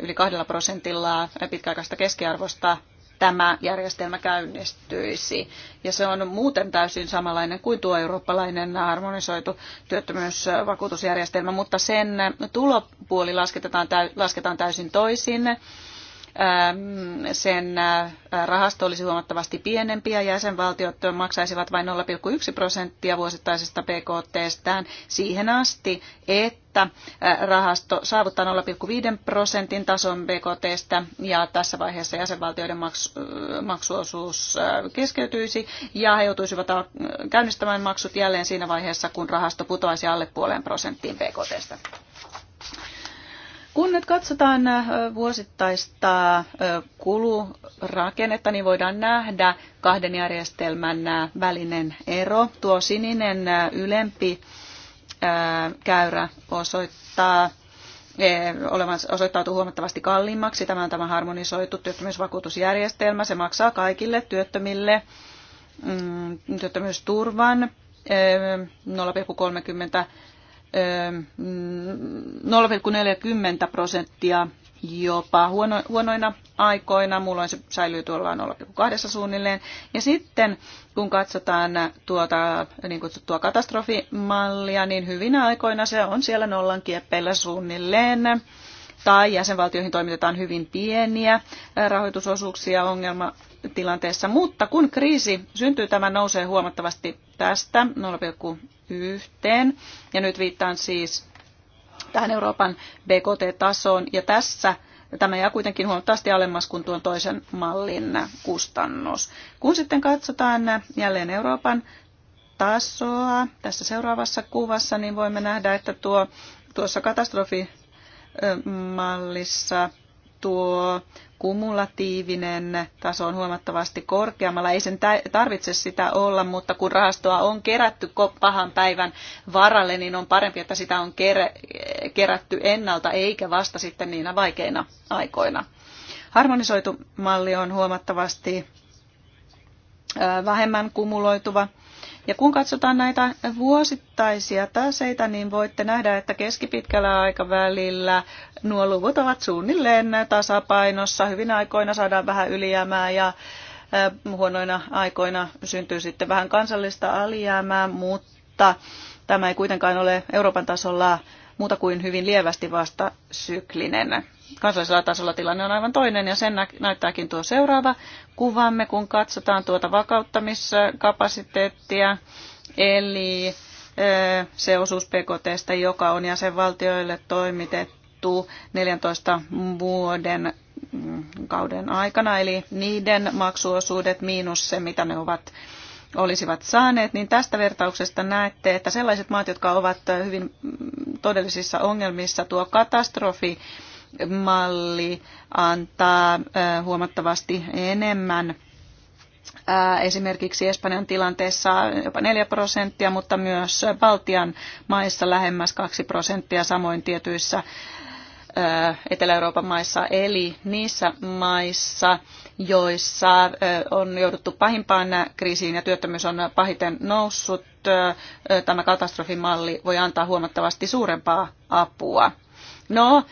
yli kahdella prosentilla pitkäaikaista keskiarvosta tämä järjestelmä käynnistyisi. Ja se on muuten täysin samanlainen kuin tuo eurooppalainen harmonisoitu työttömyysvakuutusjärjestelmä, mutta sen tulopuoli lasketaan, lasketaan täysin toisin Ähm, sen äh, rahasto olisi huomattavasti pienempi ja jäsenvaltiot maksaisivat vain 0,1 prosenttia vuosittaisesta BKTstään siihen asti, että äh, rahasto saavuttaa 0,5 prosentin tason BKTstä ja tässä vaiheessa jäsenvaltioiden äh, maksuosuus keskeytyisi ja he joutuisivat käynnistämään maksut jälleen siinä vaiheessa, kun rahasto putoaisi alle puoleen prosenttiin BKTstä. Kun nyt katsotaan äh, vuosittaista äh, kulurakennetta, niin voidaan nähdä kahden järjestelmän äh, välinen ero. Tuo sininen ylempi käyrä osoittaa e, osoittautuu huomattavasti kalliimmaksi. Tämä on tämä harmonisoitu työttömyysvakuutusjärjestelmä. Se maksaa kaikille työttömille mm, työttömyysturvan 0,30 e, 0,40 prosenttia jopa huono, huonoina aikoina, mulla se säilyy tuolla 0,2 suunnilleen. Ja sitten kun katsotaan tuota niin kutsuttua katastrofimallia, niin hyvinä aikoina se on siellä nollan kieppeillä suunnilleen. Tai jäsenvaltioihin toimitetaan hyvin pieniä rahoitusosuuksia ongelma tilanteessa, mutta kun kriisi syntyy, tämä nousee huomattavasti tästä 0,1 ja nyt viittaan siis tähän Euroopan BKT-tasoon ja tässä tämä jää kuitenkin huomattavasti alemmas kuin tuon toisen mallin kustannus. Kun sitten katsotaan jälleen Euroopan tasoa tässä seuraavassa kuvassa, niin voimme nähdä, että tuo, tuossa katastrofi mallissa tuo kumulatiivinen taso on huomattavasti korkeammalla. Ei sen tarvitse sitä olla, mutta kun rahastoa on kerätty pahan päivän varalle, niin on parempi, että sitä on kerätty ennalta eikä vasta sitten niinä vaikeina aikoina. Harmonisoitu malli on huomattavasti vähemmän kumuloituva ja kun katsotaan näitä vuosittaisia taseita, niin voitte nähdä, että keskipitkällä aikavälillä nuo luvut ovat suunnilleen tasapainossa. Hyvin aikoina saadaan vähän ylijäämää ja huonoina aikoina syntyy sitten vähän kansallista alijäämää, mutta tämä ei kuitenkaan ole Euroopan tasolla muuta kuin hyvin lievästi vasta syklinen. Kansallisella tasolla tilanne on aivan toinen ja sen näyttääkin tuo seuraava kuvamme, kun katsotaan tuota vakauttamiskapasiteettia, eli se osuus PKT, joka on jäsenvaltioille toimitettu 14 vuoden mm, kauden aikana, eli niiden maksuosuudet miinus se, mitä ne ovat olisivat saaneet, niin tästä vertauksesta näette, että sellaiset maat, jotka ovat hyvin todellisissa ongelmissa, tuo katastrofi malli antaa huomattavasti enemmän esimerkiksi Espanjan tilanteessa jopa 4 prosenttia, mutta myös Baltian maissa lähemmäs 2 prosenttia, samoin tietyissä Etelä-Euroopan maissa, eli niissä maissa, joissa on jouduttu pahimpaan kriisiin ja työttömyys on pahiten noussut, tämä katastrofimalli voi antaa huomattavasti suurempaa apua. No,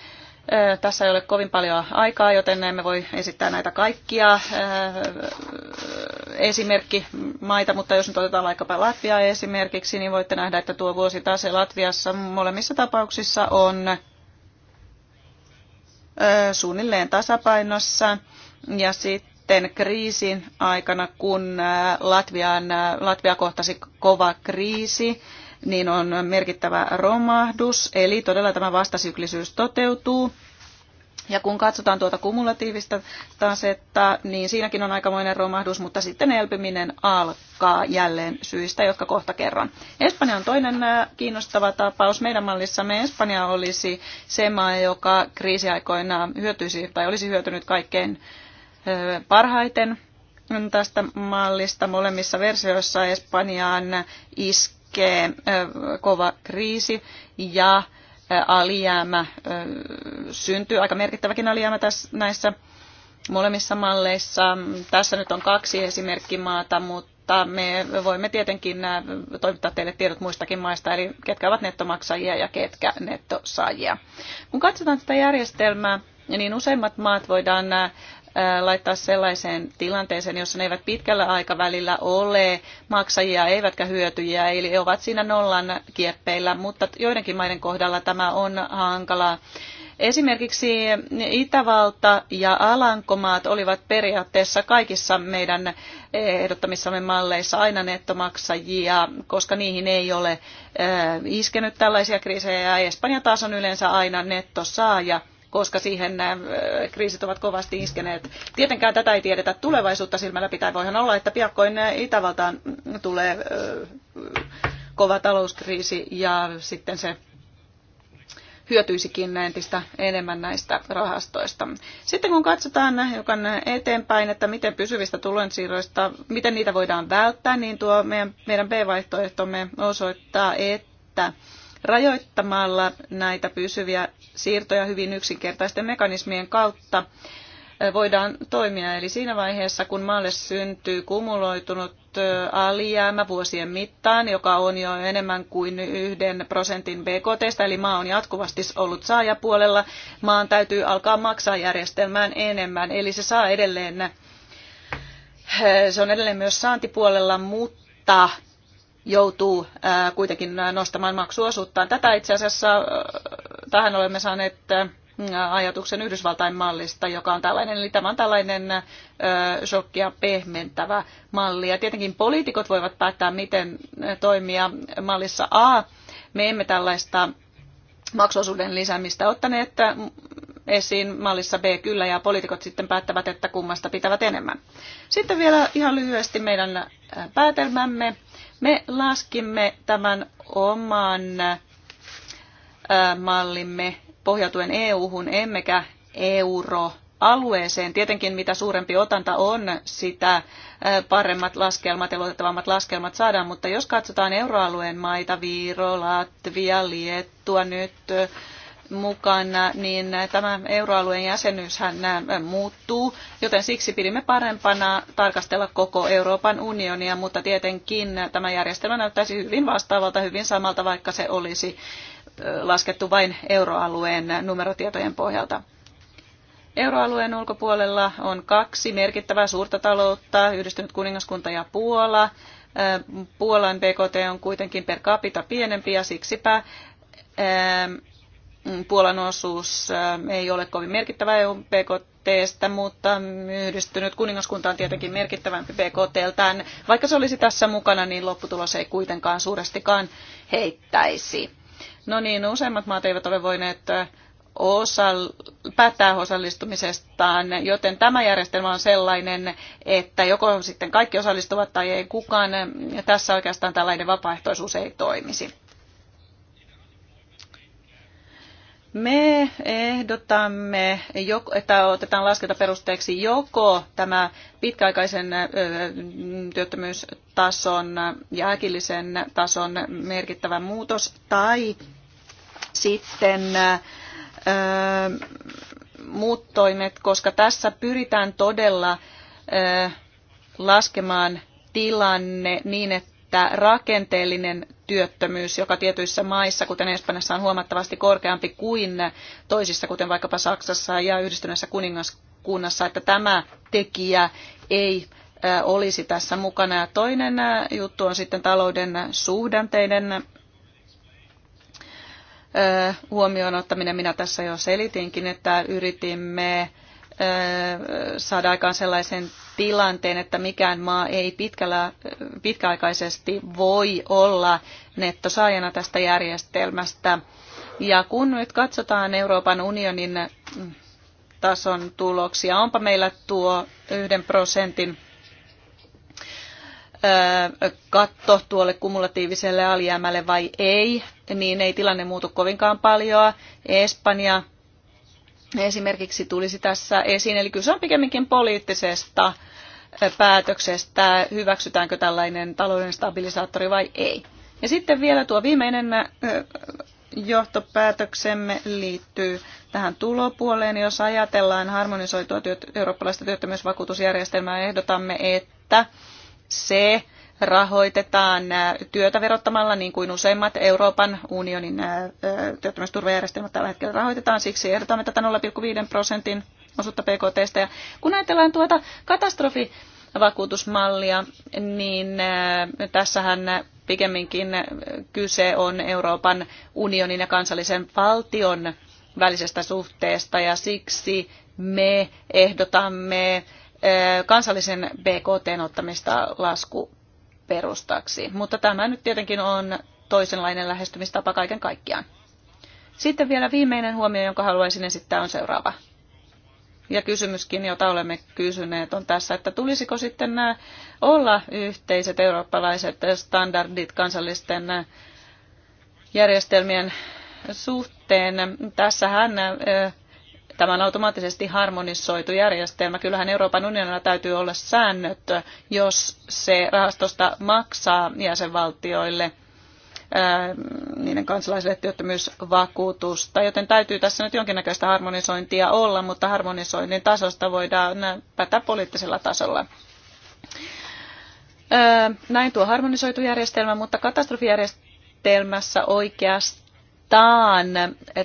tässä ei ole kovin paljon aikaa, joten emme voi esittää näitä kaikkia esimerkkimaita, mutta jos nyt otetaan vaikkapa Latvia esimerkiksi, niin voitte nähdä, että tuo vuositase Latviassa molemmissa tapauksissa on suunnilleen tasapainossa. Ja sitten kriisin aikana, kun Latvian, Latvia kohtasi kova kriisi, niin on merkittävä romahdus, eli todella tämä vastasyklisyys toteutuu. Ja kun katsotaan tuota kumulatiivista tasetta, niin siinäkin on aikamoinen romahdus, mutta sitten elpyminen alkaa jälleen syistä, jotka kohta kerran. Espanja on toinen äh, kiinnostava tapaus. Meidän mallissamme Espanja olisi se maa, joka kriisiaikoina hyötyisi tai olisi hyötynyt kaikkein äh, parhaiten tästä mallista. Molemmissa versioissa Espanjaan iskee äh, kova kriisi ja alijäämä syntyy, aika merkittäväkin alijäämä tässä, näissä molemmissa malleissa. Tässä nyt on kaksi esimerkkimaata, mutta me voimme tietenkin toimittaa teille tiedot muistakin maista, eli ketkä ovat nettomaksajia ja ketkä nettosaajia. Kun katsotaan tätä järjestelmää, niin useimmat maat voidaan laittaa sellaiseen tilanteeseen, jossa ne eivät pitkällä aikavälillä ole maksajia eivätkä hyötyjiä, eli ovat siinä nollan kieppeillä, mutta joidenkin maiden kohdalla tämä on hankalaa. Esimerkiksi Itävalta ja Alankomaat olivat periaatteessa kaikissa meidän ehdottamissamme malleissa aina nettomaksajia, koska niihin ei ole iskenyt tällaisia kriisejä. Espanja taas on yleensä aina nettosaaja koska siihen nämä äh, kriisit ovat kovasti iskeneet. Tietenkään tätä ei tiedetä tulevaisuutta silmällä pitää. Voihan olla, että piakkoin äh, Itävaltaan mm, tulee äh, kova talouskriisi ja sitten se hyötyisikin entistä enemmän näistä rahastoista. Sitten kun katsotaan hiukan eteenpäin, että miten pysyvistä tulonsiirroista, miten niitä voidaan välttää, niin tuo meidän, meidän B-vaihtoehtomme osoittaa, että Rajoittamalla näitä pysyviä siirtoja hyvin yksinkertaisten mekanismien kautta voidaan toimia. Eli siinä vaiheessa, kun maalle syntyy kumuloitunut alijäämä vuosien mittaan, joka on jo enemmän kuin yhden prosentin BKT, eli maa on jatkuvasti ollut saajapuolella, maan täytyy alkaa maksaa järjestelmään enemmän, eli se saa edelleen, se on edelleen myös saantipuolella, mutta joutuu kuitenkin nostamaan maksuosuuttaan. Tätä itse asiassa tähän olemme saaneet ajatuksen Yhdysvaltain mallista, joka on tällainen, eli tämä on tällainen shokkia pehmentävä malli. Ja tietenkin poliitikot voivat päättää, miten toimia mallissa A. Me emme tällaista maksuosuuden lisäämistä ottaneet esiin mallissa B kyllä, ja poliitikot sitten päättävät, että kummasta pitävät enemmän. Sitten vielä ihan lyhyesti meidän päätelmämme. Me laskimme tämän oman mallimme pohjautuen EU-hun, emmekä euroalueeseen. Tietenkin mitä suurempi otanta on, sitä paremmat laskelmat ja luotettavammat laskelmat saadaan, mutta jos katsotaan euroalueen maita, Viro, Latvia, Liettua nyt, mukana, niin tämä euroalueen jäsenyyshän muuttuu, joten siksi pidimme parempana tarkastella koko Euroopan unionia, mutta tietenkin tämä järjestelmä näyttäisi hyvin vastaavalta, hyvin samalta, vaikka se olisi laskettu vain euroalueen numerotietojen pohjalta. Euroalueen ulkopuolella on kaksi merkittävää suurta taloutta, yhdistynyt kuningaskunta ja Puola. Puolan BKT on kuitenkin per capita pienempi ja siksipä Mm, Puolan osuus ähm, ei ole kovin merkittävä EUn PKTstä, mutta yhdistynyt kuningaskunta on tietenkin merkittävämpi PKTltään. Vaikka se olisi tässä mukana, niin lopputulos ei kuitenkaan suurestikaan heittäisi. No niin, useimmat maat eivät ole voineet äh, osal- päättää osallistumisestaan, joten tämä järjestelmä on sellainen, että joko sitten kaikki osallistuvat tai ei kukaan. Ja tässä oikeastaan tällainen vapaaehtoisuus ei toimisi. Me ehdotamme, että otetaan laskentaperusteeksi joko tämä pitkäaikaisen työttömyystason ja äkillisen tason merkittävä muutos tai sitten muut toimet, koska tässä pyritään todella laskemaan tilanne niin, että rakenteellinen työttömyys, joka tietyissä maissa, kuten Espanjassa, on huomattavasti korkeampi kuin toisissa, kuten vaikkapa Saksassa ja yhdistyneessä kuningaskunnassa, että tämä tekijä ei olisi tässä mukana. Ja toinen juttu on sitten talouden suhdanteiden huomioon ottaminen. Minä tässä jo selitinkin, että yritimme saada aikaan sellaisen tilanteen, että mikään maa ei pitkällä, pitkäaikaisesti voi olla nettosaajana tästä järjestelmästä. Ja kun nyt katsotaan Euroopan unionin tason tuloksia, onpa meillä tuo yhden prosentin katto tuolle kumulatiiviselle alijäämälle vai ei, niin ei tilanne muutu kovinkaan paljon. Espanja esimerkiksi tulisi tässä esiin. Eli kyse on pikemminkin poliittisesta päätöksestä, hyväksytäänkö tällainen talouden stabilisaattori vai ei. Ja sitten vielä tuo viimeinen johtopäätöksemme liittyy tähän tulopuoleen. Jos ajatellaan harmonisoitua työt, eurooppalaista työttömyysvakuutusjärjestelmää, ehdotamme, että se rahoitetaan äh, työtä verottamalla, niin kuin useimmat Euroopan unionin äh, äh, työttömyysturvajärjestelmät tällä hetkellä rahoitetaan. Siksi ehdotamme tätä 0,5 prosentin osuutta PKT. Ja kun ajatellaan tuota katastrofi vakuutusmallia, niin tässähän pikemminkin kyse on Euroopan unionin ja kansallisen valtion välisestä suhteesta ja siksi me ehdotamme kansallisen BKT ottamista lasku perustaksi. Mutta tämä nyt tietenkin on toisenlainen lähestymistapa kaiken kaikkiaan. Sitten vielä viimeinen huomio, jonka haluaisin esittää, on seuraava. Ja kysymyskin, jota olemme kysyneet, on tässä, että tulisiko sitten nämä äh, olla yhteiset eurooppalaiset standardit kansallisten äh, järjestelmien suhteen. Tässähän äh, Tämä on automaattisesti harmonisoitu järjestelmä. Kyllähän Euroopan unionilla täytyy olla säännöt, jos se rahastosta maksaa jäsenvaltioille niiden kansalaisille työttömyysvakuutusta, joten täytyy tässä nyt jonkinnäköistä harmonisointia olla, mutta harmonisoinnin tasosta voidaan päättää poliittisella tasolla. Näin tuo harmonisoitu järjestelmä, mutta katastrofijärjestelmässä oikeasti Taan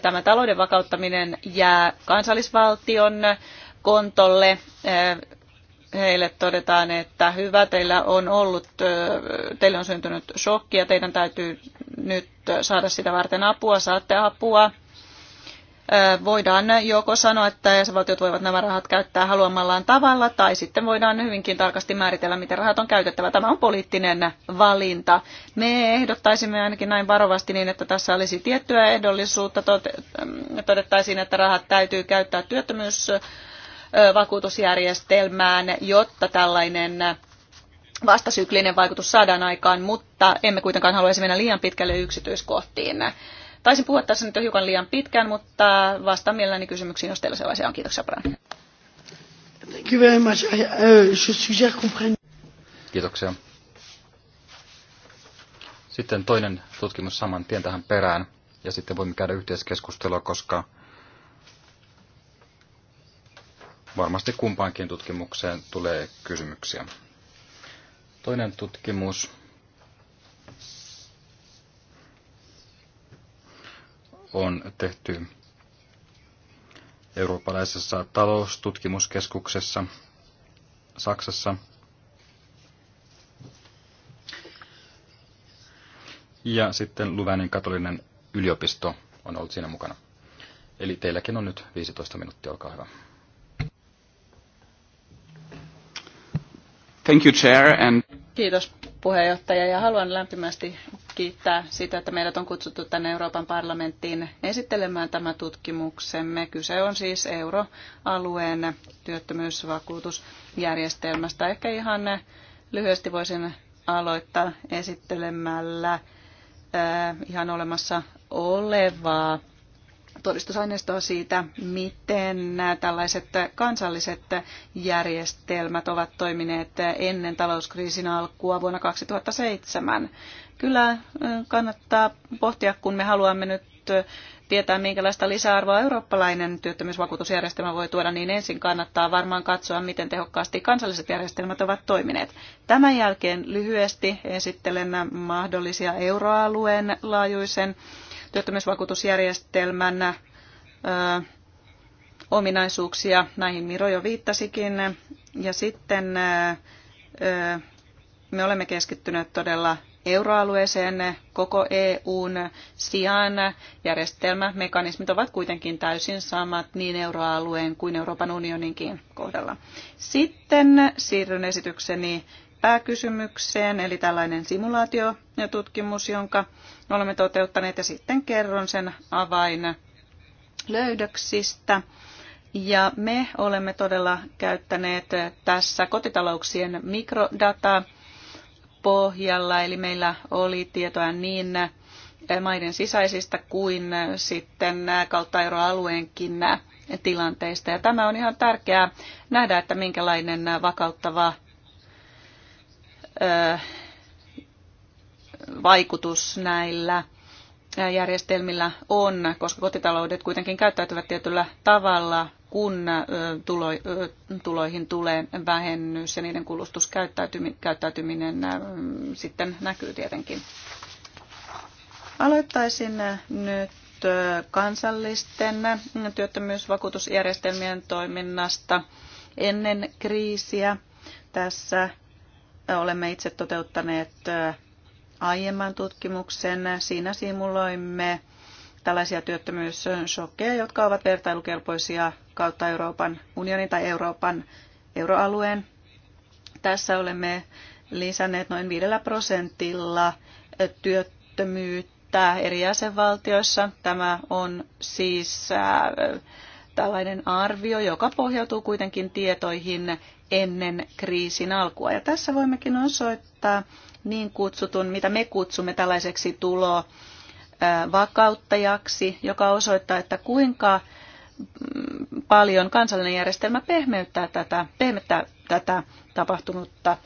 tämä talouden vakauttaminen jää kansallisvaltion kontolle. Heille todetaan, että hyvä, teillä on ollut, teille on syntynyt shokki ja teidän täytyy nyt saada sitä varten apua, saatte apua voidaan joko sanoa, että jäsenvaltiot voivat nämä rahat käyttää haluamallaan tavalla, tai sitten voidaan hyvinkin tarkasti määritellä, miten rahat on käytettävä. Tämä on poliittinen valinta. Me ehdottaisimme ainakin näin varovasti niin, että tässä olisi tiettyä ehdollisuutta. Todettaisiin, että rahat täytyy käyttää työttömyysvakuutusjärjestelmään, jotta tällainen vastasyklinen vaikutus saadaan aikaan, mutta emme kuitenkaan haluaisi mennä liian pitkälle yksityiskohtiin. Taisin puhua tässä nyt jo hiukan liian pitkään, mutta vastaan mielelläni kysymyksiin, jos teillä sellaisia on. Kiitoksia paljon. Uh, Kiitoksia. Sitten toinen tutkimus saman tien tähän perään, ja sitten voimme käydä yhteiskeskustelua, koska varmasti kumpaankin tutkimukseen tulee kysymyksiä. Toinen tutkimus on tehty eurooppalaisessa taloustutkimuskeskuksessa Saksassa. Ja sitten Luvänin katolinen yliopisto on ollut siinä mukana. Eli teilläkin on nyt 15 minuuttia, olkaa hyvä. Thank you, Chair, and Kiitos puheenjohtaja ja haluan lämpimästi kiittää sitä, että meidät on kutsuttu tänne Euroopan parlamenttiin esittelemään tämä tutkimuksemme. Kyse on siis euroalueen työttömyysvakuutusjärjestelmästä. Ehkä ihan lyhyesti voisin aloittaa esittelemällä ihan olemassa olevaa todistusaineistoa siitä, miten nämä tällaiset kansalliset järjestelmät ovat toimineet ennen talouskriisin alkua vuonna 2007. Kyllä kannattaa pohtia, kun me haluamme nyt tietää, minkälaista lisäarvoa eurooppalainen työttömyysvakuutusjärjestelmä voi tuoda, niin ensin kannattaa varmaan katsoa, miten tehokkaasti kansalliset järjestelmät ovat toimineet. Tämän jälkeen lyhyesti esittelen mahdollisia euroalueen laajuisen työttömyysvakuutusjärjestelmän ominaisuuksia. Näihin Miro jo viittasikin. Ja sitten me olemme keskittyneet todella euroalueeseen koko EUn sijaan. Järjestelmämekanismit ovat kuitenkin täysin samat niin euroalueen kuin Euroopan unioninkin kohdalla. Sitten siirryn esitykseni pääkysymykseen, eli tällainen simulaatio ja tutkimus, jonka olemme toteuttaneet, ja sitten kerron sen avain löydöksistä. Ja me olemme todella käyttäneet tässä kotitalouksien mikrodata pohjalla, eli meillä oli tietoa niin maiden sisäisistä kuin sitten kautta euroalueenkin tilanteista. Ja tämä on ihan tärkeää nähdä, että minkälainen vakauttava vaikutus näillä järjestelmillä on, koska kotitaloudet kuitenkin käyttäytyvät tietyllä tavalla, kun tulo, tuloihin tulee vähennys ja niiden kulutuskäyttäytyminen sitten näkyy tietenkin. Aloittaisin nyt kansallisten työttömyysvakuutusjärjestelmien toiminnasta ennen kriisiä. Tässä olemme itse toteuttaneet aiemman tutkimuksen. Siinä simuloimme tällaisia työttömyyssokkeja, jotka ovat vertailukelpoisia kautta Euroopan unionin tai Euroopan euroalueen. Tässä olemme lisänneet noin 5 prosentilla työttömyyttä eri jäsenvaltioissa. Tämä on siis tällainen arvio, joka pohjautuu kuitenkin tietoihin, ennen kriisin alkua. Ja tässä voimmekin osoittaa niin kutsutun, mitä me kutsumme tällaiseksi tulo vakauttajaksi, joka osoittaa, että kuinka mm, paljon kansallinen järjestelmä pehmeyttää tätä, pehmeyttää tätä tapahtunutta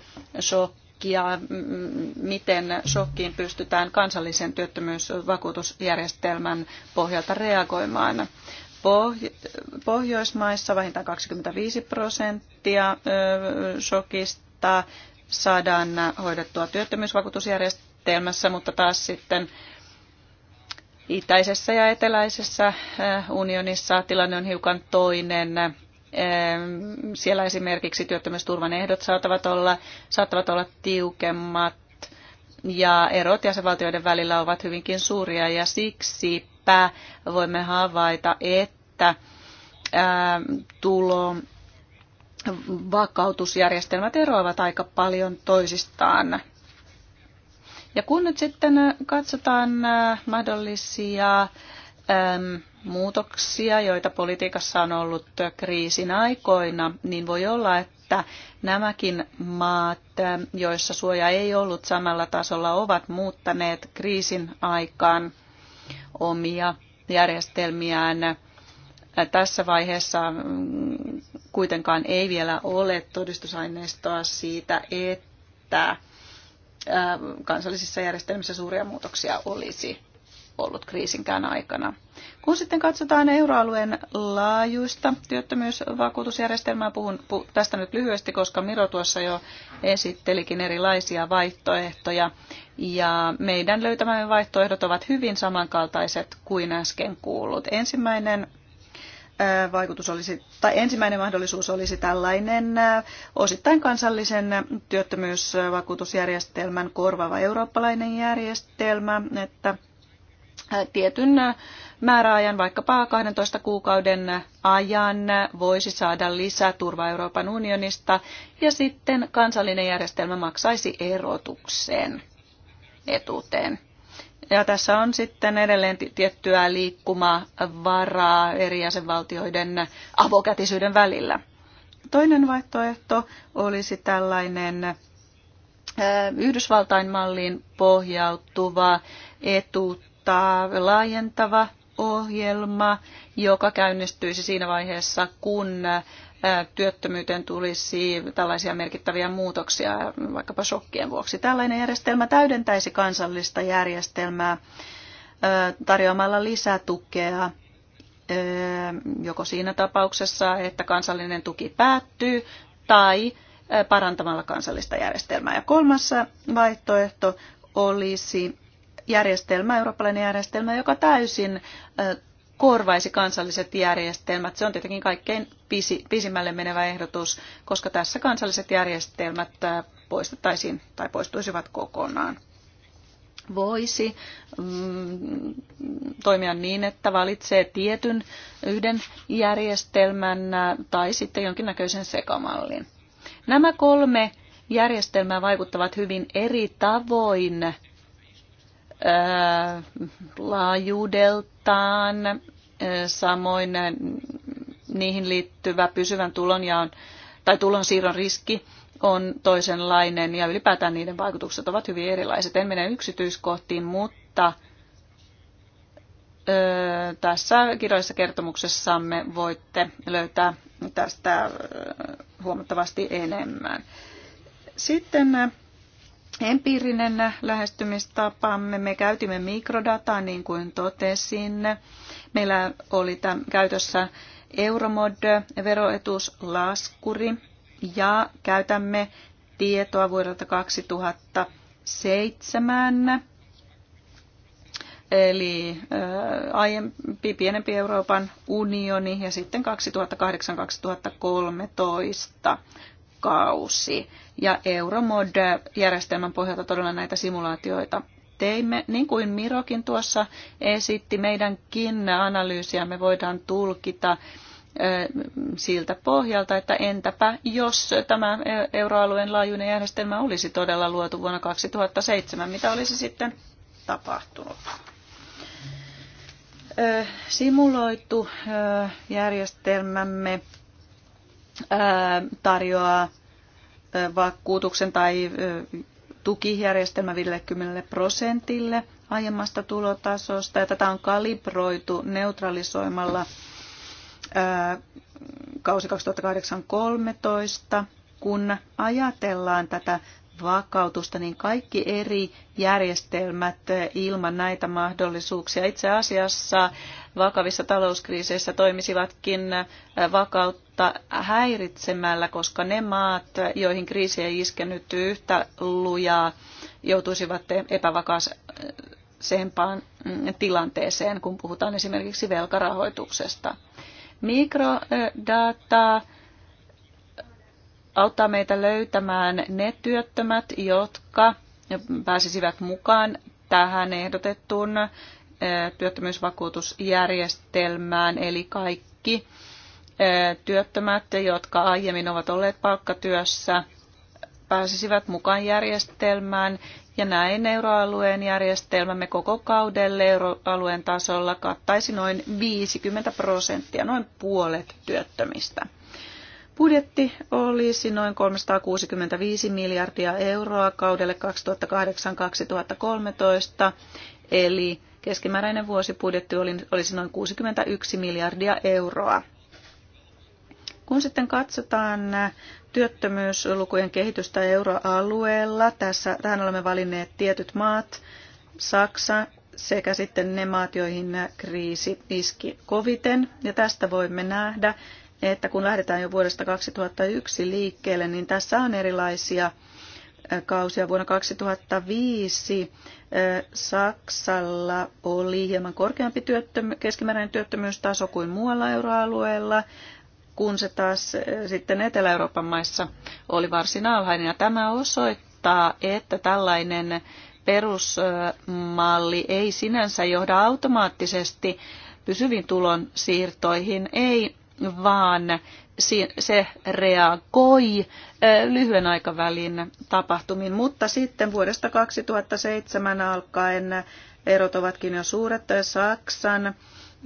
shokkia, mm, miten shokkiin pystytään kansallisen työttömyysvakuutusjärjestelmän pohjalta reagoimaan. Pohjoismaissa vähintään 25 prosenttia shokista saadaan hoidettua työttömyysvakuutusjärjestelmässä, mutta taas sitten itäisessä ja eteläisessä unionissa tilanne on hiukan toinen. Siellä esimerkiksi työttömyysturvan ehdot saattavat olla, saattavat olla tiukemmat ja erot jäsenvaltioiden välillä ovat hyvinkin suuria ja siksi että voimme havaita, että tulo vakautusjärjestelmät eroavat aika paljon toisistaan. Ja kun nyt sitten katsotaan mahdollisia muutoksia, joita politiikassa on ollut kriisin aikoina, niin voi olla, että nämäkin maat, joissa suoja ei ollut samalla tasolla, ovat muuttaneet kriisin aikaan omia järjestelmiään. Tässä vaiheessa mm, kuitenkaan ei vielä ole todistusaineistoa siitä, että kansallisissa järjestelmissä suuria muutoksia olisi ollut kriisinkään aikana. Kun sitten katsotaan euroalueen laajuista työttömyysvakuutusjärjestelmää, puhun pu, tästä nyt lyhyesti, koska Miro tuossa jo esittelikin erilaisia vaihtoehtoja. Ja meidän löytämämme vaihtoehdot ovat hyvin samankaltaiset kuin äsken kuullut. Ensimmäinen vaikutus olisi, tai ensimmäinen mahdollisuus olisi tällainen osittain kansallisen työttömyysvakuutusjärjestelmän korvaava eurooppalainen järjestelmä, että Äh, tietyn äh, määräajan, vaikkapa 12 kuukauden ajan, voisi saada lisää turvaa Euroopan unionista ja sitten kansallinen järjestelmä maksaisi erotukseen etuuteen. Ja tässä on sitten edelleen tiettyä liikkumavaraa eri jäsenvaltioiden avokätisyyden välillä. Toinen vaihtoehto olisi tällainen äh, Yhdysvaltain malliin pohjautuva etuutta ehdottaa laajentava ohjelma, joka käynnistyisi siinä vaiheessa, kun työttömyyteen tulisi tällaisia merkittäviä muutoksia vaikkapa shokkien vuoksi. Tällainen järjestelmä täydentäisi kansallista järjestelmää tarjoamalla lisätukea joko siinä tapauksessa, että kansallinen tuki päättyy tai parantamalla kansallista järjestelmää. Ja kolmas vaihtoehto olisi järjestelmä, eurooppalainen järjestelmä, joka täysin korvaisi kansalliset järjestelmät. Se on tietenkin kaikkein pisimmälle menevä ehdotus, koska tässä kansalliset järjestelmät poistettaisiin tai poistuisivat kokonaan. Voisi mm, toimia niin, että valitsee tietyn yhden järjestelmän tai sitten jonkinnäköisen sekamallin. Nämä kolme järjestelmää vaikuttavat hyvin eri tavoin laajuudeltaan, samoin niihin liittyvä pysyvän tulonjaon tai tulonsiirron riski on toisenlainen ja ylipäätään niiden vaikutukset ovat hyvin erilaiset. En mene yksityiskohtiin, mutta ö, tässä kirjallisessa kertomuksessamme voitte löytää tästä huomattavasti enemmän. Sitten empiirinen lähestymistapamme. Me käytimme mikrodataa, niin kuin totesin. Meillä oli tämän käytössä Euromod-veroetuslaskuri ja käytämme tietoa vuodelta 2007, eli aiempi pienempi Euroopan unioni ja sitten 2008-2013 kausi. Ja Euromod-järjestelmän pohjalta todella näitä simulaatioita teimme, niin kuin Mirokin tuossa esitti, meidänkin analyysiä me voidaan tulkita siltä pohjalta, että entäpä jos tämä e-, euroalueen laajuinen järjestelmä olisi todella luotu vuonna 2007, mitä olisi sitten tapahtunut? Simuloitu järjestelmämme tarjoaa vakuutuksen tai tukijärjestelmä 50 prosentille aiemmasta tulotasosta. Ja tätä on kalibroitu neutralisoimalla kausi 2008-2013. Kun ajatellaan tätä vakautusta, niin kaikki eri järjestelmät ilman näitä mahdollisuuksia itse asiassa vakavissa talouskriiseissä toimisivatkin äh, vakautta häiritsemällä, koska ne maat, joihin kriisi ei iskenyt yhtä lujaa, joutuisivat epävakaasempaan mm, tilanteeseen, kun puhutaan esimerkiksi velkarahoituksesta. Mikrodata auttaa meitä löytämään ne työttömät, jotka pääsisivät mukaan tähän ehdotettuun työttömyysvakuutusjärjestelmään, eli kaikki työttömät, jotka aiemmin ovat olleet palkkatyössä, pääsisivät mukaan järjestelmään ja näin euroalueen järjestelmämme koko kaudelle euroalueen tasolla kattaisi noin 50 prosenttia, noin puolet työttömistä. Budjetti olisi noin 365 miljardia euroa kaudelle 2008-2013, eli Keskimääräinen vuosibudjetti olisi noin 61 miljardia euroa. Kun sitten katsotaan työttömyyslukujen kehitystä euroalueella, tässä, tähän olemme valinneet tietyt maat, Saksa sekä sitten ne maat, joihin kriisi iski koviten. Ja tästä voimme nähdä, että kun lähdetään jo vuodesta 2001 liikkeelle, niin tässä on erilaisia kausia. Vuonna 2005 Saksalla oli hieman korkeampi työttömy- keskimääräinen työttömyystaso kuin muualla euroalueella, kun se taas sitten Etelä-Euroopan maissa oli varsin alhainen. Ja tämä osoittaa, että tällainen perusmalli ei sinänsä johda automaattisesti pysyviin tulonsiirtoihin, siirtoihin, ei vaan se reagoi lyhyen aikavälin tapahtumiin, mutta sitten vuodesta 2007 alkaen erot ovatkin jo suuret. Saksan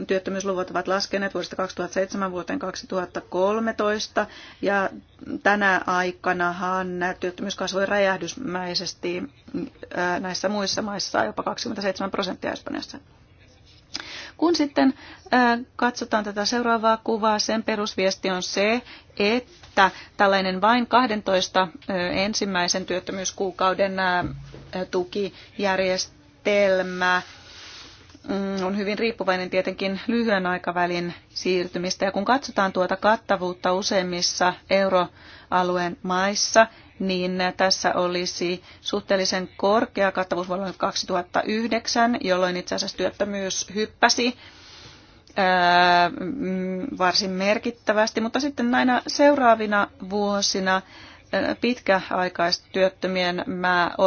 työttömyysluvut ovat laskeneet vuodesta 2007 vuoteen 2013 ja tänä aikanahan työttömyys kasvoi räjähdysmäisesti näissä muissa maissa jopa 27 prosenttia Espanjassa. Kun sitten katsotaan tätä seuraavaa kuvaa, sen perusviesti on se, että tällainen vain 12 ensimmäisen työttömyyskuukauden tukijärjestelmä mm, on hyvin riippuvainen tietenkin lyhyen aikavälin siirtymistä. Ja kun katsotaan tuota kattavuutta useimmissa euroalueen maissa, niin tässä olisi suhteellisen korkea kattavuus vuonna 2009, jolloin itse asiassa työttömyys hyppäsi varsin merkittävästi, mutta sitten näinä seuraavina vuosina pitkäaikaistyöttömien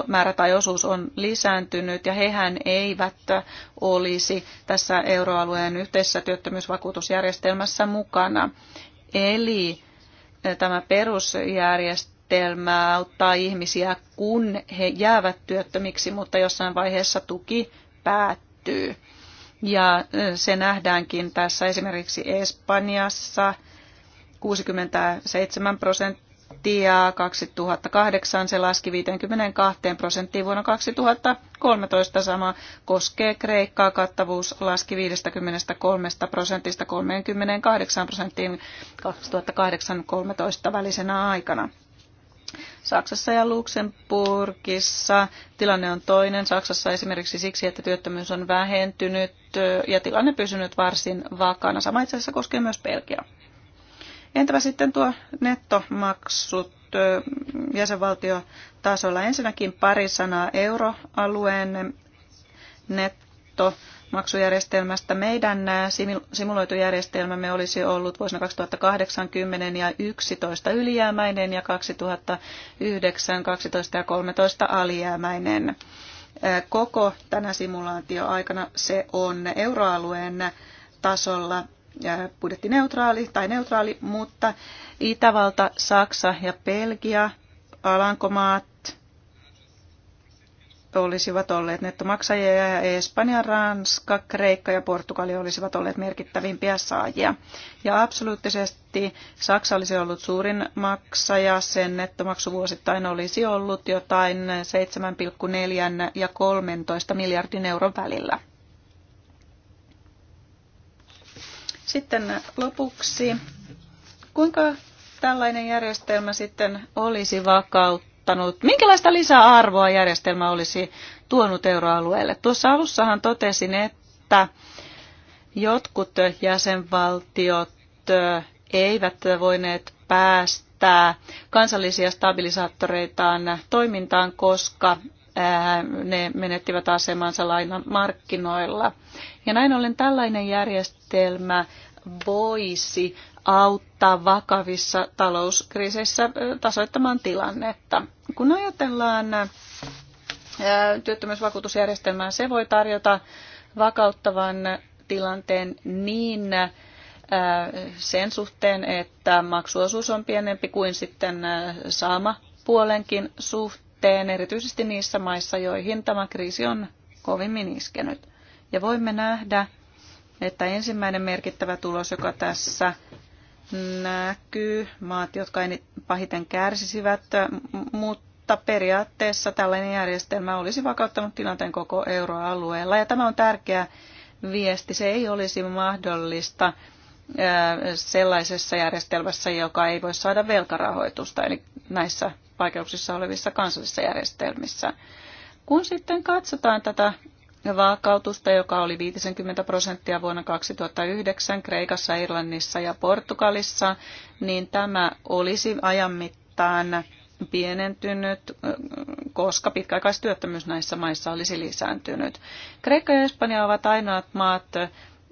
määrä tai osuus on lisääntynyt ja hehän eivät olisi tässä euroalueen yhteisessä työttömyysvakuutusjärjestelmässä mukana. Eli tämä perusjärjestelmä järjestelmää auttaa ihmisiä, kun he jäävät työttömiksi, mutta jossain vaiheessa tuki päättyy. Ja se nähdäänkin tässä esimerkiksi Espanjassa 67 prosenttia, 2008 se laski 52 prosenttia vuonna 2013 sama koskee Kreikkaa, kattavuus laski 53 prosentista 38 prosenttiin 2008-2013 välisenä aikana. Saksassa ja Luxemburgissa tilanne on toinen. Saksassa esimerkiksi siksi, että työttömyys on vähentynyt ja tilanne pysynyt varsin vakaana. Sama itse asiassa koskee myös Belgiaa. Entäpä sitten tuo nettomaksut jäsenvaltiotasolla? Ensinnäkin pari sanaa euroalueen netto maksujärjestelmästä. Meidän simuloitu järjestelmämme olisi ollut vuosina 2080 ja 11 ylijäämäinen ja 2009, 12 ja 13 alijäämäinen. Koko tänä simulaatioaikana se on euroalueen tasolla budjettineutraali tai neutraali, mutta Itävalta, Saksa ja Belgia, Alankomaat, olisivat olleet nettomaksajia ja Espanja, Ranska, Kreikka ja Portugali olisivat olleet merkittävimpiä saajia. Ja absoluuttisesti Saksa olisi ollut suurin maksaja, sen nettomaksu vuosittain olisi ollut jotain 7,4 ja 13 miljardin euron välillä. Sitten lopuksi, kuinka tällainen järjestelmä sitten olisi vakautta? tuottanut, minkälaista lisäarvoa järjestelmä olisi tuonut euroalueelle. Tuossa alussahan totesin, että jotkut jäsenvaltiot eivät voineet päästää kansallisia stabilisaattoreitaan toimintaan, koska ne menettivät asemansa lainan markkinoilla. Ja näin ollen tällainen järjestelmä voisi auttaa vakavissa talouskriiseissä tasoittamaan tilannetta. Kun ajatellaan työttömyysvakuutusjärjestelmää, se voi tarjota vakauttavan tilanteen niin sen suhteen, että maksuosuus on pienempi kuin sitten saama puolenkin suhteen, erityisesti niissä maissa, joihin tämä kriisi on kovimmin iskenyt. Ja voimme nähdä, että ensimmäinen merkittävä tulos, joka tässä näkyy, maat, jotka pahiten kärsisivät, mutta periaatteessa tällainen järjestelmä olisi vakauttanut tilanteen koko euroalueella. Ja tämä on tärkeä viesti. Se ei olisi mahdollista äh, sellaisessa järjestelmässä, joka ei voi saada velkarahoitusta, eli näissä vaikeuksissa olevissa kansallisissa järjestelmissä. Kun sitten katsotaan tätä vaakautusta, joka oli 50 prosenttia vuonna 2009 Kreikassa, Irlannissa ja Portugalissa, niin tämä olisi ajan mittaan pienentynyt, koska pitkäaikaistyöttömyys näissä maissa olisi lisääntynyt. Kreikka ja Espanja ovat ainoat maat,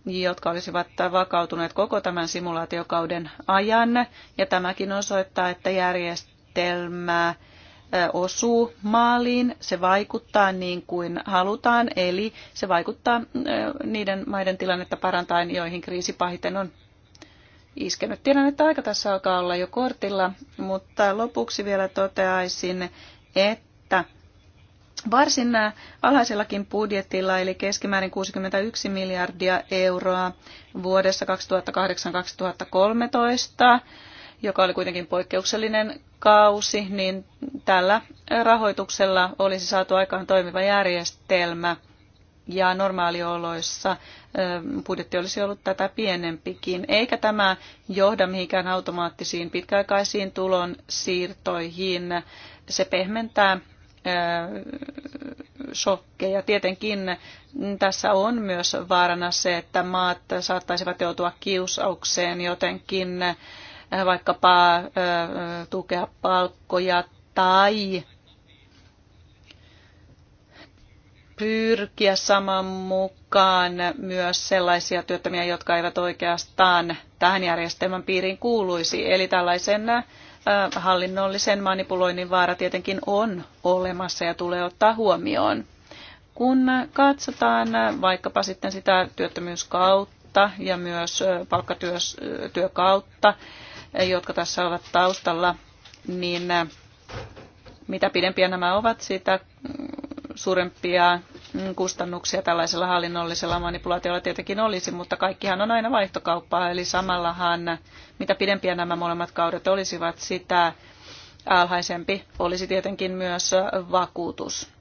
jotka olisivat vakautuneet koko tämän simulaatiokauden ajan, ja tämäkin osoittaa, että järjestelmää osuu maaliin, se vaikuttaa niin kuin halutaan, eli se vaikuttaa niiden maiden tilannetta parantain, joihin kriisi pahiten on iskenyt. Tiedän, että aika tässä alkaa olla jo kortilla, mutta lopuksi vielä toteaisin, että varsin alhaisellakin budjetilla, eli keskimäärin 61 miljardia euroa vuodessa 2008-2013, joka oli kuitenkin poikkeuksellinen kausi, niin tällä rahoituksella olisi saatu aikaan toimiva järjestelmä ja normaalioloissa budjetti olisi ollut tätä pienempikin, eikä tämä johda mihinkään automaattisiin pitkäaikaisiin tulon siirtoihin. Se pehmentää shokkeja. Tietenkin tässä on myös vaarana se, että maat saattaisivat joutua kiusaukseen jotenkin Äh, vaikkapa äh, äh, tukea palkkoja tai pyrkiä saman mukaan myös sellaisia työttömiä, jotka eivät oikeastaan tähän järjestelmän piiriin kuuluisi. Eli tällaisen hallinnollisen manipuloinnin vaara tietenkin on olemassa ja tulee ottaa huomioon. Kun katsotaan vaikkapa sitten sitä työttömyyskautta ja myös palkkatyökautta, jotka tässä ovat taustalla, niin mitä pidempiä nämä ovat, sitä suurempia mm, kustannuksia tällaisella hallinnollisella manipulaatiolla tietenkin olisi, mutta kaikkihan on aina vaihtokauppaa, eli samallahan mitä pidempiä nämä molemmat kaudet olisivat, sitä alhaisempi olisi tietenkin myös vakuutus.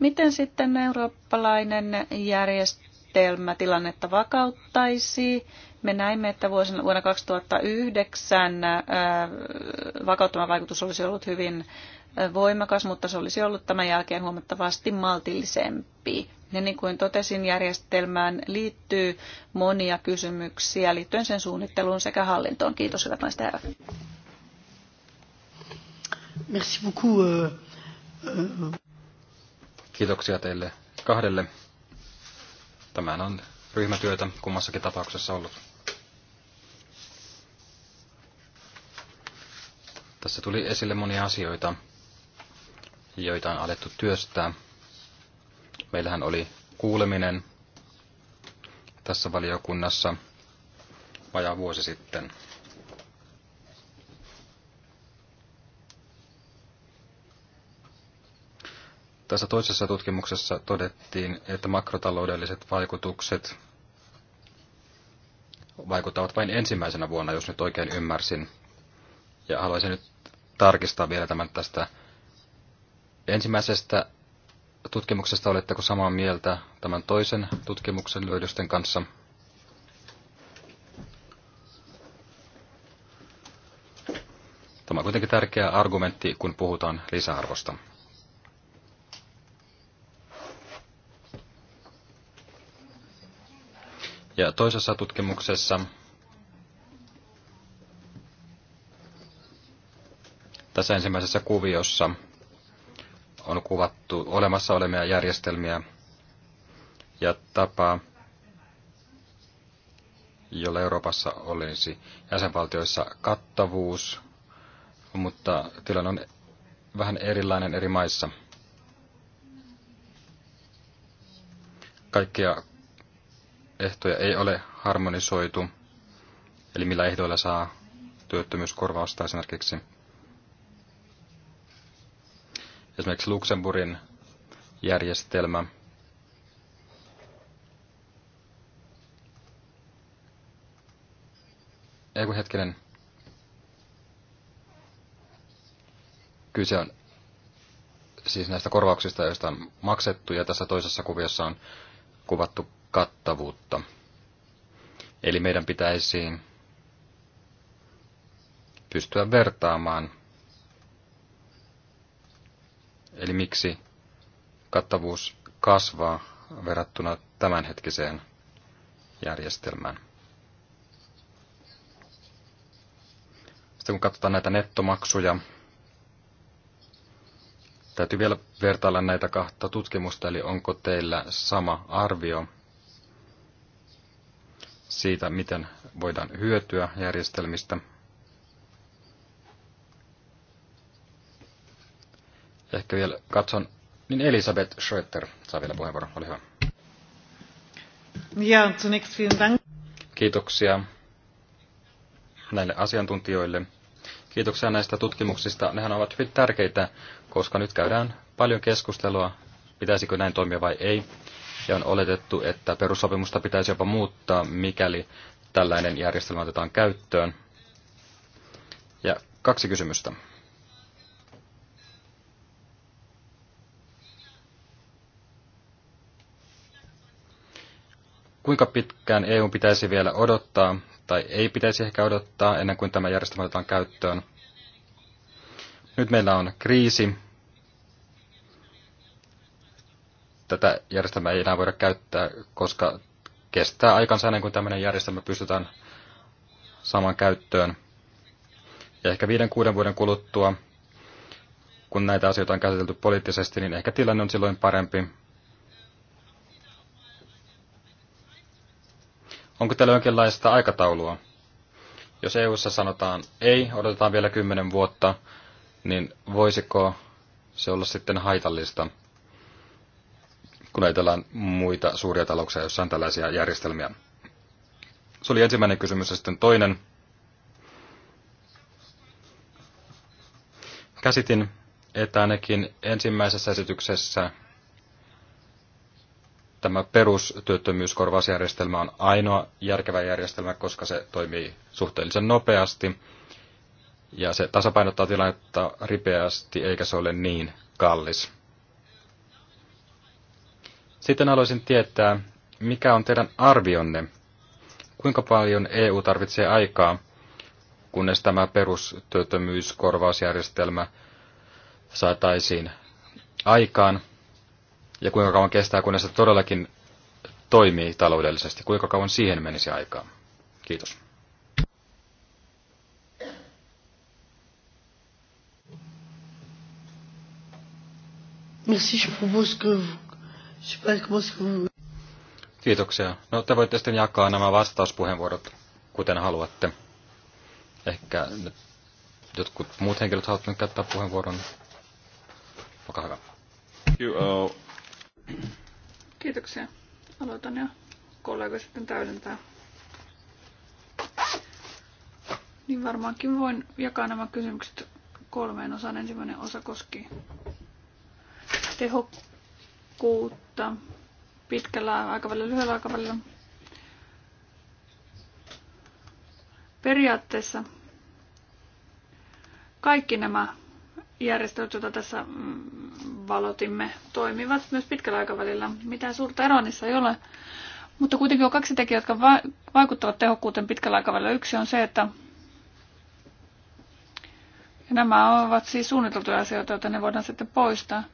Miten sitten eurooppalainen järjestelmä tilannetta vakauttaisi? me näimme, että vuosina, vuonna 2009 äh, vakauttavan vaikutus olisi ollut hyvin äh, voimakas, mutta se olisi ollut tämän jälkeen huomattavasti maltillisempi. Ja niin kuin totesin, järjestelmään liittyy monia kysymyksiä liittyen sen suunnitteluun sekä hallintoon. Kiitos, hyvät naiset herrat. Merci beaucoup. Euh, euh. Kiitoksia teille kahdelle. Tämän on ryhmätyötä kummassakin tapauksessa ollut. Tässä tuli esille monia asioita, joita on alettu työstää. Meillähän oli kuuleminen tässä valiokunnassa vajaa vuosi sitten. Tässä toisessa tutkimuksessa todettiin, että makrotaloudelliset vaikutukset vaikuttavat vain ensimmäisenä vuonna, jos nyt oikein ymmärsin. Ja haluaisin nyt tarkistaa vielä tämän tästä ensimmäisestä tutkimuksesta. Oletteko samaa mieltä tämän toisen tutkimuksen löydösten kanssa? Tämä on kuitenkin tärkeä argumentti, kun puhutaan lisäarvosta. Ja toisessa tutkimuksessa Tässä ensimmäisessä kuviossa on kuvattu olemassa olemia järjestelmiä ja tapaa, jolla Euroopassa olisi jäsenvaltioissa kattavuus, mutta tilanne on vähän erilainen eri maissa. Kaikkia ehtoja ei ole harmonisoitu, eli millä ehdoilla saa työttömyyskorvausta esimerkiksi esimerkiksi Luxemburgin järjestelmä. Eiku hetkinen. Kyse on siis näistä korvauksista, joista on maksettu, ja tässä toisessa kuviossa on kuvattu kattavuutta. Eli meidän pitäisi pystyä vertaamaan Eli miksi kattavuus kasvaa verrattuna tämänhetkiseen järjestelmään. Sitten kun katsotaan näitä nettomaksuja, täytyy vielä vertailla näitä kahta tutkimusta, eli onko teillä sama arvio siitä, miten voidaan hyötyä järjestelmistä – Ehkä vielä katson. Niin Elisabeth Schröter saa vielä puheenvuoron. Oli hyvä. Ja, zunächst vielen Dank. Kiitoksia näille asiantuntijoille. Kiitoksia näistä tutkimuksista. Nehän ovat hyvin tärkeitä, koska nyt käydään paljon keskustelua, pitäisikö näin toimia vai ei. Ja on oletettu, että perussopimusta pitäisi jopa muuttaa, mikäli tällainen järjestelmä otetaan käyttöön. Ja kaksi kysymystä. kuinka pitkään EU pitäisi vielä odottaa, tai ei pitäisi ehkä odottaa ennen kuin tämä järjestelmä otetaan käyttöön. Nyt meillä on kriisi. Tätä järjestelmää ei enää voida käyttää, koska kestää aikansa ennen kuin tämmöinen järjestelmä pystytään saamaan käyttöön. Ja ehkä viiden, kuuden vuoden kuluttua, kun näitä asioita on käsitelty poliittisesti, niin ehkä tilanne on silloin parempi Onko teillä jonkinlaista aikataulua? Jos EU:ssa sanotaan ei, odotetaan vielä kymmenen vuotta, niin voisiko se olla sitten haitallista, kun ajatellaan muita suuria talouksia, joissa on tällaisia järjestelmiä? Se oli ensimmäinen kysymys ja sitten toinen. Käsitin, että ainakin ensimmäisessä esityksessä tämä perustyöttömyyskorvausjärjestelmä on ainoa järkevä järjestelmä, koska se toimii suhteellisen nopeasti ja se tasapainottaa tilannetta ripeästi eikä se ole niin kallis. Sitten haluaisin tietää, mikä on teidän arvionne? Kuinka paljon EU tarvitsee aikaa, kunnes tämä perustyöttömyyskorvausjärjestelmä saataisiin aikaan? ja kuinka kauan kestää, kunnes se todellakin toimii taloudellisesti. Kuinka kauan siihen menisi aikaa? Kiitos. Kiitoksia. No te voitte sitten jakaa nämä vastauspuheenvuorot, kuten haluatte. Ehkä nyt jotkut muut henkilöt haluavat käyttää puheenvuoron. Olkaa hyvä. You, uh... Kiitoksia. Aloitan ja kollega sitten täydentää. Niin varmaankin voin jakaa nämä kysymykset kolmeen osaan. Ensimmäinen osa koski tehokkuutta pitkällä aikavälillä, lyhyellä aikavälillä. Periaatteessa kaikki nämä järjestelyt, joita tässä mm, valotimme toimivat myös pitkällä aikavälillä. Mitään suurta eroa niissä ei ole. Mutta kuitenkin on kaksi tekijää, jotka vaikuttavat tehokkuuteen pitkällä aikavälillä. Yksi on se, että ja nämä ovat siis suunniteltuja asioita, joita ne voidaan sitten poistaa.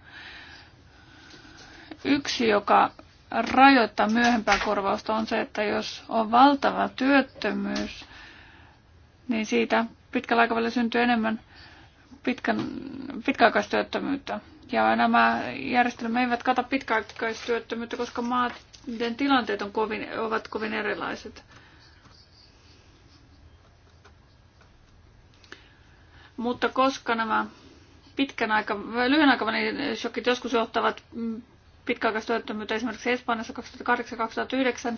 Yksi, joka rajoittaa myöhempää korvausta, on se, että jos on valtava työttömyys, niin siitä pitkällä aikavälillä syntyy enemmän pitkän, pitkäaikaistyöttömyyttä. Ja nämä järjestelmät eivät kata pitkäaikaistyöttömyyttä, koska maiden tilanteet on kovin, ovat kovin erilaiset. Mutta koska nämä pitkän aika, lyhyen aikavälin shokit joskus johtavat pitkäaikaistyöttömyyttä esimerkiksi Espanjassa 2008-2009.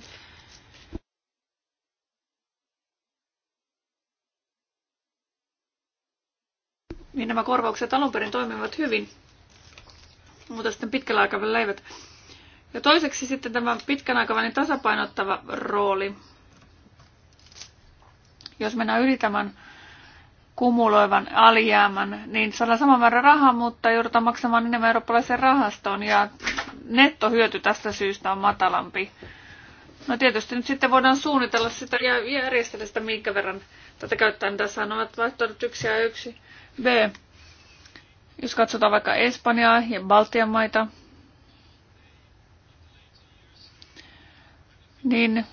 Niin nämä korvaukset alun perin toimivat hyvin, mutta sitten pitkällä aikavälillä eivät. Ja toiseksi sitten tämä pitkän aikavälin tasapainottava rooli. Jos mennään yli tämän kumuloivan alijäämän, niin saadaan saman määrä rahaa, mutta joudutaan maksamaan enemmän eurooppalaisen rahastoon ja nettohyöty tästä syystä on matalampi. No tietysti nyt sitten voidaan suunnitella sitä ja järjestellä sitä, minkä verran tätä käyttää. Tässä ovat vaihtoehdot yksi ja yksi. B. Jos katsotaan vaikka Espanjaa ja Baltian maita, niin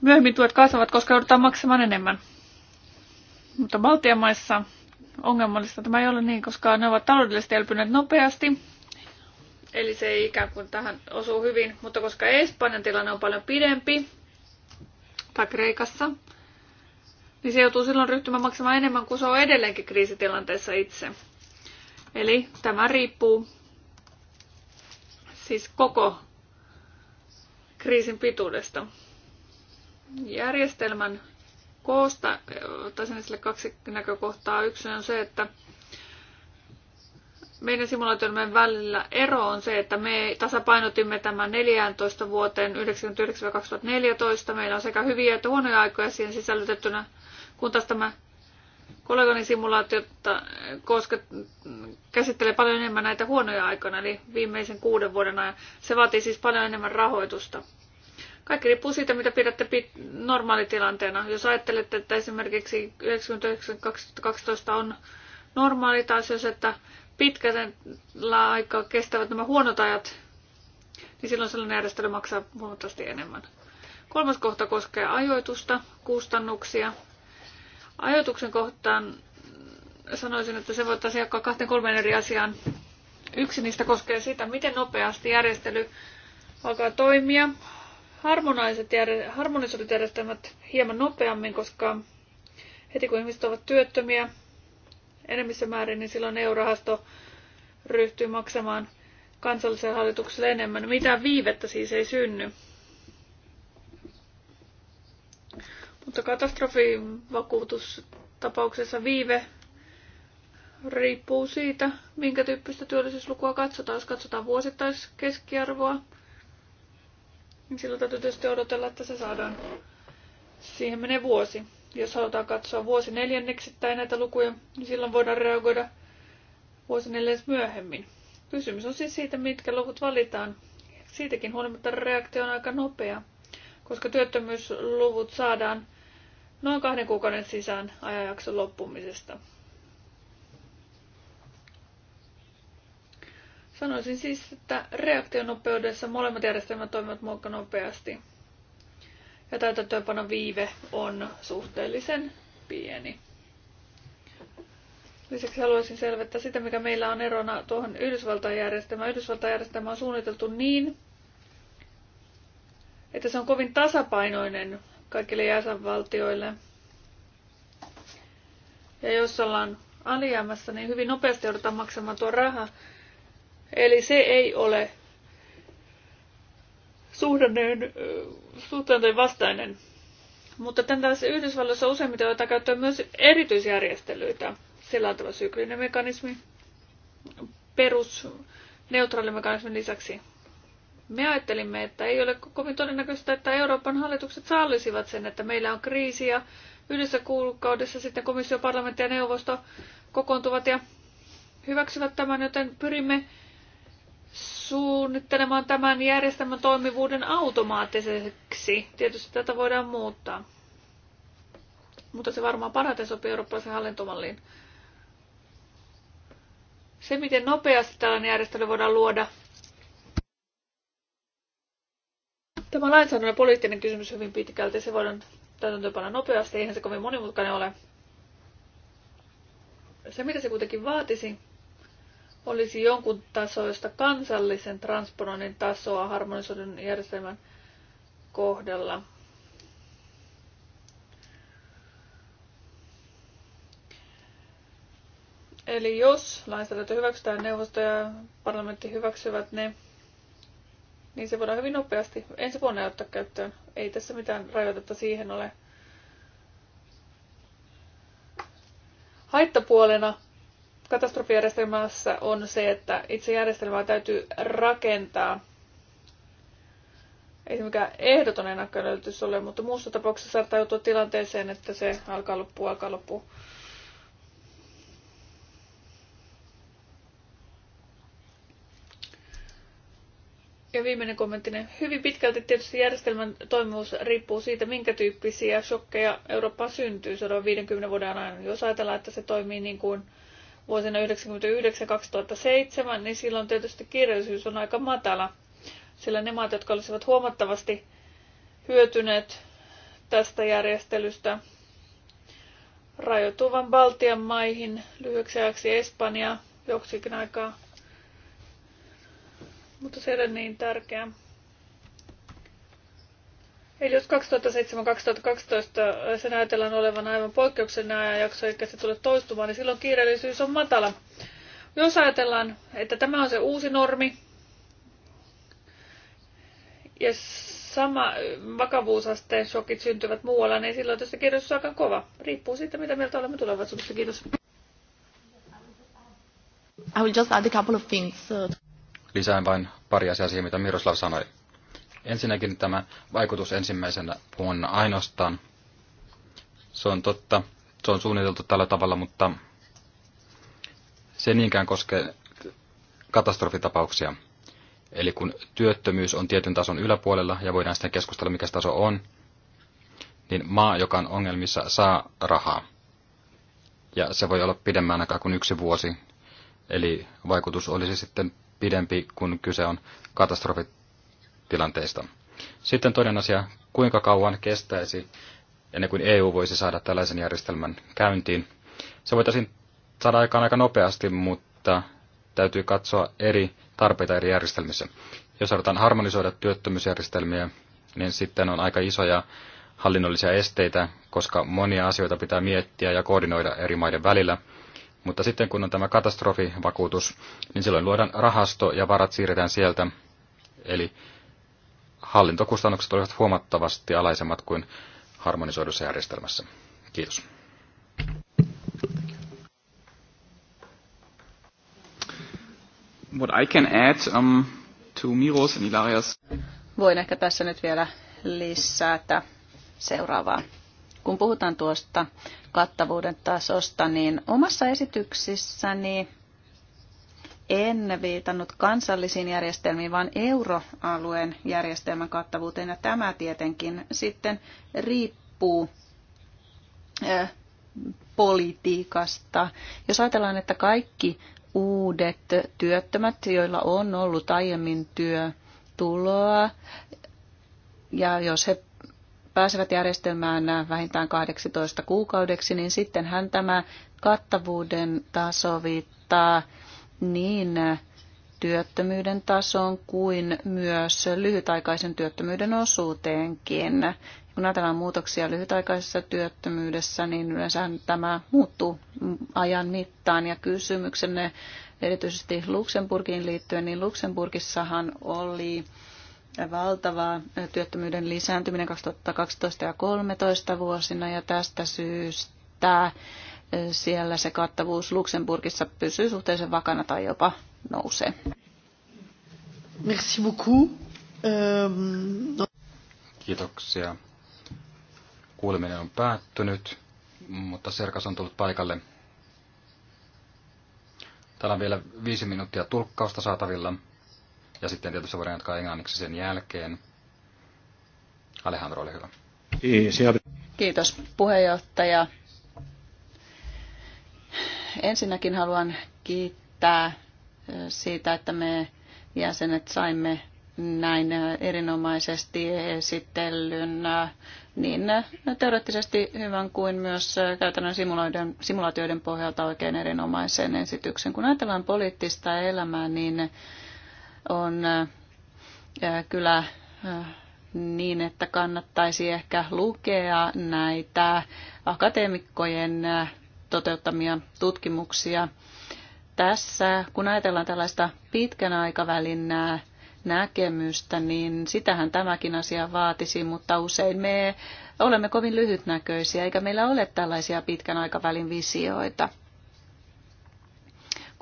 myöhemmin tuet kasvavat, koska joudutaan maksamaan enemmän. Mutta Baltian maissa ongelmallista tämä ei ole niin, koska ne ovat taloudellisesti elpyneet nopeasti. Eli se ei ikään kuin tähän osuu hyvin, mutta koska Espanjan tilanne on paljon pidempi, tai Kreikassa, niin se joutuu silloin ryhtymään maksamaan enemmän kuin se on edelleenkin kriisitilanteessa itse. Eli tämä riippuu siis koko kriisin pituudesta. Järjestelmän koosta ottaisin sille kaksi näkökohtaa. Yksi on se, että meidän simulaatioiden välillä ero on se, että me tasapainotimme tämän 14 vuoteen 1999-2014. Meillä on sekä hyviä että huonoja aikoja siihen sisällytettynä kun taas tämä kollegani simulaatio koska käsittelee paljon enemmän näitä huonoja aikana, eli viimeisen kuuden vuoden ajan. Se vaatii siis paljon enemmän rahoitusta. Kaikki riippuu siitä, mitä pidätte normaalitilanteena. Jos ajattelette, että esimerkiksi 99-2012 on normaali, taas jos että pitkällä aikaa kestävät nämä huonot ajat, niin silloin sellainen järjestely maksaa huomattavasti enemmän. Kolmas kohta koskee ajoitusta, kustannuksia. Ajoituksen kohtaan sanoisin, että se voitaisiin jakaa kahteen kolmeen eri asiaan. Yksi niistä koskee sitä, miten nopeasti järjestely alkaa toimia. harmonisoidut järjestelmät hieman nopeammin, koska heti kun ihmiset ovat työttömiä enemmissä määrin, niin silloin EU-rahasto ryhtyy maksamaan kansalliselle hallitukselle enemmän. Mitään viivettä siis ei synny. Mutta katastrofivakuutustapauksessa viive riippuu siitä, minkä tyyppistä työllisyyslukua katsotaan. Jos katsotaan vuosittaiskeskiarvoa, niin silloin täytyy tietysti odotella, että se saadaan. Siihen menee vuosi. Jos halutaan katsoa vuosi neljänneksittäin näitä lukuja, niin silloin voidaan reagoida vuosi neljäs myöhemmin. Kysymys on siis siitä, mitkä luvut valitaan. Siitäkin huolimatta reaktio on aika nopea koska työttömyysluvut saadaan noin kahden kuukauden sisään ajanjakson loppumisesta. Sanoisin siis, että reaktionopeudessa molemmat järjestelmät toimivat muokka nopeasti. Ja täytäntöönpanon viive on suhteellisen pieni. Lisäksi haluaisin selvittää sitä, mikä meillä on erona tuohon Yhdysvaltain järjestelmään. Yhdysvaltain järjestelmä on suunniteltu niin, että se on kovin tasapainoinen kaikille jäsenvaltioille. Ja jos ollaan alijäämässä, niin hyvin nopeasti joudutaan maksamaan tuo raha. Eli se ei ole suhdanneen, suhdanneen vastainen. Mutta tämän tässä Yhdysvalloissa useimmiten otetaan käyttöön myös erityisjärjestelyitä. Sillä on tämä syklinen mekanismi perusneutraalimekanismin lisäksi. Me ajattelimme, että ei ole kovin todennäköistä, että Euroopan hallitukset sallisivat sen, että meillä on kriisi ja yhdessä kuukaudessa sitten komissio, parlamentti ja neuvosto kokoontuvat ja hyväksyvät tämän, joten pyrimme suunnittelemaan tämän järjestelmän toimivuuden automaattiseksi. Tietysti tätä voidaan muuttaa. Mutta se varmaan parhaiten sopii eurooppalaisen hallintomalliin. Se, miten nopeasti tällainen järjestely voidaan luoda, Tämä on lainsäädännön poliittinen kysymys hyvin pitkälti. Se voidaan täytäntöönpanna nopeasti, eihän se kovin monimutkainen ole. Se, mitä se kuitenkin vaatisi, olisi jonkun tasoista kansallisen transponoinnin tasoa harmonisoidun järjestelmän kohdalla. Eli jos lainsäädäntö hyväksytään, neuvosto ja parlamentti hyväksyvät ne, niin niin se voidaan hyvin nopeasti ensi vuonna ottaa käyttöön. Ei tässä mitään rajoitetta siihen ole. Haittapuolena katastrofijärjestelmässä on se, että itse järjestelmää täytyy rakentaa. Ei se mikään ehdoton ennakkoedellytys ole, mutta muussa tapauksessa saattaa joutua tilanteeseen, että se alkaa loppua, alkaa loppua. ja viimeinen kommenttinen. Hyvin pitkälti tietysti järjestelmän toimivuus riippuu siitä, minkä tyyppisiä shokkeja Eurooppaan syntyy seuraavan 50 vuoden ajan. Jos ajatellaan, että se toimii niin kuin vuosina 1999-2007, niin silloin tietysti kiireellisyys on aika matala, sillä ne maat, jotka olisivat huomattavasti hyötyneet tästä järjestelystä, rajoittuvan Baltian maihin lyhyeksi ajaksi Espanja joksikin aikaa mutta se ei ole niin tärkeää. Eli jos 2007-2012 se näytellään olevan aivan poikkeuksellinen ajanjakso, eikä se tule toistumaan, niin silloin kiireellisyys on matala. Jos ajatellaan, että tämä on se uusi normi, ja sama vakavuusaste shokit syntyvät muualla, niin silloin tästä kirjoitus on aika kova. Riippuu siitä, mitä mieltä olemme tulevaisuudessa. Kiitos. I will just add a couple of things. Uh, Lisään vain pari asiaa siihen, mitä Miroslav sanoi. Ensinnäkin tämä vaikutus ensimmäisenä vuonna ainoastaan. Se on totta, se on suunniteltu tällä tavalla, mutta se niinkään koskee katastrofitapauksia. Eli kun työttömyys on tietyn tason yläpuolella ja voidaan sitten keskustella, mikä se taso on, niin maa, joka on ongelmissa, saa rahaa. Ja se voi olla pidemmän aikaa kuin yksi vuosi. Eli vaikutus olisi sitten pidempi, kun kyse on katastrofitilanteista. Sitten toinen asia, kuinka kauan kestäisi ennen kuin EU voisi saada tällaisen järjestelmän käyntiin. Se voitaisiin saada aikaan aika nopeasti, mutta täytyy katsoa eri tarpeita eri järjestelmissä. Jos halutaan harmonisoida työttömyysjärjestelmiä, niin sitten on aika isoja hallinnollisia esteitä, koska monia asioita pitää miettiä ja koordinoida eri maiden välillä – mutta sitten kun on tämä katastrofivakuutus, niin silloin luodaan rahasto ja varat siirretään sieltä. Eli hallintokustannukset olivat huomattavasti alaisemmat kuin harmonisoidussa järjestelmässä. Kiitos. What I can add um, to Miros and Ilarias. Voin ehkä tässä nyt vielä lisätä seuraavaa. Kun puhutaan tuosta kattavuuden tasosta, niin omassa esityksissäni en viitannut kansallisiin järjestelmiin, vaan euroalueen järjestelmän kattavuuteen. Ja tämä tietenkin sitten riippuu politiikasta. Jos ajatellaan, että kaikki uudet työttömät, joilla on ollut aiemmin työtuloa, ja jos he pääsevät järjestelmään vähintään 18 kuukaudeksi, niin sittenhän tämä kattavuuden taso viittaa niin työttömyyden tasoon kuin myös lyhytaikaisen työttömyyden osuuteenkin. Kun ajatellaan muutoksia lyhytaikaisessa työttömyydessä, niin yleensä tämä muuttuu ajan mittaan. Ja kysymyksenne erityisesti Luxemburgiin liittyen, niin Luxemburgissahan oli valtavaa työttömyyden lisääntyminen 2012 ja 2013 vuosina ja tästä syystä siellä se kattavuus Luxemburgissa pysyy suhteellisen vakana tai jopa nousee. Merci beaucoup. Ähm, no- Kiitoksia. Kuuleminen on päättynyt, mutta Serkas on tullut paikalle. Täällä on vielä viisi minuuttia tulkkausta saatavilla. Ja sitten tietysti voidaan jatkaa englanniksi sen jälkeen. Alejandro, ole hyvä. Kiitos puheenjohtaja. Ensinnäkin haluan kiittää siitä, että me jäsenet saimme näin erinomaisesti esitellyn niin teoreettisesti hyvän kuin myös käytännön simulaatioiden pohjalta oikein erinomaisen esityksen. Kun ajatellaan poliittista elämää, niin on kyllä niin, että kannattaisi ehkä lukea näitä akateemikkojen toteuttamia tutkimuksia. Tässä, kun ajatellaan tällaista pitkän aikavälin näkemystä, niin sitähän tämäkin asia vaatisi, mutta usein me olemme kovin lyhytnäköisiä, eikä meillä ole tällaisia pitkän aikavälin visioita.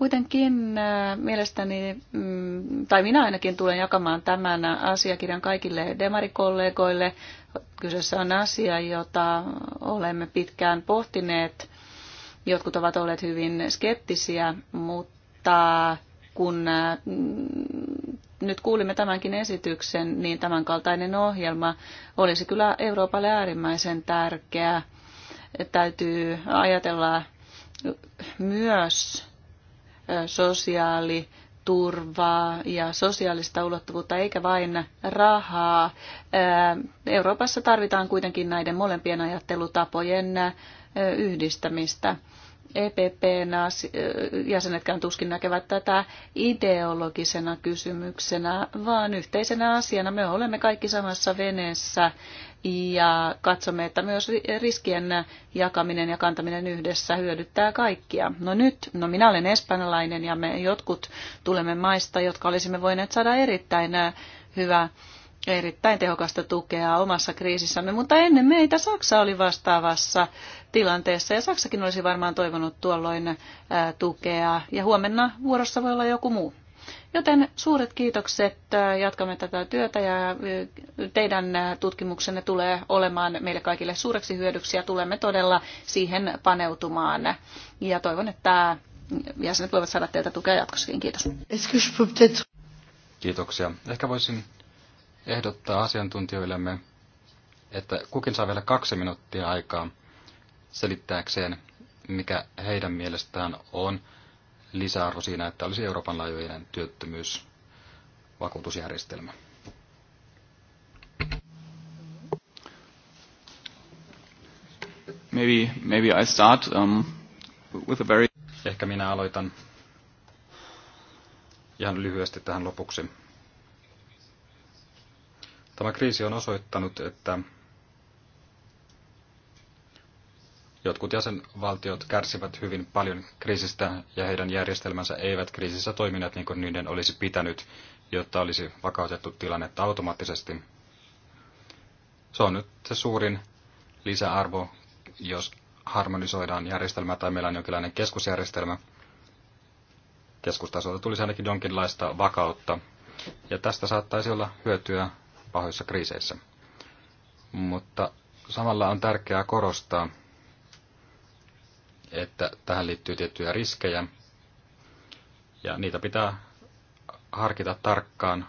Kuitenkin äh, mielestäni, mm, tai minä ainakin tulen jakamaan tämän asiakirjan kaikille demarikollegoille. Kyseessä on asia, jota olemme pitkään pohtineet. Jotkut ovat olleet hyvin skeptisiä, mutta kun äh, mm, nyt kuulimme tämänkin esityksen, niin tämänkaltainen ohjelma olisi kyllä Euroopalle äärimmäisen tärkeä. Täytyy ajatella myös sosiaali turvaa ja sosiaalista ulottuvuutta eikä vain rahaa. Euroopassa tarvitaan kuitenkin näiden molempien ajattelutapojen yhdistämistä. EPPn jäsenetkään tuskin näkevät tätä ideologisena kysymyksenä, vaan yhteisenä asiana. Me olemme kaikki samassa veneessä ja katsomme, että myös riskien jakaminen ja kantaminen yhdessä hyödyttää kaikkia. No nyt, no minä olen espanjalainen ja me jotkut tulemme maista, jotka olisimme voineet saada erittäin äh, hyvää erittäin tehokasta tukea omassa kriisissämme, mutta ennen meitä Saksa oli vastaavassa tilanteessa ja Saksakin olisi varmaan toivonut tuolloin ää, äh, tukea ja huomenna vuorossa voi olla joku muu. Joten suuret kiitokset, äh, jatkamme tätä työtä ja äh, teidän äh, tutkimuksenne tulee olemaan meille kaikille suureksi hyödyksi ja tulemme todella siihen paneutumaan. Ja toivon, että jäsenet voivat saada teiltä tukea jatkossakin. Kiitos. Kiitoksia. Ehkä voisin ehdottaa asiantuntijoillemme, että kukin saa vielä kaksi minuuttia aikaa selittääkseen, mikä heidän mielestään on lisäarvo siinä, että olisi Euroopan laajuinen työttömyysvakuutusjärjestelmä. Maybe, maybe I start um, with a very... Ehkä minä aloitan ihan lyhyesti tähän lopuksi. Tämä kriisi on osoittanut, että Jotkut jäsenvaltiot kärsivät hyvin paljon kriisistä ja heidän järjestelmänsä eivät kriisissä toimineet niin kuin niiden olisi pitänyt, jotta olisi vakautettu tilannetta automaattisesti. Se on nyt se suurin lisäarvo, jos harmonisoidaan järjestelmää tai meillä on jonkinlainen keskusjärjestelmä. Keskustasolta tulisi ainakin jonkinlaista vakautta, ja tästä saattaisi olla hyötyä pahoissa kriiseissä. Mutta samalla on tärkeää korostaa, että tähän liittyy tiettyjä riskejä, ja niitä pitää harkita tarkkaan,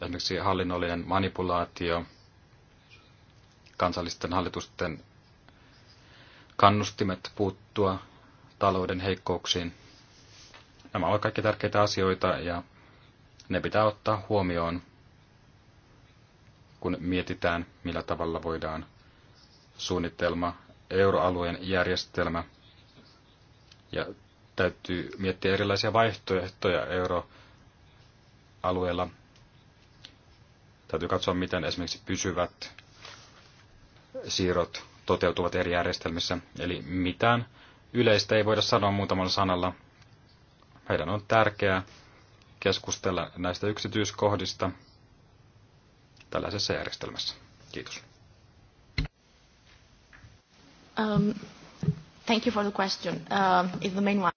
esimerkiksi hallinnollinen manipulaatio, kansallisten hallitusten kannustimet puuttua talouden heikkouksiin. Nämä ovat kaikki tärkeitä asioita ja ne pitää ottaa huomioon, kun mietitään, millä tavalla voidaan suunnitelma, euroalueen järjestelmä ja täytyy miettiä erilaisia vaihtoehtoja euroalueella. Täytyy katsoa, miten esimerkiksi pysyvät siirrot toteutuvat eri järjestelmissä. Eli mitään yleistä ei voida sanoa muutamalla sanalla. Meidän on tärkeää keskustella näistä yksityiskohdista tällaisessa järjestelmässä. Kiitos. Um, Thank you for the question. Uh, is the main one.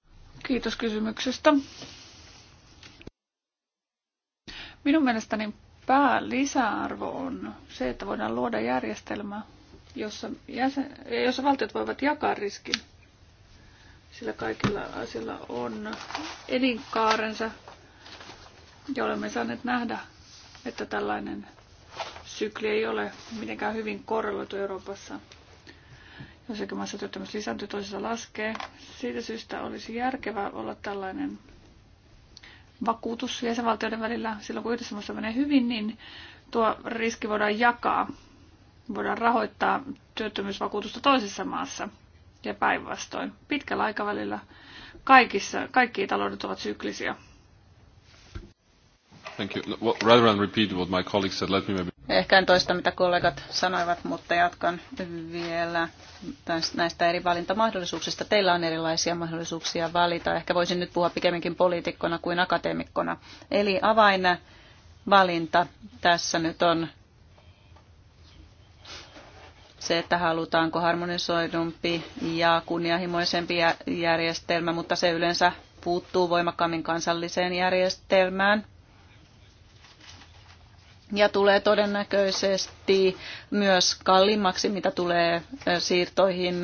Kiitos kysymyksestä. Minun mielestäni päälisäarvo on se, että voidaan luoda järjestelmä, jossa, jäsen, jossa valtiot voivat jakaa riskin. Sillä kaikilla asioilla on elinkaarensa ja olemme saaneet nähdä, että tällainen sykli ei ole mitenkään hyvin korreloitu Euroopassa Jossakin maassa työttömyys lisääntyy, toisessa laskee. Siitä syystä olisi järkevää olla tällainen vakuutus jäsenvaltioiden välillä. Silloin kun yhdessä maassa menee hyvin, niin tuo riski voidaan jakaa. Voidaan rahoittaa työttömyysvakuutusta toisessa maassa ja päinvastoin. Pitkällä aikavälillä kaikissa, kaikki taloudet ovat syklisiä. Thank you. Rather than repeat what my colleague said, let me maybe... Ehkä en toista, mitä kollegat sanoivat, mutta jatkan vielä näistä eri valintamahdollisuuksista. Teillä on erilaisia mahdollisuuksia valita. Ehkä voisin nyt puhua pikemminkin poliitikkona kuin akateemikkona. Eli avain valinta tässä nyt on se, että halutaanko harmonisoidumpi ja kunnianhimoisempi järjestelmä, mutta se yleensä puuttuu voimakkaammin kansalliseen järjestelmään – ja tulee todennäköisesti myös kalliimmaksi, mitä tulee siirtoihin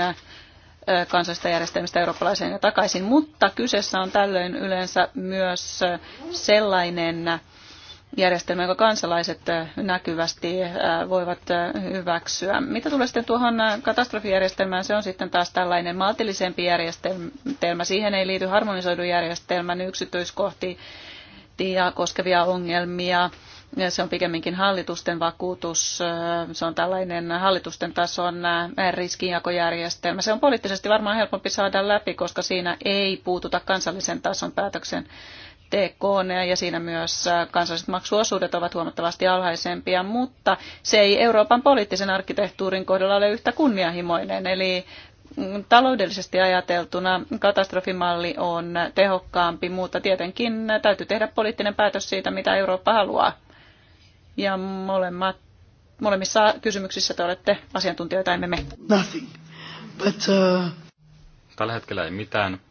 kansallisesta järjestelmistä eurooppalaiseen ja takaisin, mutta kyseessä on tällöin yleensä myös sellainen järjestelmä, jonka kansalaiset näkyvästi voivat hyväksyä. Mitä tulee sitten tuohon katastrofijärjestelmään, se on sitten taas tällainen maltillisempi järjestelmä. Siihen ei liity harmonisoidun järjestelmän yksityiskohtia koskevia ongelmia se on pikemminkin hallitusten vakuutus, se on tällainen hallitusten tason äh, riskinjakojärjestelmä. Se on poliittisesti varmaan helpompi saada läpi, koska siinä ei puututa kansallisen tason päätöksen tekoon ja siinä myös äh, kansalliset maksuosuudet ovat huomattavasti alhaisempia, mutta se ei Euroopan poliittisen arkkitehtuurin kohdalla ole yhtä kunnianhimoinen. Eli mm, taloudellisesti ajateltuna katastrofimalli on tehokkaampi, mutta tietenkin täytyy tehdä poliittinen päätös siitä, mitä Eurooppa haluaa. Ja molemmat, molemmissa kysymyksissä te olette asiantuntijoita, emme me. Nothing. But, uh... Tällä hetkellä ei mitään,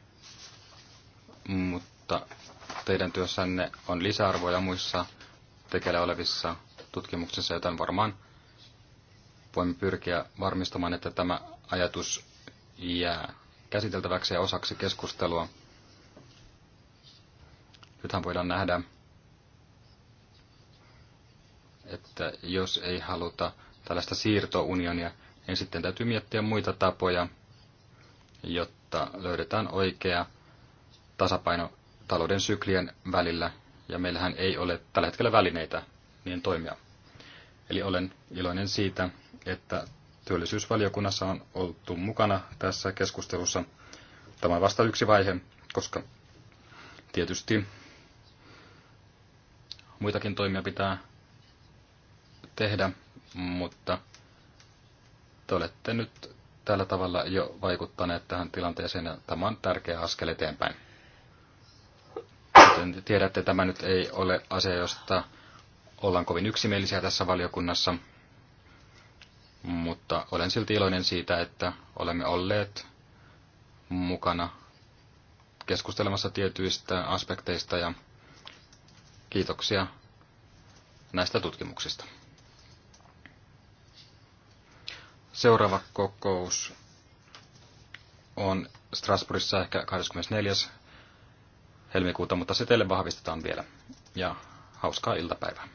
mutta teidän työssänne on lisäarvoja muissa tekeillä olevissa tutkimuksissa, joten varmaan voimme pyrkiä varmistamaan, että tämä ajatus jää käsiteltäväksi ja osaksi keskustelua. Nythän voidaan nähdä, että jos ei haluta tällaista siirtounionia, niin sitten täytyy miettiä muita tapoja, jotta löydetään oikea tasapaino talouden syklien välillä, ja meillähän ei ole tällä hetkellä välineitä niin toimia. Eli olen iloinen siitä, että työllisyysvaliokunnassa on oltu mukana tässä keskustelussa. Tämä on vasta yksi vaihe, koska tietysti muitakin toimia pitää tehdä, mutta te olette nyt tällä tavalla jo vaikuttaneet tähän tilanteeseen ja tämä on tärkeä askel eteenpäin. Kuten tiedätte, tämä nyt ei ole asia, josta ollaan kovin yksimielisiä tässä valiokunnassa, mutta olen silti iloinen siitä, että olemme olleet mukana keskustelemassa tietyistä aspekteista ja kiitoksia näistä tutkimuksista. Seuraava kokous on Strasbourgissa ehkä 24. helmikuuta, mutta se teille vahvistetaan vielä. Ja hauskaa iltapäivää.